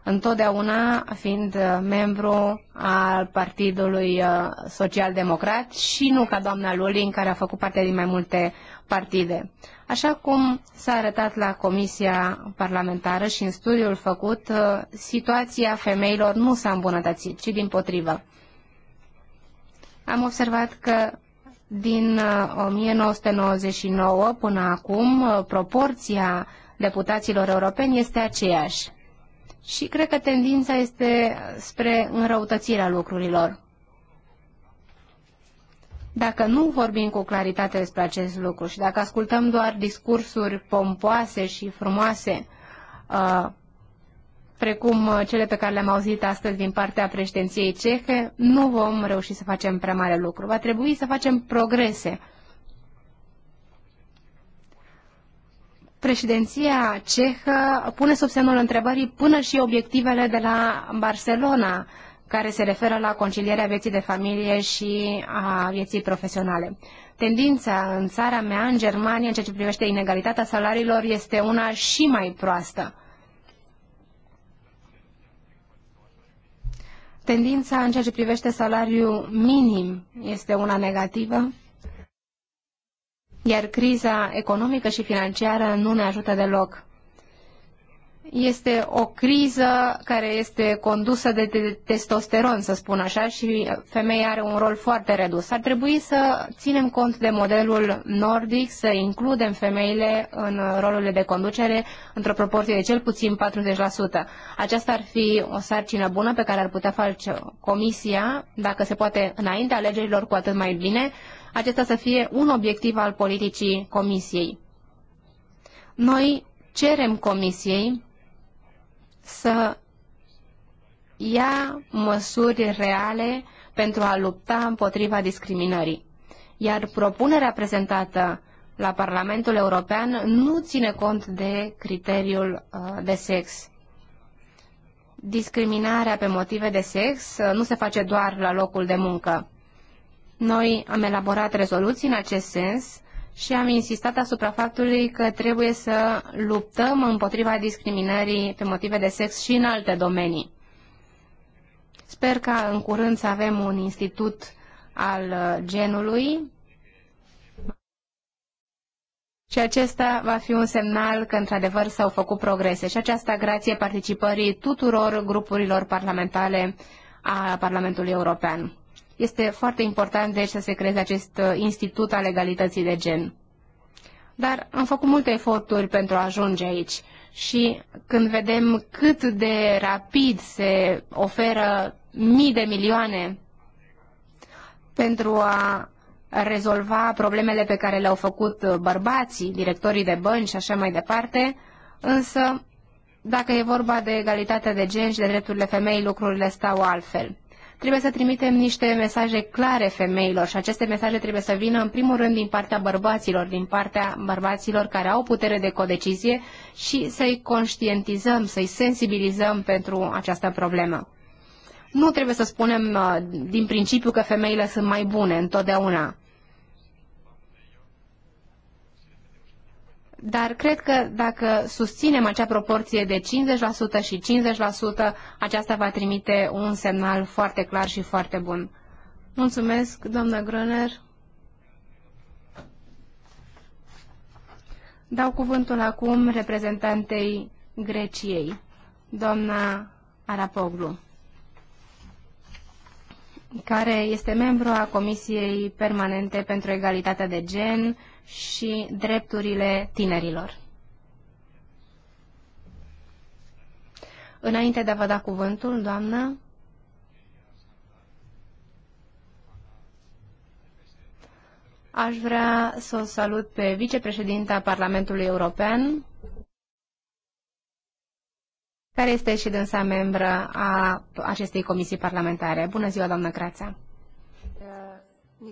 Speaker 1: întotdeauna fiind uh, membru al Partidului uh, Social-Democrat și nu ca doamna Lulin, care a făcut parte din mai multe partide. Așa cum s-a arătat la Comisia Parlamentară și în studiul făcut, uh, situația femeilor nu s-a îmbunătățit, ci din potrivă. Am observat că din 1999 uh, până acum, uh, proporția deputaților europeni este aceeași. Și cred că tendința este spre înrăutățirea lucrurilor. Dacă nu vorbim cu claritate despre acest lucru și dacă ascultăm doar discursuri pompoase și frumoase, uh, precum uh, cele pe care le-am auzit astăzi din partea președinției cehe, nu vom reuși să facem prea mare lucru. Va trebui să facem progrese. Președinția cehă pune sub semnul întrebării până și obiectivele de la Barcelona, care se referă la concilierea vieții de familie și a vieții profesionale. Tendința în țara mea, în Germania, în ceea ce privește inegalitatea salariilor, este una și mai proastă. Tendința în ceea ce privește salariul minim este una negativă, iar criza economică și financiară nu ne ajută deloc este o criză care este condusă de testosteron, să spun așa, și femeia are un rol foarte redus. Ar trebui să ținem cont de modelul nordic, să includem femeile în rolurile de conducere într-o proporție de cel puțin 40%. Aceasta ar fi o sarcină bună pe care ar putea face Comisia, dacă se poate înainte alegerilor, cu atât mai bine, acesta să fie un obiectiv al politicii Comisiei. Noi cerem Comisiei să ia măsuri reale pentru a lupta împotriva discriminării. Iar propunerea prezentată la Parlamentul European nu ține cont de criteriul uh, de sex. Discriminarea pe motive de sex uh, nu se face doar la locul de muncă. Noi am elaborat rezoluții în acest sens și am insistat asupra faptului că trebuie să luptăm împotriva discriminării pe motive de sex și în alte domenii. Sper ca în curând să avem un institut al uh, genului și acesta va fi un semnal că într-adevăr s-au făcut progrese și aceasta grație participării tuturor grupurilor parlamentare a Parlamentului European. Este foarte important deci să se creeze acest uh, institut al egalității de gen. Dar am făcut multe eforturi pentru a ajunge aici și când vedem cât de rapid se oferă mii de milioane pentru a rezolva problemele pe care le-au făcut uh, bărbații, directorii de bănci și așa mai departe, însă dacă e vorba de egalitatea de gen și de drepturile femei, lucrurile stau altfel. Trebuie să trimitem niște mesaje clare femeilor și aceste mesaje trebuie să vină în primul rând din partea bărbaților, din partea bărbaților care au putere de codecizie și să-i conștientizăm, să-i sensibilizăm pentru această problemă. Nu trebuie să spunem uh, din principiu că femeile sunt mai bune întotdeauna. dar cred că dacă susținem acea proporție de 50% și 50%, aceasta va trimite un semnal foarte clar și foarte bun. Mulțumesc, doamna Gröner. Dau cuvântul acum reprezentantei Greciei, doamna Arapoglu, care este membru a Comisiei Permanente pentru Egalitatea de Gen, și drepturile tinerilor. Înainte de a vă da cuvântul, doamnă, aș vrea să o salut pe vicepreședinta Parlamentului European, care este și dânsa membră a acestei comisii parlamentare. Bună ziua, doamnă Crața!
Speaker 2: Uh,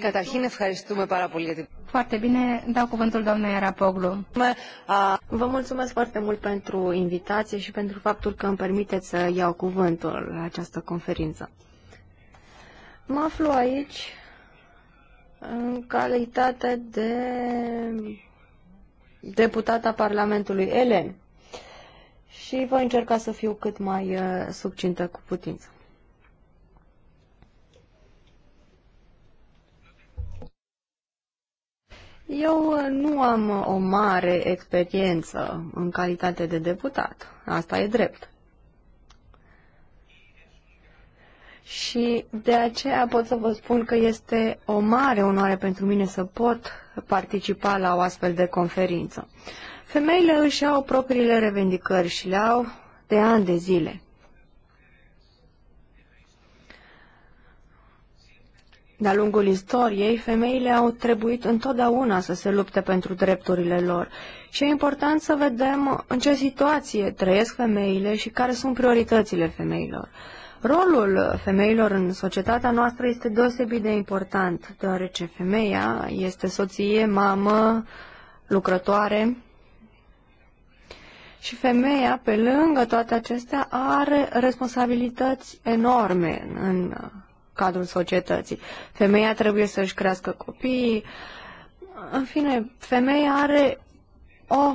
Speaker 2: Καταρχήν
Speaker 3: ευχαριστούμε πάρα πολύ για την... Foarte bine, dau cuvântul doamnei Arapoglu. Vă mulțumesc foarte mult pentru invitație și pentru faptul că îmi permiteți să iau cuvântul la această conferință. Mă aflu aici în calitate de a Parlamentului Elen și voi încerca să fiu cât mai succintă cu putință. Eu uh, nu am uh, o mare experiență în calitate de deputat. Asta e drept. Și de aceea pot să vă spun că este o mare onoare pentru mine să pot participa la o astfel de conferință. Femeile își au propriile revendicări și le au de ani de zile. De-a lungul istoriei, femeile au trebuit întotdeauna să se lupte pentru drepturile lor și e important să vedem în ce situație trăiesc femeile și care sunt prioritățile femeilor. Rolul femeilor în societatea noastră este deosebit de important, deoarece femeia este soție, mamă, lucrătoare și femeia, pe lângă toate acestea, are responsabilități enorme în cadrul societății. Femeia trebuie să-și crească copiii. În fine, femeia are o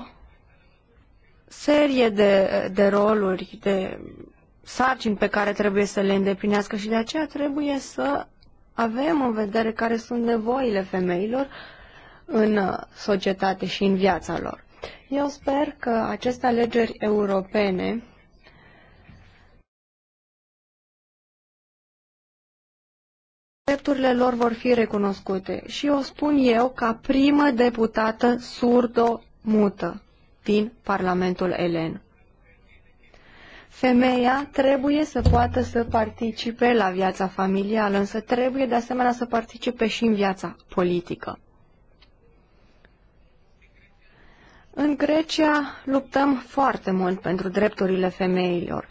Speaker 3: serie de, de roluri, de sarcini pe care trebuie să le îndeplinească și de aceea trebuie să avem în vedere care sunt nevoile femeilor în societate și în
Speaker 4: viața lor. Eu sper că aceste alegeri europene drepturile lor vor fi recunoscute. Și o spun eu ca primă deputată
Speaker 3: surdo-mută din Parlamentul Elen. Femeia trebuie să poată să participe la viața familială, însă trebuie de asemenea să participe și în viața politică. În Grecia luptăm foarte mult pentru drepturile femeilor.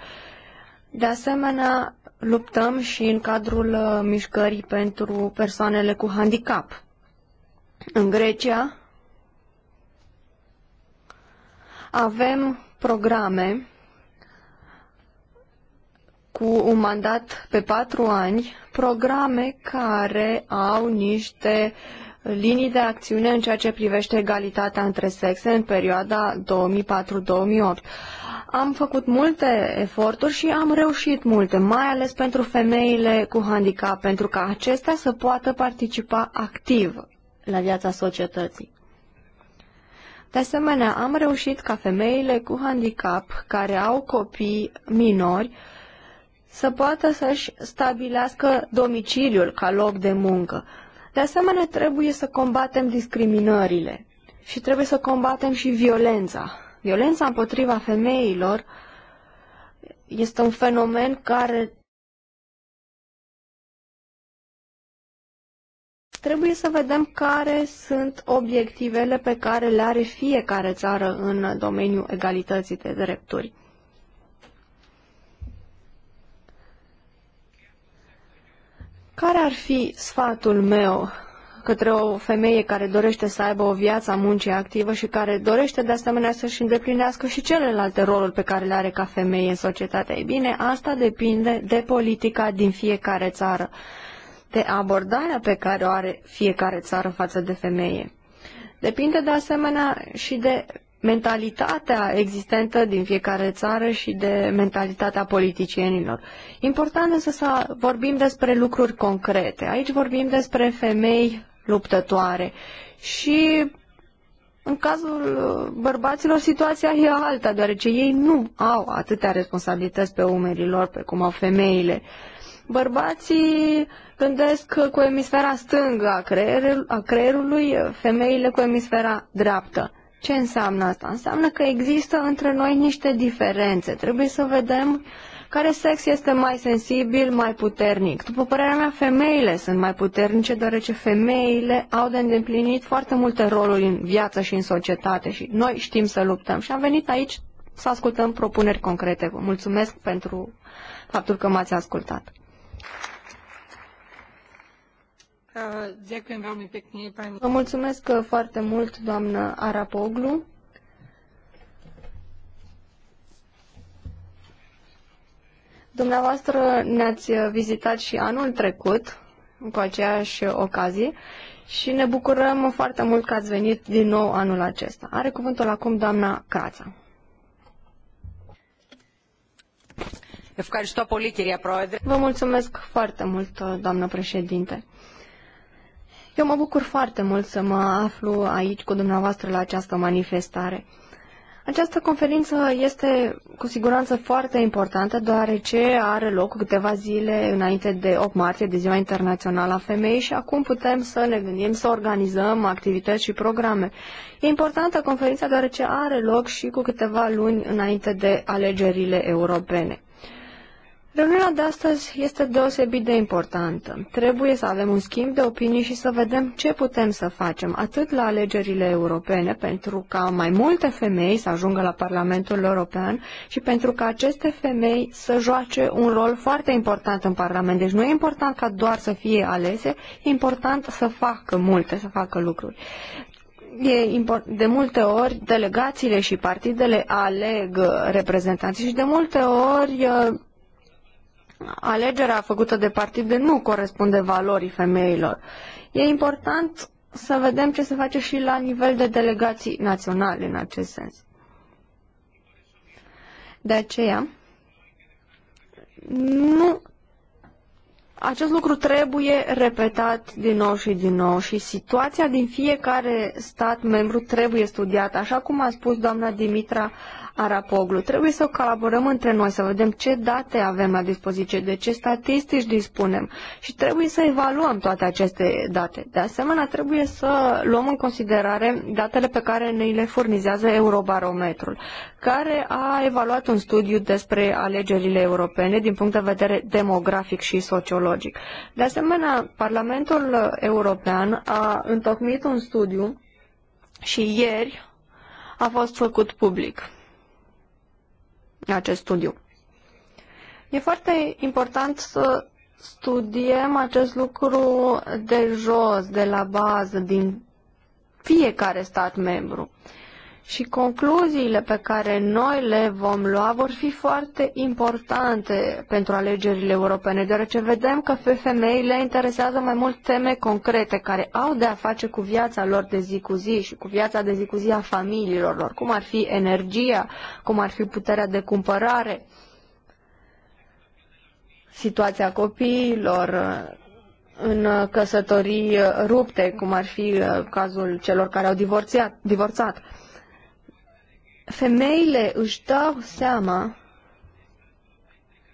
Speaker 3: De asemenea, luptăm și în cadrul uh, mișcării pentru persoanele cu handicap. În Grecia avem programe cu un mandat pe patru ani, programe care au niște linii de acțiune în ceea ce privește egalitatea între sexe în perioada 2004-2008. Am făcut multe eforturi și am reușit multe, mai ales pentru femeile cu handicap, pentru ca acestea să poată participa activ la viața societății. De asemenea, am reușit ca femeile cu handicap care au copii minori să poată să-și stabilească domiciliul ca loc de muncă. De asemenea, trebuie să combatem discriminările și trebuie să combatem și violența Violența împotriva femeilor
Speaker 4: este un fenomen care trebuie să vedem care sunt obiectivele pe care le are
Speaker 3: fiecare țară în domeniul egalității de drepturi. Care ar fi sfatul meu către o femeie care dorește să aibă o viață a muncii activă și care dorește de asemenea să-și îndeplinească și celelalte roluri pe care le are ca femeie în societate. Ei bine, asta depinde de politica din fiecare țară, de abordarea pe care o are fiecare țară față de femeie. Depinde de asemenea și de mentalitatea existentă din fiecare țară și de mentalitatea politicienilor. Important însă să vorbim despre lucruri concrete. Aici vorbim despre femei luptătoare. Și în cazul uh, bărbaților situația e alta, deoarece ei nu au atâtea responsabilități pe umerii lor pe cum au femeile. Bărbații gândesc cu emisfera stângă a, creier, a creierului, femeile cu emisfera dreaptă. Ce înseamnă asta? Înseamnă că există între noi niște diferențe. Trebuie să vedem uh, care sex este mai sensibil, mai puternic. După părerea mea, femeile sunt mai puternice, deoarece femeile au de îndeplinit foarte multe roluri în viață și în societate și noi știm să luptăm. Și am venit aici să ascultăm propuneri concrete. Vă mulțumesc pentru faptul că m-ați ascultat.
Speaker 2: Uh, Vă
Speaker 3: mulțumesc foarte mult, doamnă Arapoglu. Dumneavoastră ne-ați vizitat și anul trecut cu aceeași ocazie și ne bucurăm foarte mult că ați venit din nou anul acesta. Are cuvântul acum doamna Crața. Vă mulțumesc foarte mult, doamnă președinte. Eu mă bucur foarte mult să mă aflu aici cu dumneavoastră la această manifestare. Această conferință este cu siguranță foarte importantă, deoarece are loc câteva zile înainte de 8 martie, de Ziua Internațională a Femeii și acum putem să ne gândim să organizăm activități și programe. E importantă conferința deoarece are loc și cu câteva luni înainte de alegerile europene. Reuniunea de astăzi este deosebit de importantă. Trebuie să avem un schimb de opinii și să vedem ce putem să facem, atât la alegerile europene, pentru ca mai multe femei să ajungă la Parlamentul European și pentru ca aceste femei să joace un rol foarte important în Parlament. Deci nu e important ca doar să fie alese, e important să facă multe, să facă lucruri e de multe ori delegațiile și partidele aleg uh, reprezentanții și de multe ori uh, alegerea făcută de partide nu corespunde valorii femeilor. E important să vedem ce se face și la nivel de delegații naționale în acest sens. De aceea, nu, acest lucru trebuie repetat din nou și din nou și situația din fiecare stat membru trebuie studiată, așa cum a spus doamna Dimitra Arapoglu. Trebuie să colaborăm între noi, să vedem ce date avem la dispoziție, de ce statistici dispunem și trebuie să evaluăm toate aceste date. De asemenea, trebuie să luăm în considerare datele pe care ne le furnizează Eurobarometrul, care a evaluat un studiu despre alegerile europene din punct de vedere demografic și sociologic. De asemenea, Parlamentul European a întocmit un studiu și ieri a fost făcut public acest studiu. E foarte important să studiem acest lucru de jos, de la bază, din fiecare stat membru. Uh, și concluziile pe care noi le vom lua vor fi foarte importante pentru alegerile europene, deoarece vedem că pe femei le interesează mai mult teme concrete care au de a face cu viața lor de zi cu zi și cu viața de zi cu zi a familiilor lor, cum ar fi energia, cum ar fi puterea de cumpărare, situația copiilor, în căsătorii rupte, cum ar fi uh, cazul celor care au divorțiat, divorțat femeile își dau seama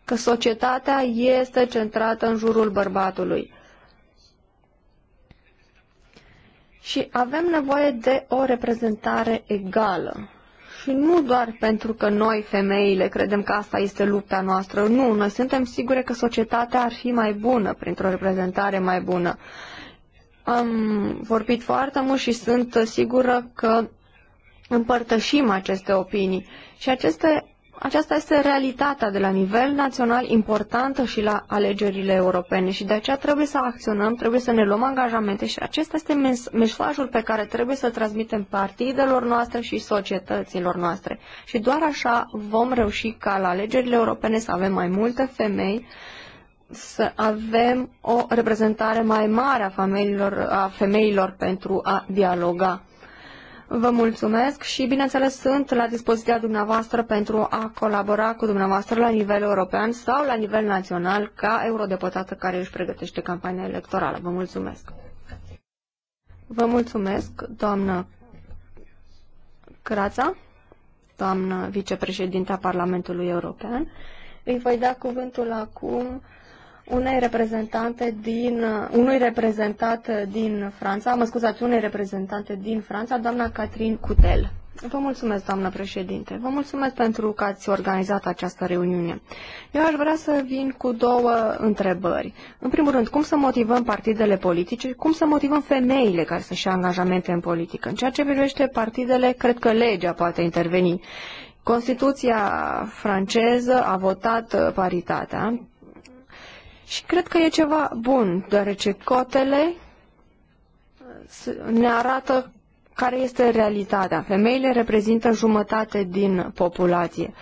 Speaker 3: că societatea este centrată în jurul bărbatului. Și avem nevoie de o reprezentare egală. Și nu doar pentru că noi, femeile, credem că asta este lupta noastră. Nu, noi suntem sigure că societatea ar fi mai bună printr-o reprezentare mai bună. Am vorbit foarte mult și sunt sigură că împărtășim aceste opinii și aceste, aceasta este realitatea de la nivel național importantă și la alegerile europene și de aceea trebuie să acționăm, trebuie să ne luăm angajamente și acesta este mesajul pe care trebuie să-l transmitem partidelor noastre și societăților noastre. Și doar așa vom reuși ca la alegerile europene să avem mai multe femei să avem o reprezentare mai mare a femeilor, a femeilor pentru a dialoga. Vă mulțumesc și, bineînțeles, sunt la dispoziția dumneavoastră pentru a colabora cu dumneavoastră la nivel european sau la nivel național ca eurodeputată care își pregătește campania electorală. Vă mulțumesc. Vă mulțumesc, doamnă Crața, doamnă vicepreședinta Parlamentului European. Îi voi da cuvântul acum unei reprezentante din, uh, unui reprezentat uh, din Franța, mă scuzați, unei reprezentante din Franța, doamna Catherine Cutel. Vă mulțumesc, doamnă președinte. Vă mulțumesc pentru că ați organizat această reuniune. Eu aș vrea să vin cu două întrebări. În primul rând, cum să motivăm partidele politice, cum să motivăm femeile care să-și angajamente în politică? În ceea ce privește partidele, cred că legea poate interveni. Constituția franceză a votat uh, paritatea și cred că e ceva bun, deoarece cotele ne arată care este realitatea. Femeile reprezintă jumătate din populație.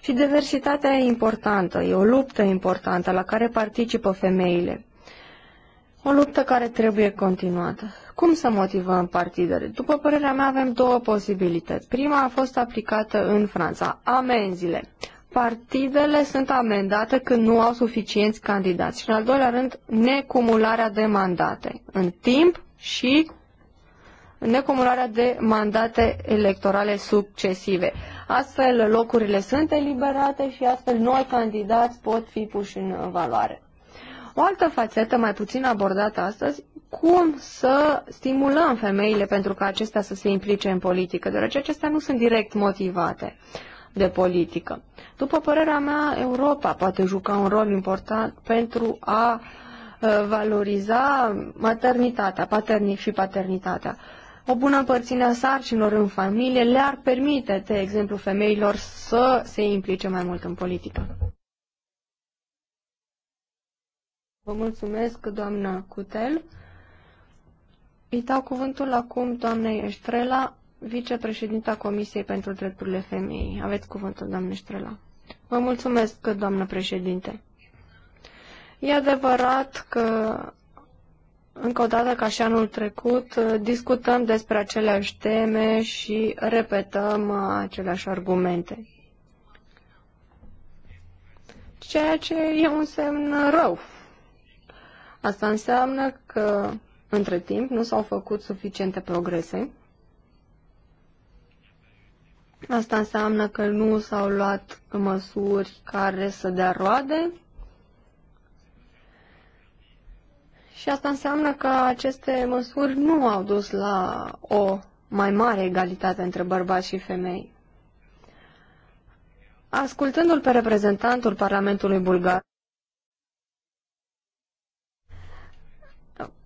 Speaker 3: Și diversitatea e importantă, e o luptă importantă la care participă femeile. O luptă care trebuie continuată. Cum să motivăm partidele? După părerea mea avem două posibilități. Prima a fost aplicată în Franța, amenziile partidele sunt amendate când nu au suficienți candidați. Și în al doilea rând, necumularea de mandate în timp și necumularea de mandate electorale succesive. Astfel, locurile sunt eliberate și astfel noi candidați pot fi puși în valoare. O altă fațetă mai puțin abordată astăzi, cum să stimulăm femeile pentru ca acestea să se implice în politică, deoarece acestea nu sunt direct motivate. Uh, de politică. După părerea mea, Europa poate juca un rol important pentru a uh, valoriza maternitatea, paternic și paternitatea. O bună împărțire a sarcinilor în familie le-ar permite, de exemplu, femeilor să se implice mai mult în politică. Vă mulțumesc, doamna Cutel. Îi dau cuvântul acum doamnei Estrela vicepreședinta Comisiei pentru Drepturile Femeii. Aveți cuvântul, doamne Ștrela. Vă mulțumesc, doamnă președinte. E adevărat că, încă o dată, ca și anul trecut, discutăm despre aceleași teme și repetăm uh, aceleași argumente. Ceea ce e un semn rău. Asta înseamnă că, între timp, nu s-au făcut suficiente progrese Asta înseamnă că nu s-au luat măsuri care să dea roade și asta înseamnă că aceste măsuri nu au dus la o mai mare egalitate între bărbați și femei. Ascultându-l pe reprezentantul Parlamentului Bulgar,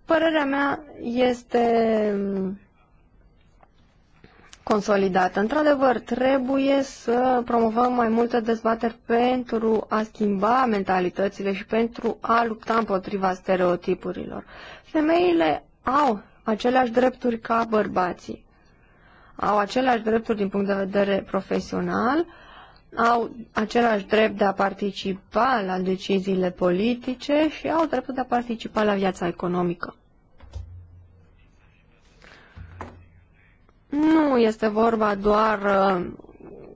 Speaker 3: părerea mea este consolidată. Într-adevăr, trebuie să promovăm mai multe dezbateri pentru a schimba mentalitățile și pentru a lupta împotriva stereotipurilor. Femeile au aceleași drepturi ca bărbații. Au aceleași drepturi din punct de vedere profesional, au același drept de a participa la deciziile politice și au dreptul de a participa la viața economică. Nu este vorba doar uh,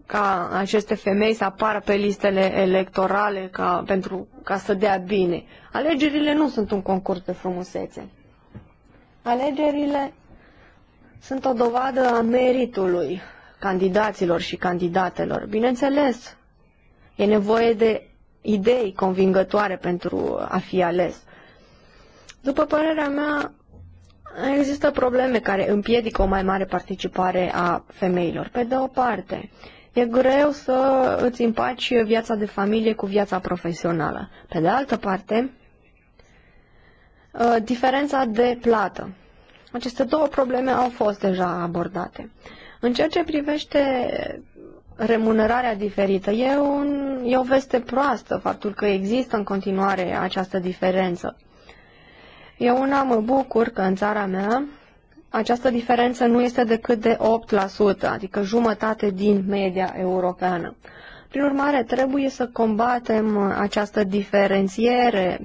Speaker 3: ca aceste femei să apară pe listele electorale ca, pentru, ca să dea bine. Alegerile nu sunt un concurs de frumusețe. Alegerile sunt o dovadă a meritului candidaților și candidatelor. Bineînțeles, e nevoie de idei convingătoare pentru a fi ales. După părerea mea, Există probleme care împiedică o mai mare participare a femeilor. Pe de o parte, e greu să îți împaci viața de familie cu viața profesională. Pe de altă parte, ă, diferența de plată. Aceste două probleme au fost deja abordate. În ceea ce privește remunerarea diferită, e, un, e o veste proastă faptul că există în continuare această diferență. Eu una mă bucur că în țara mea această diferență nu este decât de 8%, adică jumătate din media europeană. Prin urmare, trebuie să combatem această diferențiere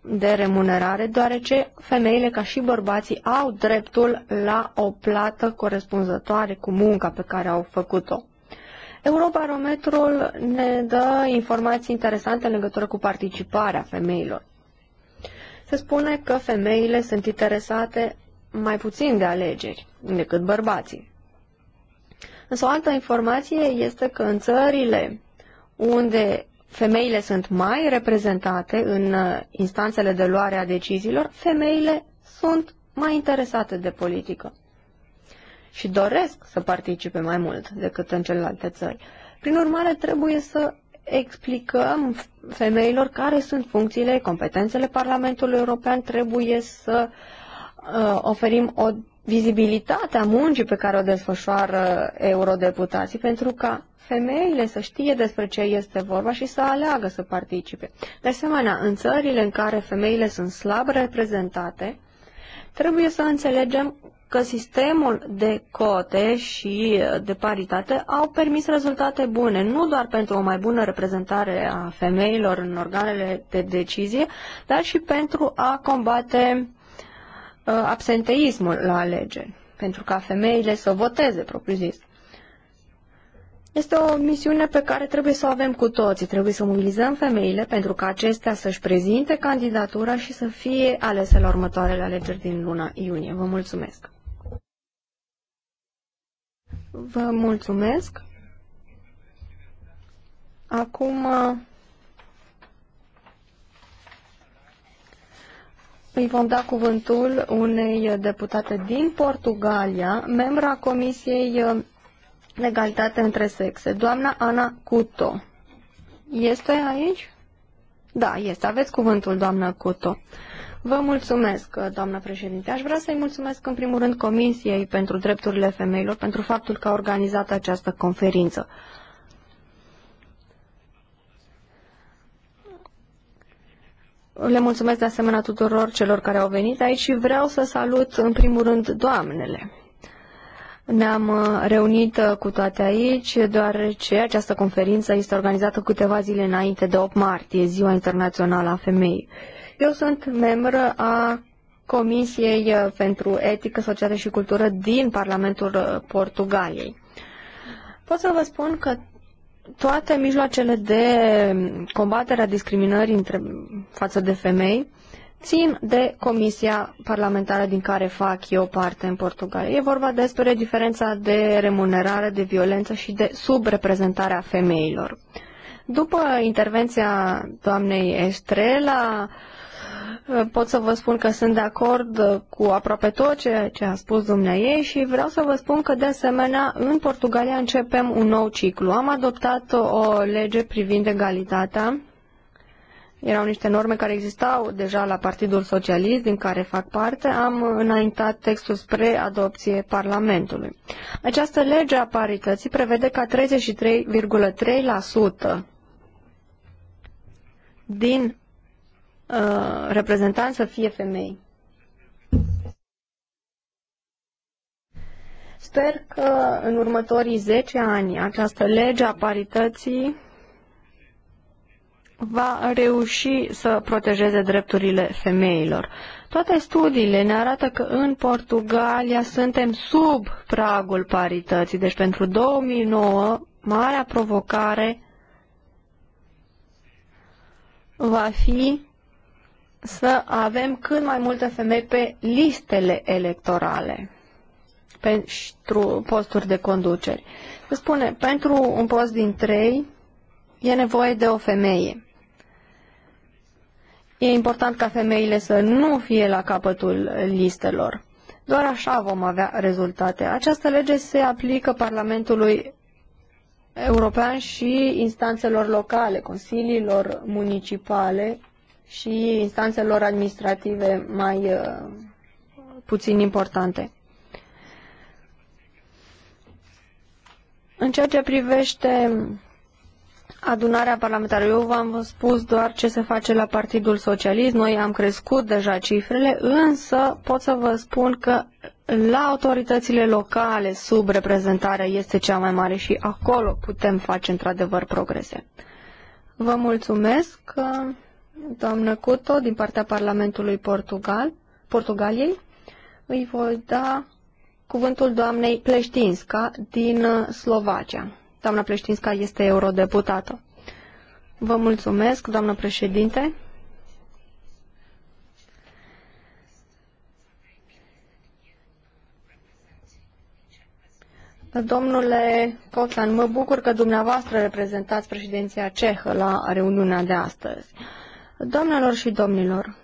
Speaker 3: de remunerare, deoarece femeile ca și bărbații au dreptul la o plată corespunzătoare cu munca pe care au făcut-o. Eurobarometrul ne dă informații interesante în legătură cu participarea femeilor se spune că femeile sunt interesate mai puțin de alegeri decât bărbații. Însă o altă informație este că în țările unde femeile sunt mai reprezentate în uh, instanțele de luare a deciziilor, femeile sunt mai interesate de politică și doresc să participe mai mult decât în celelalte țări. Prin urmare, trebuie să explicăm femeilor care sunt funcțiile, competențele Parlamentului European, trebuie să uh, oferim o vizibilitate a muncii pe care o desfășoară eurodeputații, pentru ca femeile să știe despre ce este vorba și să aleagă să participe. De asemenea, în țările în care femeile sunt slab reprezentate, trebuie să înțelegem că sistemul de cote și de paritate au permis rezultate bune, nu doar pentru o mai bună reprezentare a femeilor în organele de decizie, dar și pentru a combate uh, absenteismul la alegeri, pentru ca femeile să voteze propriu-zis. Este o misiune pe care trebuie să o avem cu toții. Trebuie să mobilizăm femeile pentru ca acestea să-și prezinte candidatura și să fie alese la următoarele alegeri din luna iunie. Vă mulțumesc! Vă mulțumesc. Acum îi vom da cuvântul unei deputate din Portugalia, membra Comisiei Legalitate uh, între Sexe, doamna Ana Cuto. Este aici? Da, este. Aveți cuvântul, doamna Cuto. Vă mulțumesc, doamnă președinte. Aș vrea să-i mulțumesc în primul rând Comisiei pentru Drepturile Femeilor pentru faptul că a organizat această conferință. Le mulțumesc de asemenea tuturor celor care au venit aici și vreau să salut în primul rând doamnele. Ne-am uh, reunit uh, cu toate aici, deoarece această conferință este organizată câteva zile înainte de 8 martie, Ziua Internațională a Femeii. Eu sunt membră a Comisiei uh, pentru Etică, Societate și Cultură din Parlamentul uh, Portugaliei. Pot să vă spun că toate mijloacele de combatere a discriminării între, față de femei țin de Comisia Parlamentară din care fac eu parte în Portugalia. E vorba despre diferența de remunerare, de violență și de subreprezentarea femeilor. După intervenția doamnei Estrela, pot să vă spun că sunt de acord uh, cu aproape tot ceea ce a spus dumneai și vreau să vă spun că, de asemenea, în Portugalia începem un nou ciclu. Am adoptat o lege privind egalitatea. Erau niște norme care existau deja la Partidul Socialist, din care fac parte. Am înaintat textul spre adopție Parlamentului. Această lege a parității prevede ca 33,3% din Uh, reprezentanți să fie femei. Sper că în următorii 10 ani această lege a parității va reuși să protejeze drepturile femeilor. Toate studiile ne arată că în Portugalia suntem sub pragul parității, deci pentru 2009 marea provocare va fi să avem cât mai multe femei pe listele electorale pentru posturi de conduceri. Se spune, pentru un post din trei e nevoie de o femeie. E important ca femeile să nu fie la capătul listelor. Doar așa vom avea rezultate. Această lege se aplică Parlamentului European și instanțelor locale, consiliilor municipale și instanțelor administrative mai uh, puțin importante. În ceea ce privește adunarea parlamentară, eu v-am spus doar ce se face la Partidul Socialist, noi am crescut deja cifrele, însă pot să vă spun că la autoritățile locale subreprezentarea este cea mai mare și acolo putem face într-adevăr progrese. Vă mulțumesc! Că doamnă Cuto, din partea Parlamentului Portugal, Portugaliei. Îi voi da cuvântul doamnei Pleștinska din uh, Slovacia. Doamna Pleștinska este eurodeputată. Vă mulțumesc, doamnă președinte. Domnule Coțan, mă bucur că dumneavoastră reprezentați președinția cehă la reuniunea de astăzi. Doamnelor și domnilor,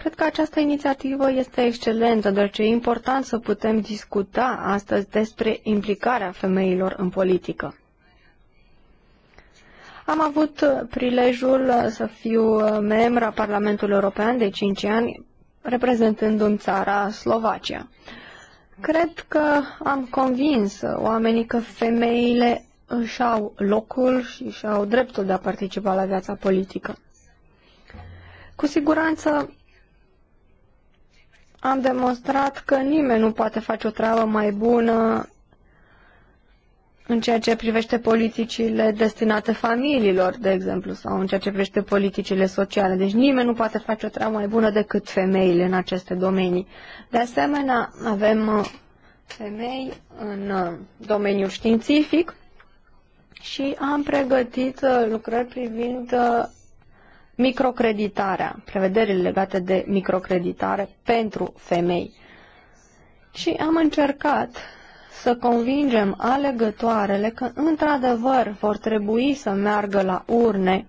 Speaker 3: cred că această inițiativă este excelentă, deoarece e important să putem discuta astăzi despre implicarea femeilor în politică. Am avut prilejul să fiu membra Parlamentului European de 5 ani, reprezentându-mi țara Slovacia. Cred că am convins oamenii că femeile își au locul și își au dreptul de a participa la viața politică. Cu siguranță am demonstrat că nimeni nu poate face o treabă mai bună în ceea ce privește politicile destinate familiilor, de exemplu, sau în ceea ce privește politicile sociale. Deci nimeni nu poate face o treabă mai bună decât femeile în aceste domenii. De asemenea, avem uh, femei în uh, domeniul științific și am pregătit uh, lucrări privind microcreditarea, prevederile legate de microcreditare pentru femei. Și am încercat să convingem alegătoarele că, într-adevăr, vor trebui să meargă la urne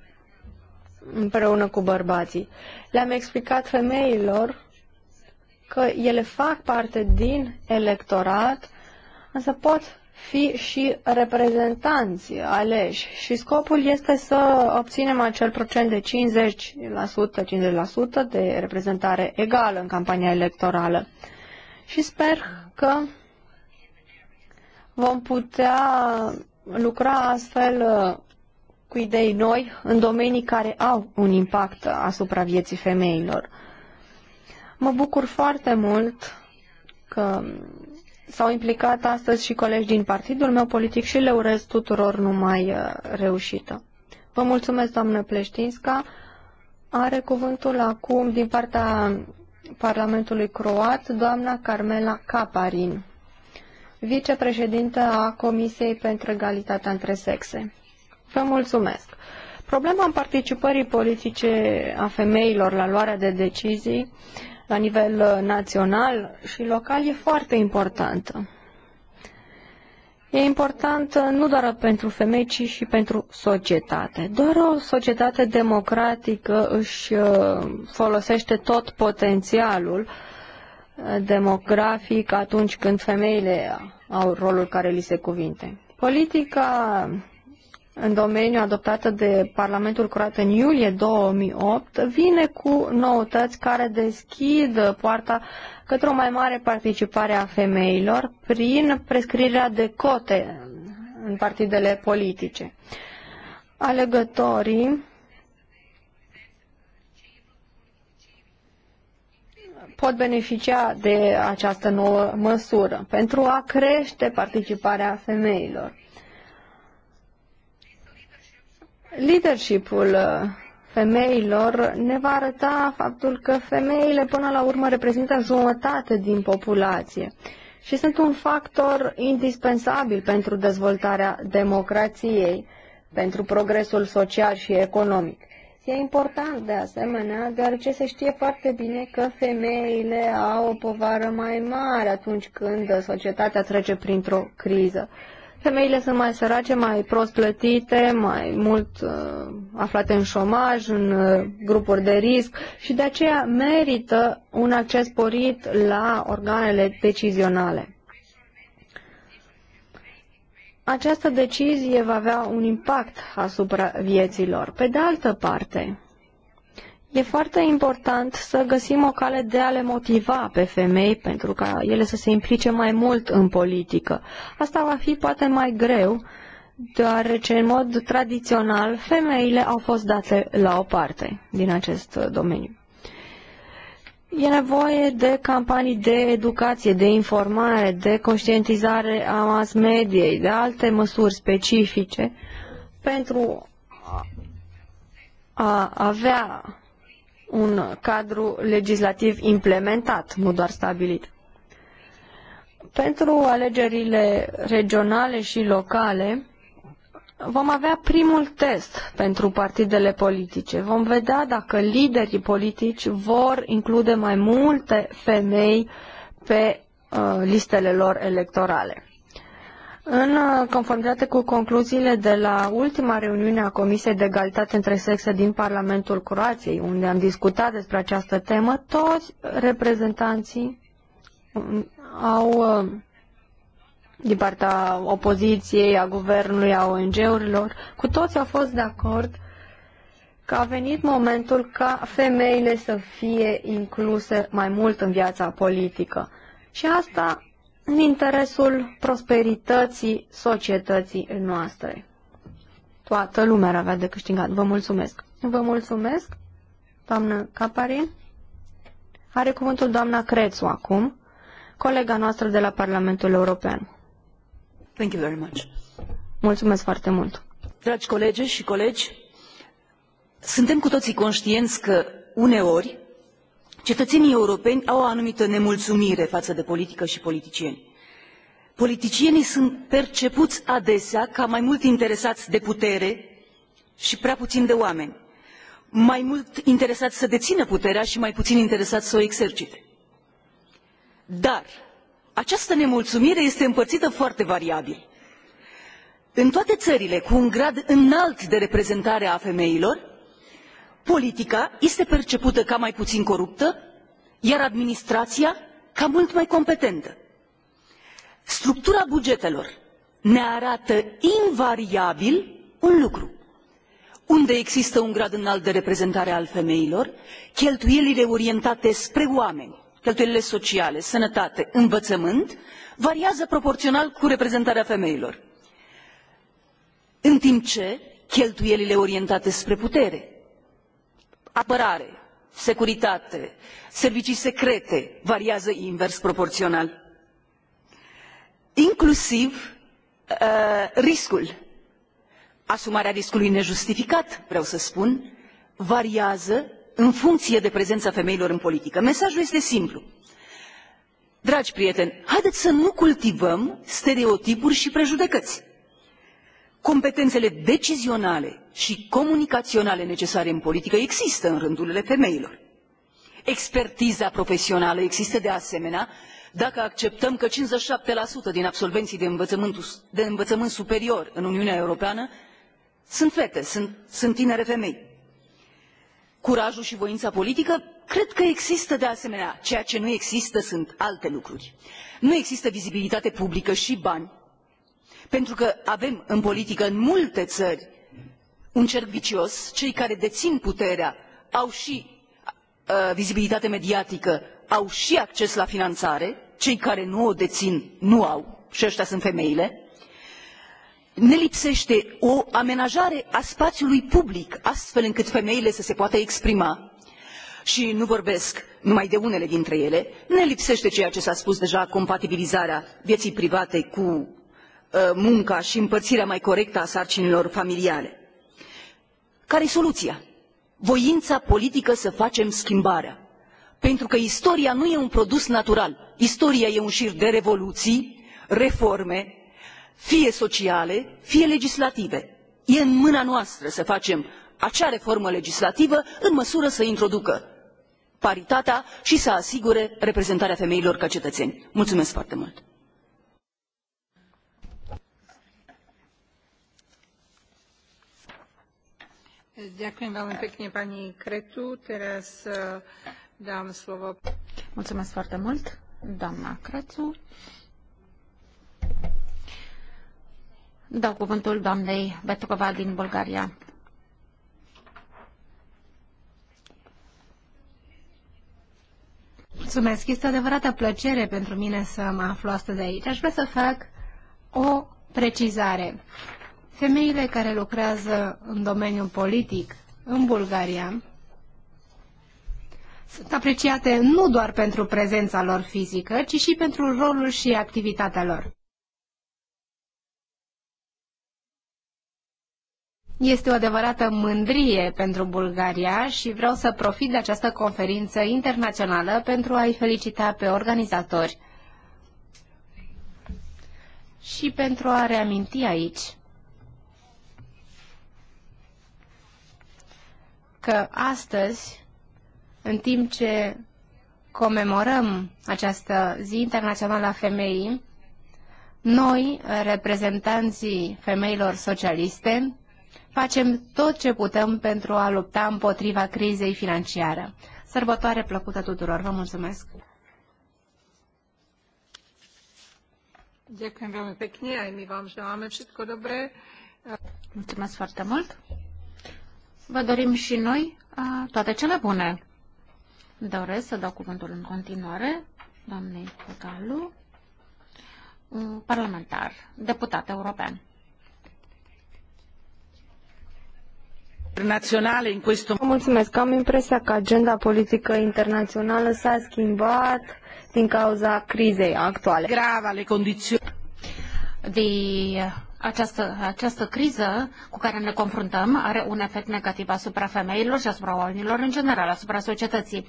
Speaker 3: împreună cu bărbații. Le-am explicat femeilor că ele fac parte din electorat, însă pot fi și reprezentanți aleși și scopul este să obținem acel procent de 50%, 50% de reprezentare egală în campania electorală. Și sper că vom putea lucra astfel uh, cu idei noi în domenii care au un impact asupra vieții femeilor. Mă bucur foarte mult că S-au implicat astăzi și colegi din partidul meu politic și le urez tuturor numai uh, reușită. Vă mulțumesc, doamnă Pleștinska. Are cuvântul acum din partea Parlamentului Croat, doamna Carmela Caparin, vicepreședintă a Comisiei pentru Egalitatea între Sexe. Vă mulțumesc. Problema participării politice a femeilor la luarea de decizii uh, la nivel uh, național și local e foarte importantă. E importantă uh, nu doar pentru femei, ci și pentru societate. Doar o societate democratică își uh, folosește tot potențialul demografic atunci când femeile au rolul care li se cuvinte. Politica în domeniu adoptată de Parlamentul Croat în iulie 2008 vine cu noutăți care deschid poarta către o mai mare participare a femeilor prin prescrierea de cote în partidele politice. Alegătorii pot beneficia de această nouă măsură pentru a crește participarea femeilor. Leadershipul uh, femeilor ne va arăta faptul că femeile până la urmă reprezintă jumătate din populație și sunt un factor indispensabil pentru dezvoltarea democrației, pentru progresul social și economic. E important de asemenea, deoarece se știe foarte bine că femeile au o povară mai mare atunci când societatea trece printr-o criză. Femeile sunt mai sărace, mai prost plătite, mai mult uh, aflate în șomaj, în uh, grupuri de risc și de aceea merită un acces sporit la organele decizionale. Această decizie va avea un impact asupra vieților. Pe de altă parte, E foarte important să găsim o cale de a le motiva pe femei pentru ca ele să se implice mai mult în politică. Asta va fi poate mai greu, deoarece în mod tradițional femeile au fost date la o parte din acest uh, domeniu. E nevoie de campanii de educație, de informare, de conștientizare a mass mediei, de alte măsuri specifice pentru a avea un cadru legislativ implementat, nu doar stabilit. Pentru alegerile regionale și locale vom avea primul test pentru partidele politice. Vom vedea dacă liderii politici vor include mai multe femei pe uh, listele lor electorale. În uh, conformitate cu concluziile de la ultima reuniune a Comisiei de Egalitate între Sexe din Parlamentul Croației, unde am discutat despre această temă, toți reprezentanții um, au uh, din partea opoziției, a guvernului, a ONG-urilor, cu toți au fost de acord că a venit momentul ca femeile să fie incluse mai mult în viața politică. Și asta în interesul prosperității societății noastre. Toată lumea ar avea de câștigat. Vă mulțumesc. Vă mulțumesc, doamnă caparin. Are cuvântul doamna Crețu acum, colega noastră de la Parlamentul European.
Speaker 4: Thank you very much.
Speaker 3: Mulțumesc foarte mult.
Speaker 4: Dragi colegi și colegi, suntem cu toții conștienți că uneori Cetățenii europeni au o anumită nemulțumire față de politică și politicieni. Politicienii sunt percepuți adesea ca mai mult interesați de putere și prea puțin de oameni, mai mult interesați să dețină puterea și mai puțin interesați să o exercite. Dar această nemulțumire este împărțită foarte variabil. În toate țările cu un grad înalt de reprezentare a femeilor, politica este percepută ca mai puțin coruptă, iar administrația ca mult mai competentă. Structura bugetelor ne arată invariabil un lucru. Unde există un grad înalt de reprezentare al femeilor, cheltuielile orientate spre oameni, cheltuielile sociale, sănătate, învățământ, variază proporțional cu reprezentarea femeilor. În timp ce cheltuielile orientate spre putere, apărare securitate servicii secrete variază invers proporțional inclusiv uh, riscul asumarea riscului nejustificat vreau să spun variază în funcție de prezența femeilor în politică. mesajul este simplu dragi prieteni haideți să nu cultivăm stereotipuri și prejudecăți competențele decizionale și comunicaționale necesare în politică există în rândurile femeilor. Expertiza profesională există de asemenea dacă acceptăm că 57% din absolvenții de învățământ, de învățământ superior în Uniunea Europeană sunt fete, sunt, sunt tinere femei. Curajul și voința politică cred că există de asemenea. Ceea ce nu există sunt alte lucruri. Nu există vizibilitate publică și bani pentru că avem în politică în multe țări un cerc vicios cei care dețin puterea au și uh, vizibilitate mediatică au și acces la finanțare cei care nu o dețin nu au și ăștia sunt femeile ne lipsește o amenajare a spațiului public astfel încât femeile să se poată exprima și nu vorbesc numai de unele dintre ele ne lipsește ceea ce s a spus deja compatibilizarea vieții private cu Uh, munca și împărțirea mai corectă a sarcinilor familiale. Care e soluția? Voința politică să facem schimbarea. Pentru că istoria nu e un produs natural. Istoria e un șir de revoluții, reforme, fie sociale, fie legislative. E în mâna noastră să facem acea reformă legislativă în măsură să introducă paritatea și să asigure reprezentarea femeilor ca cetățeni. Mulțumesc foarte mult!
Speaker 2: Ďakujem veľmi pekne pani Cretu. Teraz dám slovo.
Speaker 1: Mulțumesc foarte mult, doamna Crețu. Dau cuvântul doamnei Betrova din Bulgaria. Mulțumesc, este o adevărată plăcere pentru mine să mă aflu astăzi aici. Aș vrea să fac o precizare. Femeile care lucrează în domeniul politic în Bulgaria sunt apreciate nu doar pentru prezența lor fizică, ci și pentru rolul și activitatea lor. Este o adevărată mândrie pentru Bulgaria și vreau să profit de această conferință internațională pentru a-i felicita pe organizatori și pentru a reaminti aici că astăzi, în timp ce comemorăm această zi internațională a femeii, noi, reprezentanții femeilor socialiste, facem tot ce putem pentru a lupta împotriva crizei financiară. Sărbătoare plăcută tuturor! Vă mulțumesc! Mulțumesc foarte mult! Vă dorim și noi toate cele bune. Doresc să dau cuvântul în continuare doamnei Păcalu, parlamentar, deputat european.
Speaker 4: internaționale în questo
Speaker 3: Mulțumesc. Am impresia că agenda politică internațională s-a schimbat din cauza crizei actuale.
Speaker 2: Grava le condiții
Speaker 3: di
Speaker 1: această, această criză cu care ne confruntăm are un efect negativ asupra femeilor și asupra oamenilor în general, asupra societății.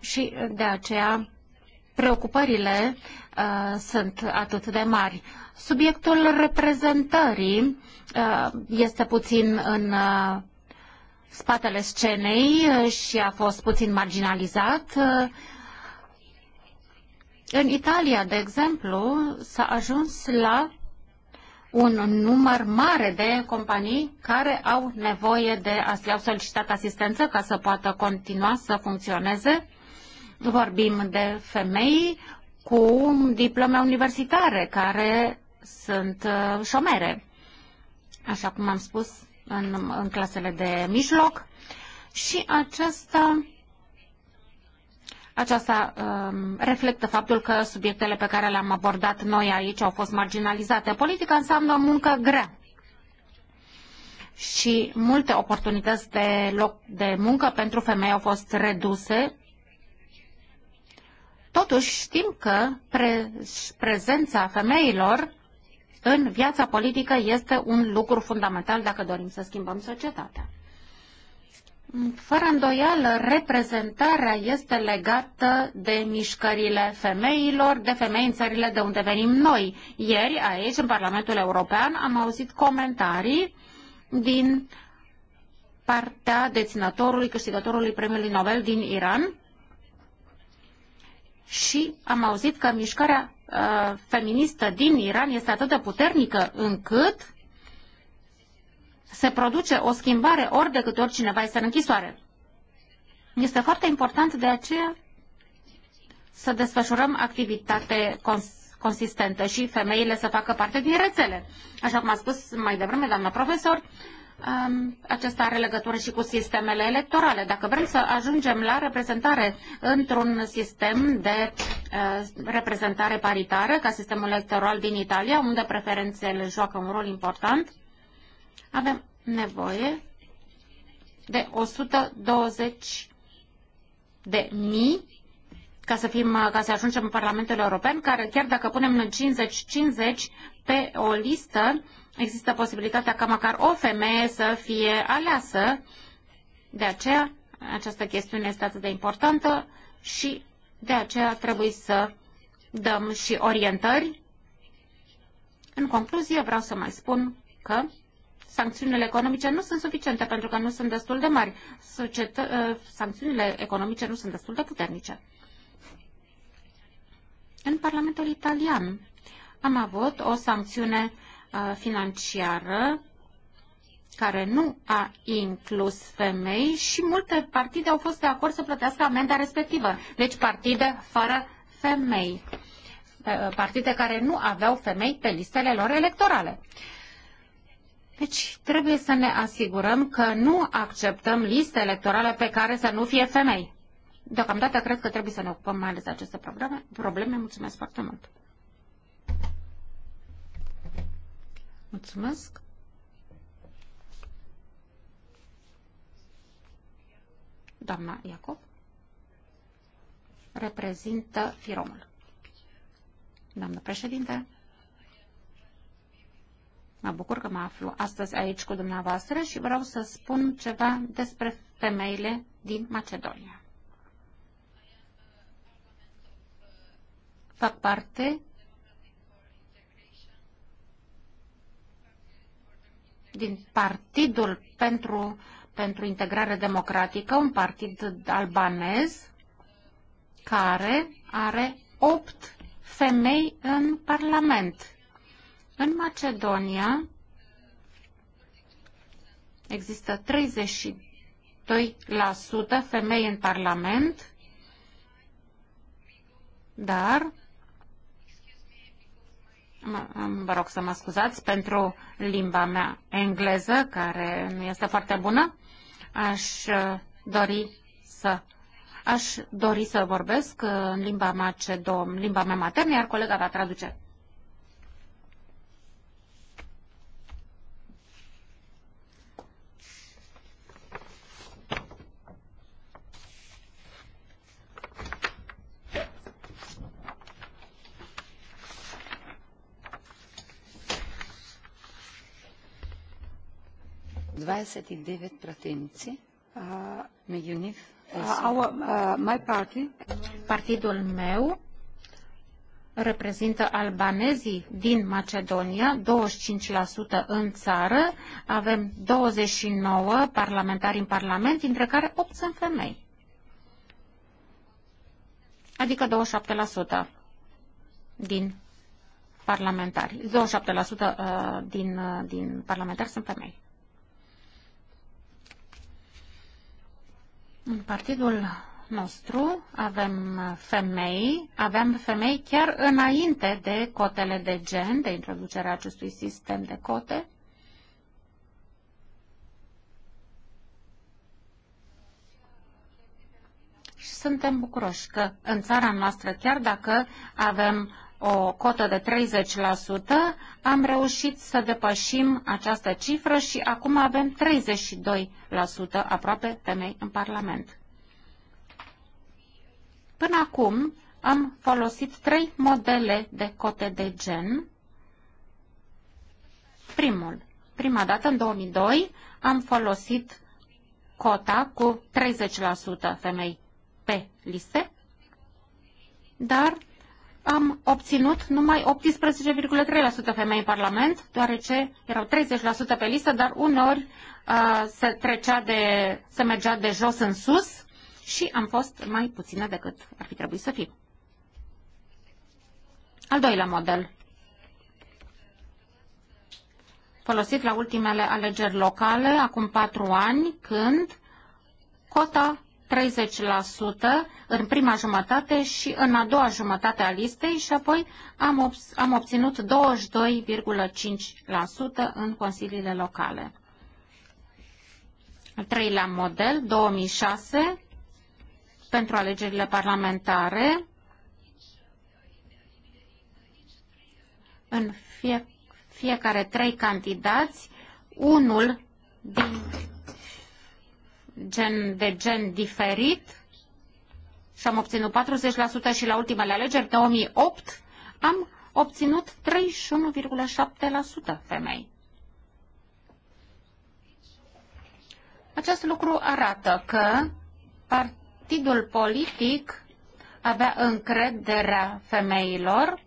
Speaker 1: Și de aceea preocupările uh, sunt atât de mari. Subiectul reprezentării uh, este puțin în uh, spatele scenei uh, și a fost puțin marginalizat. Uh, în Italia, de exemplu, s-a ajuns la un număr mare de companii care au nevoie de, a au solicitat asistență ca să poată continua să funcționeze. Vorbim de femei cu diplome universitare care sunt uh, șomere, așa cum am spus, în, în clasele de mijloc. Și aceasta aceasta um, reflectă faptul că subiectele pe care le-am abordat noi aici au fost marginalizate. Politica înseamnă muncă grea și multe oportunități de loc de muncă pentru femei au fost reduse. Totuși știm că pre- prezența femeilor în viața politică este un lucru fundamental dacă dorim să schimbăm societatea. Fără îndoială, reprezentarea este legată de mișcările femeilor, de femei în țările de unde venim noi. Ieri, aici, în Parlamentul European, am auzit comentarii din partea deținătorului, câștigătorului premiului Nobel din Iran și am auzit că mișcarea uh, feministă din Iran este atât de puternică încât se produce o schimbare ori de câte ori cineva este în închisoare. Este foarte important de aceea să desfășurăm activitate cons- consistentă și femeile să facă parte din rețele. Așa cum a spus mai devreme doamna profesor, acesta are legătură și cu sistemele electorale. Dacă vrem să ajungem la reprezentare într-un sistem de reprezentare paritară, ca sistemul electoral din Italia, unde preferențele joacă un rol important, avem nevoie de 120 de mii ca să, fim, ca să ajungem în Parlamentul European, care chiar dacă punem în 50-50 pe o listă, există posibilitatea ca măcar o femeie să fie aleasă. De aceea, această chestiune este atât de importantă și de aceea trebuie să dăm și orientări. În concluzie, vreau să mai spun că sancțiunile economice nu sunt suficiente pentru că nu sunt destul de mari. Societă, uh, sancțiunile economice nu sunt destul de puternice. În Parlamentul Italian am avut o sancțiune uh, financiară care nu a inclus femei și multe partide au fost de acord să plătească amenda respectivă. Deci partide fără femei. Uh, partide care nu aveau femei pe listele lor electorale. Deci trebuie să ne asigurăm că nu acceptăm liste electorale pe care să nu fie femei. Deocamdată cred că trebuie să ne ocupăm mai ales de aceste probleme. probleme.
Speaker 4: Mulțumesc foarte mult! Mulțumesc!
Speaker 1: Doamna Iacob reprezintă firomul. Doamna președinte, Mă bucur că mă aflu astăzi aici cu dumneavoastră și vreau să spun ceva despre femeile din Macedonia. Fac parte din Partidul pentru, pentru Integrare Democratică, un partid albanez care are opt femei în Parlament. În Macedonia există 32% femei în Parlament, dar vă rog să mă scuzați pentru limba mea engleză, care nu este foarte bună. Aș uh, dori să aș dori să vorbesc uh, în limba, macedon, limba mea maternă, iar colega va traduce. 29% με UNIF. Our, uh, my party. Partidul meu reprezintă albanezii din Macedonia, 25% în țară, avem 29 parlamentari în Parlament, dintre care 8 sunt femei, adică 27% din parlamentari. 27% uh, din, uh, din parlamentari sunt femei. În partidul nostru avem femei, avem femei chiar înainte de cotele de gen, de introducerea acestui sistem de cote. Și suntem bucuroși că în țara noastră, chiar dacă avem o cotă de 30%, am reușit să depășim această cifră și acum avem 32% aproape femei în Parlament. Până acum am folosit trei modele de cote de gen. Primul, prima dată în 2002, am folosit cota cu 30% femei pe liste, dar am obținut numai 18,3% femei în Parlament, deoarece erau 30% pe listă, dar uneori uh, se, trecea de, se mergea de jos în sus și am fost mai puțină decât ar fi trebuit să fiu. Al doilea model, folosit la ultimele alegeri locale, acum patru ani, când cota 30% în prima jumătate și în a doua jumătate a listei și apoi am, ob- am obținut 22,5% în consiliile locale. Al treilea model, 2006, pentru alegerile parlamentare. În fie, fiecare trei candidați, unul din gen, de gen diferit și am obținut 40% și la ultimele alegeri, 2008, am obținut 31,7% femei. Acest lucru arată că partidul politic avea încrederea femeilor,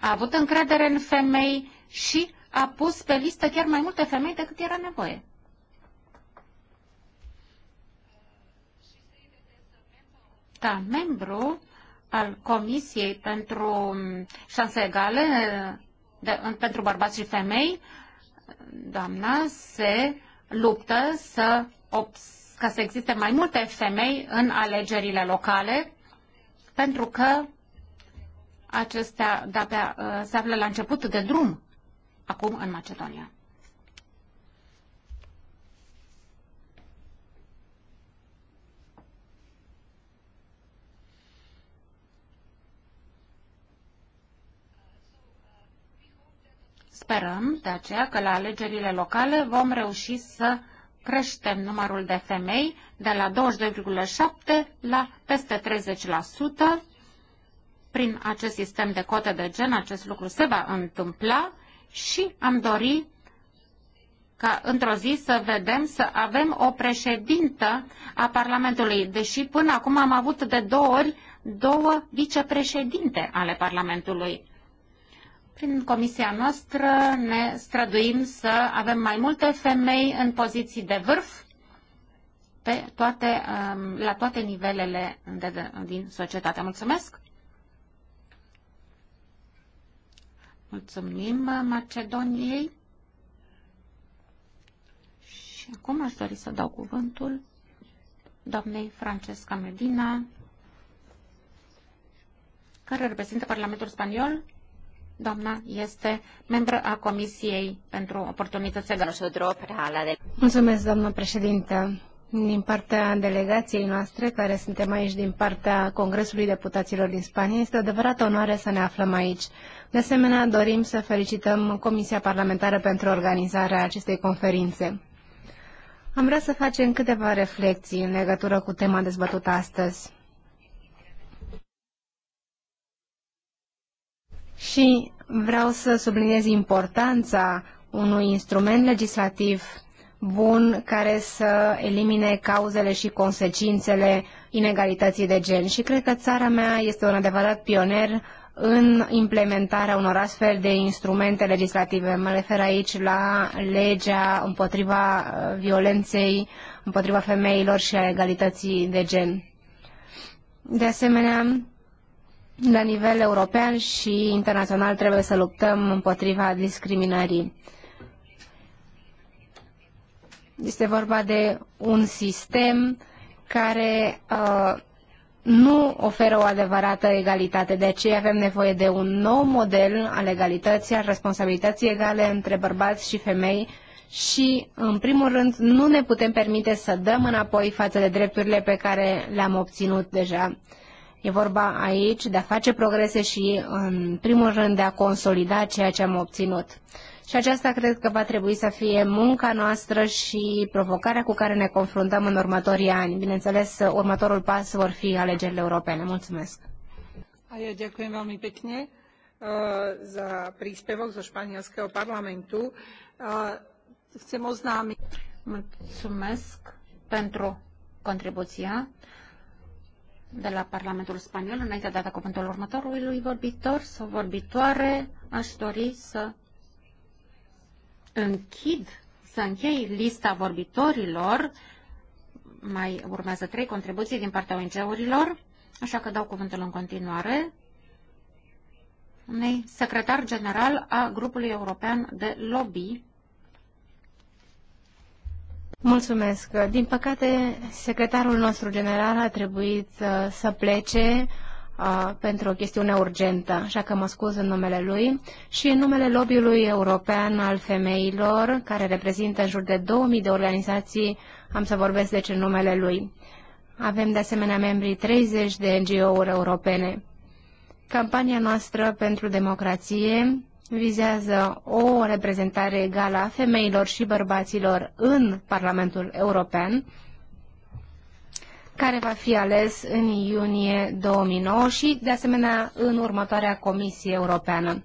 Speaker 1: a avut încredere în femei și a pus pe listă chiar mai multe femei decât era nevoie. Ca membru al Comisiei pentru șanse egale de, pentru bărbați și femei, doamna se luptă să ca să existe mai multe femei în alegerile locale, pentru că acestea uh, se află la început de drum acum în Macedonia. Sperăm de aceea că la alegerile locale vom reuși să creștem numărul de femei de la 22,7 la peste 30%. Prin acest sistem de cote de gen acest lucru se va întâmpla și am dori ca într-o zi să vedem să avem o președintă a Parlamentului, deși până acum am avut de două ori două vicepreședinte ale Parlamentului. Prin comisia noastră ne străduim să avem mai multe femei în poziții de vârf pe toate, um, la toate nivelele de, de, din societate. Mulțumesc! Mulțumim Macedoniei. Și acum aș dori să dau cuvântul doamnei Francesca Medina, care reprezintă Parlamentul Spaniol Doamna este membră a Comisiei pentru Oportunități Mulțumesc, doamnă președintă. Din partea delegației noastre, care suntem aici din partea Congresului Deputaților din Spania, este o adevărată onoare să ne aflăm aici. De asemenea, dorim să felicităm Comisia Parlamentară pentru organizarea acestei conferințe. Am vrea să facem câteva reflexii în legătură cu tema dezbătută astăzi. Și vreau să subliniez importanța unui instrument legislativ bun care să elimine cauzele și consecințele inegalității de gen. Și cred că țara mea este un adevărat pioner în implementarea unor astfel de instrumente legislative. Mă refer aici la legea împotriva uh, violenței, împotriva femeilor și a egalității de gen. De asemenea, la nivel european și internațional trebuie să luptăm împotriva discriminării. Este vorba de un sistem care uh, nu oferă o adevărată egalitate. De aceea avem nevoie de un nou model al egalității, al responsabilității egale între bărbați și femei și, în primul rând, nu ne putem permite să dăm înapoi față de drepturile pe care le-am obținut deja. E vorba aici de a face progrese și, în primul rând, de a consolida ceea ce am obținut. Și aceasta cred că va trebui să fie munca noastră și provocarea cu care ne confruntăm în următorii ani. Bineînțeles, următorul pas vor fi alegerile europene. Mulțumesc!
Speaker 2: ďakujem veľmi pekne za príspevok zo španielského parlamentu. Chcem oznámiť... Mulțumesc pentru contribuția
Speaker 1: de la Parlamentul Spaniol. Înainte de a da cuvântul următorului vorbitor sau vorbitoare, aș dori să închid, să închei lista vorbitorilor. Mai urmează trei contribuții din partea ONG-urilor, așa că dau cuvântul în continuare unei secretar general a grupului european de lobby Mulțumesc. Din păcate, secretarul nostru general a trebuit uh, să plece uh, pentru o chestiune urgentă, așa că mă scuz în numele lui și în numele lobby-ului european al femeilor, care reprezintă în jur de 2000 de organizații, am să vorbesc deci în numele lui. Avem de asemenea membrii 30 de NGO-uri europene. Campania noastră pentru democrație vizează o reprezentare egală a femeilor și bărbaților în Parlamentul European, care va fi ales în iunie 2009 și, de asemenea, în următoarea Comisie Europeană.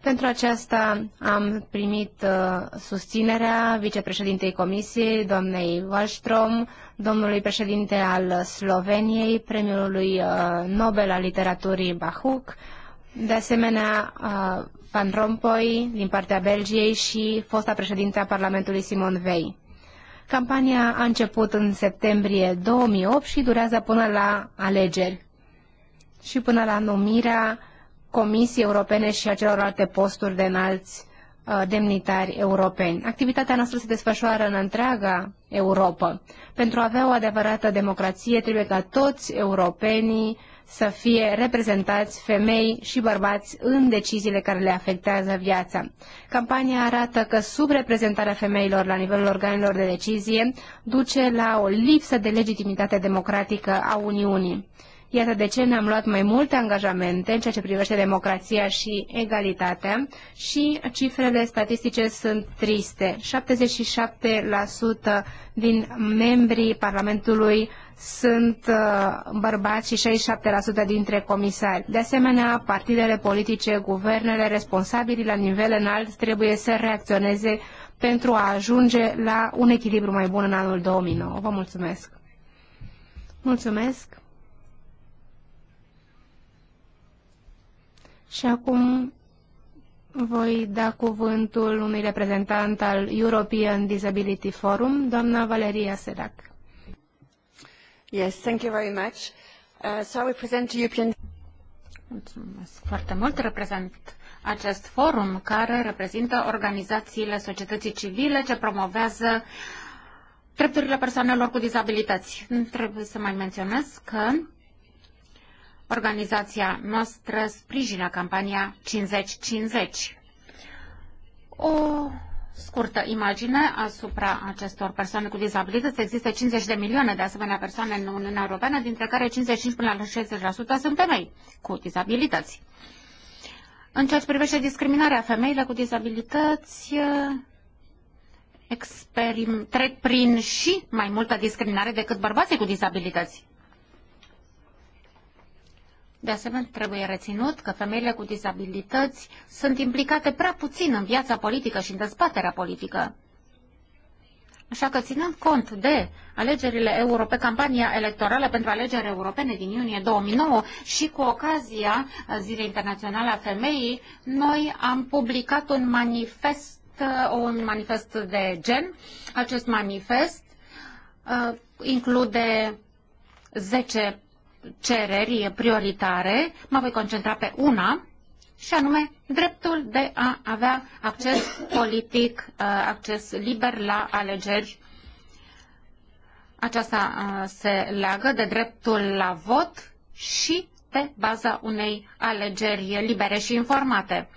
Speaker 1: Pentru aceasta am primit uh, susținerea vicepreședintei Comisiei, doamnei Wallström, domnului președinte al Sloveniei, premiului uh, Nobel al literaturii Bahuc, de asemenea uh, Van Rompuy din partea Belgiei și fosta președinte a Parlamentului Simon Vei. Campania a început în septembrie 2008 și durează până la alegeri și până la numirea Comisiei Europene și a celorlalte posturi de înalți uh, demnitari europeni. Activitatea noastră se desfășoară în întreaga Europa. Pentru a avea o adevărată democrație trebuie ca toți europenii să fie reprezentați femei și bărbați în deciziile care le afectează viața. Campania arată că subreprezentarea femeilor la nivelul organelor de decizie duce la o lipsă de legitimitate democratică a Uniunii. Iată de ce ne-am luat mai multe angajamente în ceea ce privește democrația și egalitatea și cifrele statistice sunt triste. 77% din membrii Parlamentului sunt uh, bărbați și 67% dintre comisari. De asemenea, partidele politice, guvernele, responsabili la nivel înalt trebuie să reacționeze pentru a ajunge la un echilibru mai bun în anul 2009. Vă mulțumesc! Mulțumesc! Și acum voi da cuvântul unui reprezentant al European Disability Forum, doamna Valeria Serac. Yes, thank you
Speaker 3: very much. Uh, so I to European... Mulțumesc
Speaker 1: foarte mult. Reprezent acest forum care reprezintă organizațiile societății civile ce promovează drepturile persoanelor cu dizabilități. Trebuie să mai menționez că Organizația noastră sprijină campania 50-50. O scurtă imagine asupra acestor persoane cu dizabilități. Există 50 de milioane de asemenea persoane în Uniunea Europeană, dintre care 55 până la 60% sunt femei cu dizabilități. În ceea ce privește discriminarea, femeilor cu dizabilități trec prin și mai multă discriminare decât bărbații cu dizabilități. De asemenea, trebuie reținut că femeile cu dizabilități sunt implicate prea puțin în viața politică și în dezbaterea politică. Așa că, ținând cont de alegerile europene, campania electorală pentru alegeri europene din iunie 2009 și cu ocazia Zilei Internaționale a Femeii, noi am publicat un manifest, un manifest de gen. Acest manifest uh, include 10 cereri prioritare, mă voi concentra pe una, și anume dreptul de a avea acces politic, uh, acces liber la alegeri. Aceasta uh, se leagă de dreptul la vot și pe baza unei alegeri libere și informate.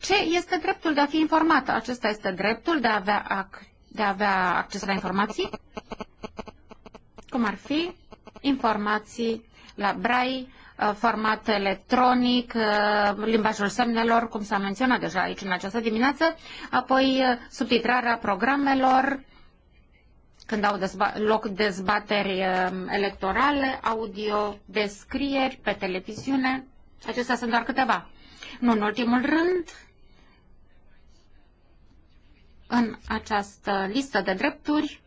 Speaker 1: Ce este dreptul de a fi informat? Acesta este dreptul de a avea, ac- de a avea acces la informații, cum ar fi informații la Braille, uh, format electronic, uh, limbajul semnelor, cum s-a menționat deja aici în această dimineață, apoi uh, subtitrarea programelor, când au dezba- loc dezbateri um, electorale, audio descrieri pe televiziune. Acestea sunt doar câteva. Nu în ultimul rând, în această listă de drepturi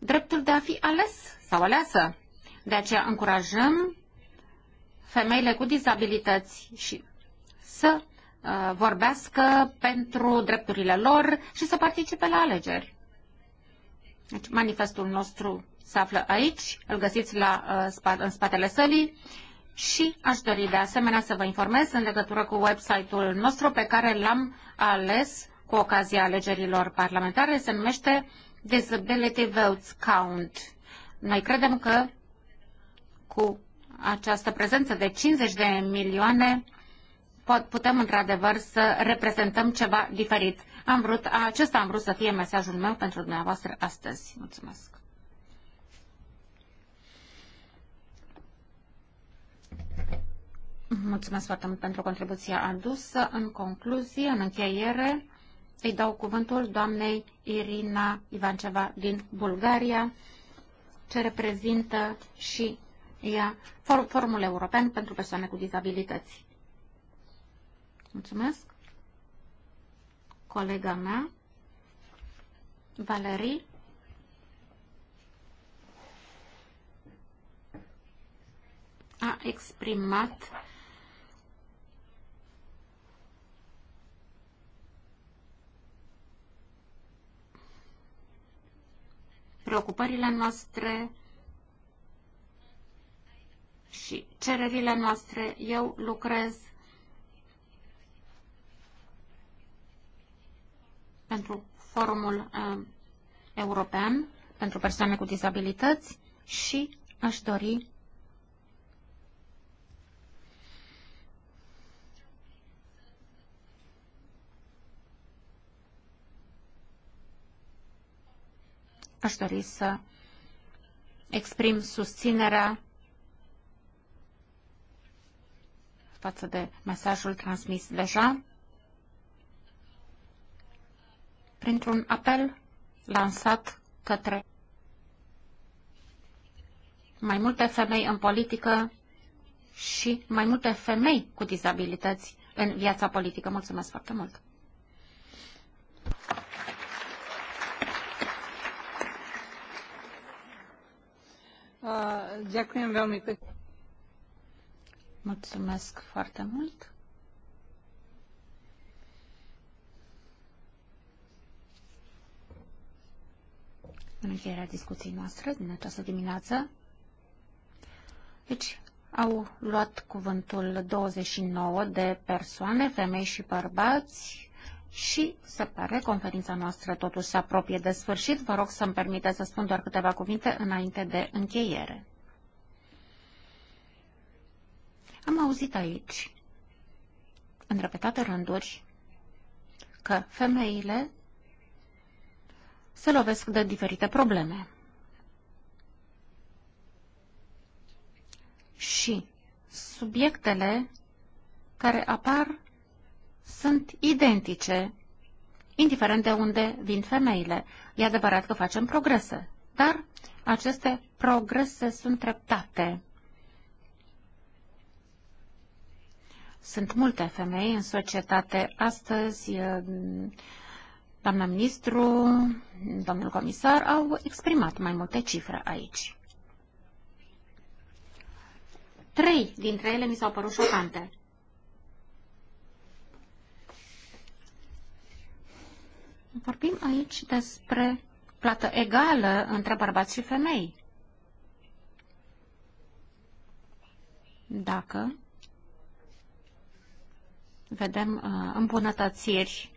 Speaker 1: dreptul de a fi ales sau aleasă. De aceea încurajăm femeile cu dizabilități și să uh, vorbească pentru drepturile lor și să participe la alegeri. Deci manifestul nostru se află aici, îl găsiți la, uh, în spatele sălii și aș dori de asemenea să vă informez în legătură cu website-ul nostru pe care l-am ales cu ocazia alegerilor parlamentare. Se numește disability votes count. Noi credem că cu această prezență de 50 de milioane pot, putem într-adevăr să reprezentăm ceva diferit. Am vrut, acesta am vrut să fie mesajul meu pentru dumneavoastră astăzi. Mulțumesc! Mulțumesc foarte mult pentru contribuția adusă. În concluzie, în încheiere, îi dau cuvântul doamnei Irina Ivanceva din Bulgaria, ce reprezintă și ea Forumul European pentru Persoane cu Dizabilități. Mulțumesc. Colega mea, Valerie, a exprimat preocupările noastre și cererile noastre. Eu lucrez pentru Forumul uh, European pentru persoane cu dizabilități și aș dori aș dori să exprim susținerea față de mesajul transmis deja printr-un apel lansat către mai multe femei în politică și mai multe femei cu dizabilități în viața politică. Mulțumesc foarte mult!
Speaker 2: Ďakujem veľmi pekne.
Speaker 1: Mulțumesc foarte mult. În încheierea discuției noastre din această dimineață, deci au luat cuvântul 29 de persoane, femei și bărbați, și se pare conferința noastră totuși se apropie de sfârșit. Vă rog să-mi permiteți să spun doar câteva cuvinte înainte de încheiere. Am auzit aici, în repetate rânduri, că femeile se lovesc de diferite probleme. Și subiectele care apar sunt identice, indiferent de unde vin femeile. E adevărat că facem progrese, dar aceste progrese sunt treptate. Sunt multe femei în societate astăzi. Doamna ministru, domnul comisar au exprimat mai multe cifre aici. Trei dintre ele mi s-au părut șocante. Vorbim aici despre plată egală între bărbați și femei. Dacă vedem uh, îmbunătățiri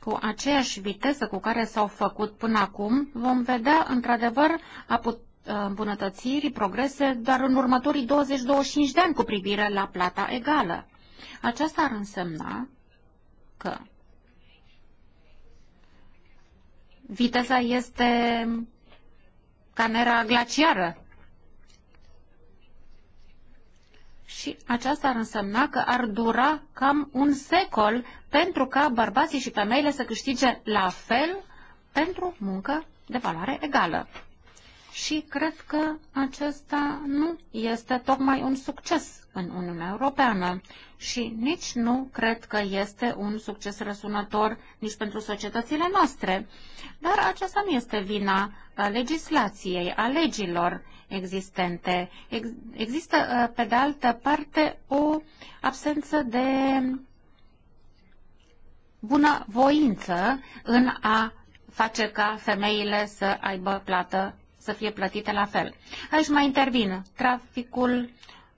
Speaker 1: cu aceeași viteză cu care s-au făcut până acum, vom vedea într-adevăr uh, îmbunătățiri, progrese, dar în următorii 20-25 de ani cu privire la plata egală. Aceasta ar însemna că viteza este canera glaciară. Și aceasta ar însemna că ar dura cam un secol pentru ca bărbații și femeile să câștige la fel pentru muncă de valoare egală și cred că acesta nu este tocmai un succes în Uniunea Europeană și nici nu cred că este un succes răsunător nici pentru societățile noastre. Dar aceasta nu este vina a legislației, a legilor existente. Ex există, ă, pe de altă parte, o absență de bună voință în a face ca femeile să aibă plată să fie plătite la fel. Aici mai intervin traficul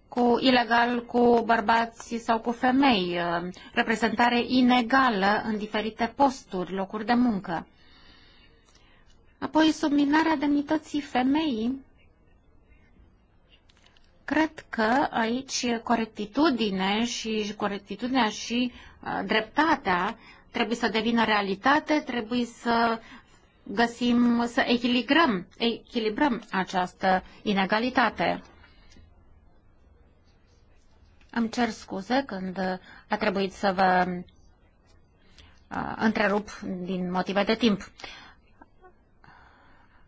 Speaker 1: cu ilegal cu bărbați sau cu femei, uh, reprezentare inegală în diferite posturi, locuri de muncă. Apoi subminarea demnității femeii. Cred că aici corectitudine și corectitudinea și uh, dreptatea trebuie să devină realitate, trebuie să găsim, să echilibrăm, echilibrăm această inegalitate. Îmi cer scuze când a trebuit să vă întrerup din motive de timp.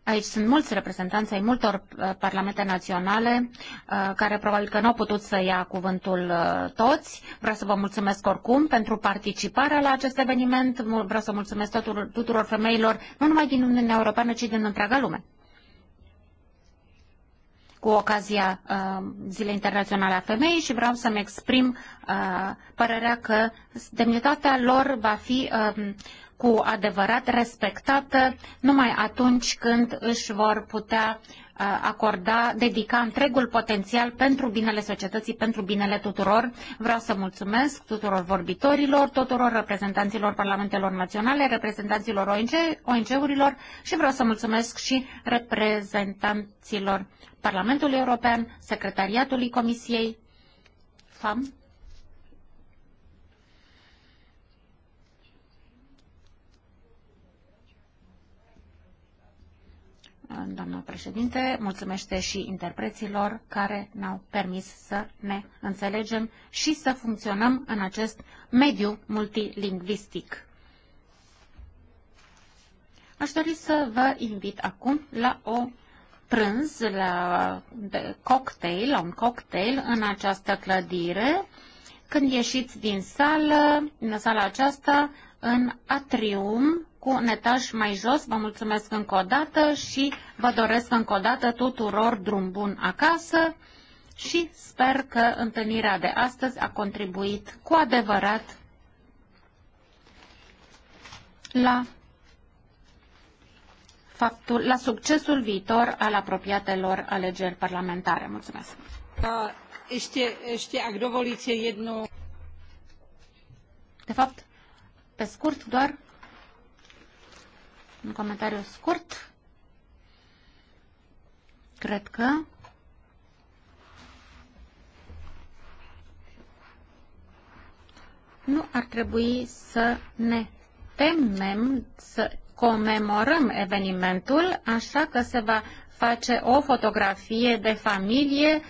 Speaker 1: Aici sunt mulți reprezentanți ai multor uh, parlamente naționale uh, care probabil că nu au putut să ia cuvântul uh, toți. Vreau să vă mulțumesc oricum pentru participarea la acest eveniment. Vreau să mulțumesc tuturor, femeilor, nu numai din Uniunea Europeană, ci din întreaga lume. Cu ocazia Zilei Internaționale a Femeii și vreau să-mi exprim părerea că demnitatea lor va fi um, cu adevărat respectată numai atunci când își vor putea uh, acorda, dedica întregul potențial pentru binele societății, pentru binele tuturor. Vreau să mulțumesc tuturor vorbitorilor, tuturor reprezentanților parlamentelor naționale, reprezentanților ONG, urilor și vreau să mulțumesc și reprezentanților Parlamentului European, Secretariatului Comisiei FAM doamnă președinte, mulțumește și interpreților care ne-au permis să ne înțelegem și să funcționăm în acest mediu multilingvistic. Aș dori să vă invit acum la o prânz, la cocktail, la un cocktail în această clădire. Când ieșiți din sală, în sala aceasta, în atrium, cu un etaj mai jos. Vă mulțumesc încă o dată și vă doresc încă o dată tuturor drum bun acasă și sper că întâlnirea de astăzi a contribuit cu adevărat la faptul, la succesul viitor al apropiatelor alegeri parlamentare. Mulțumesc.
Speaker 2: A, ešte, ešte, jednu...
Speaker 1: De fapt, pe scurt, doar un comentariu scurt. Cred că nu ar trebui să ne temem să comemorăm evenimentul, așa că se va face o fotografie de familie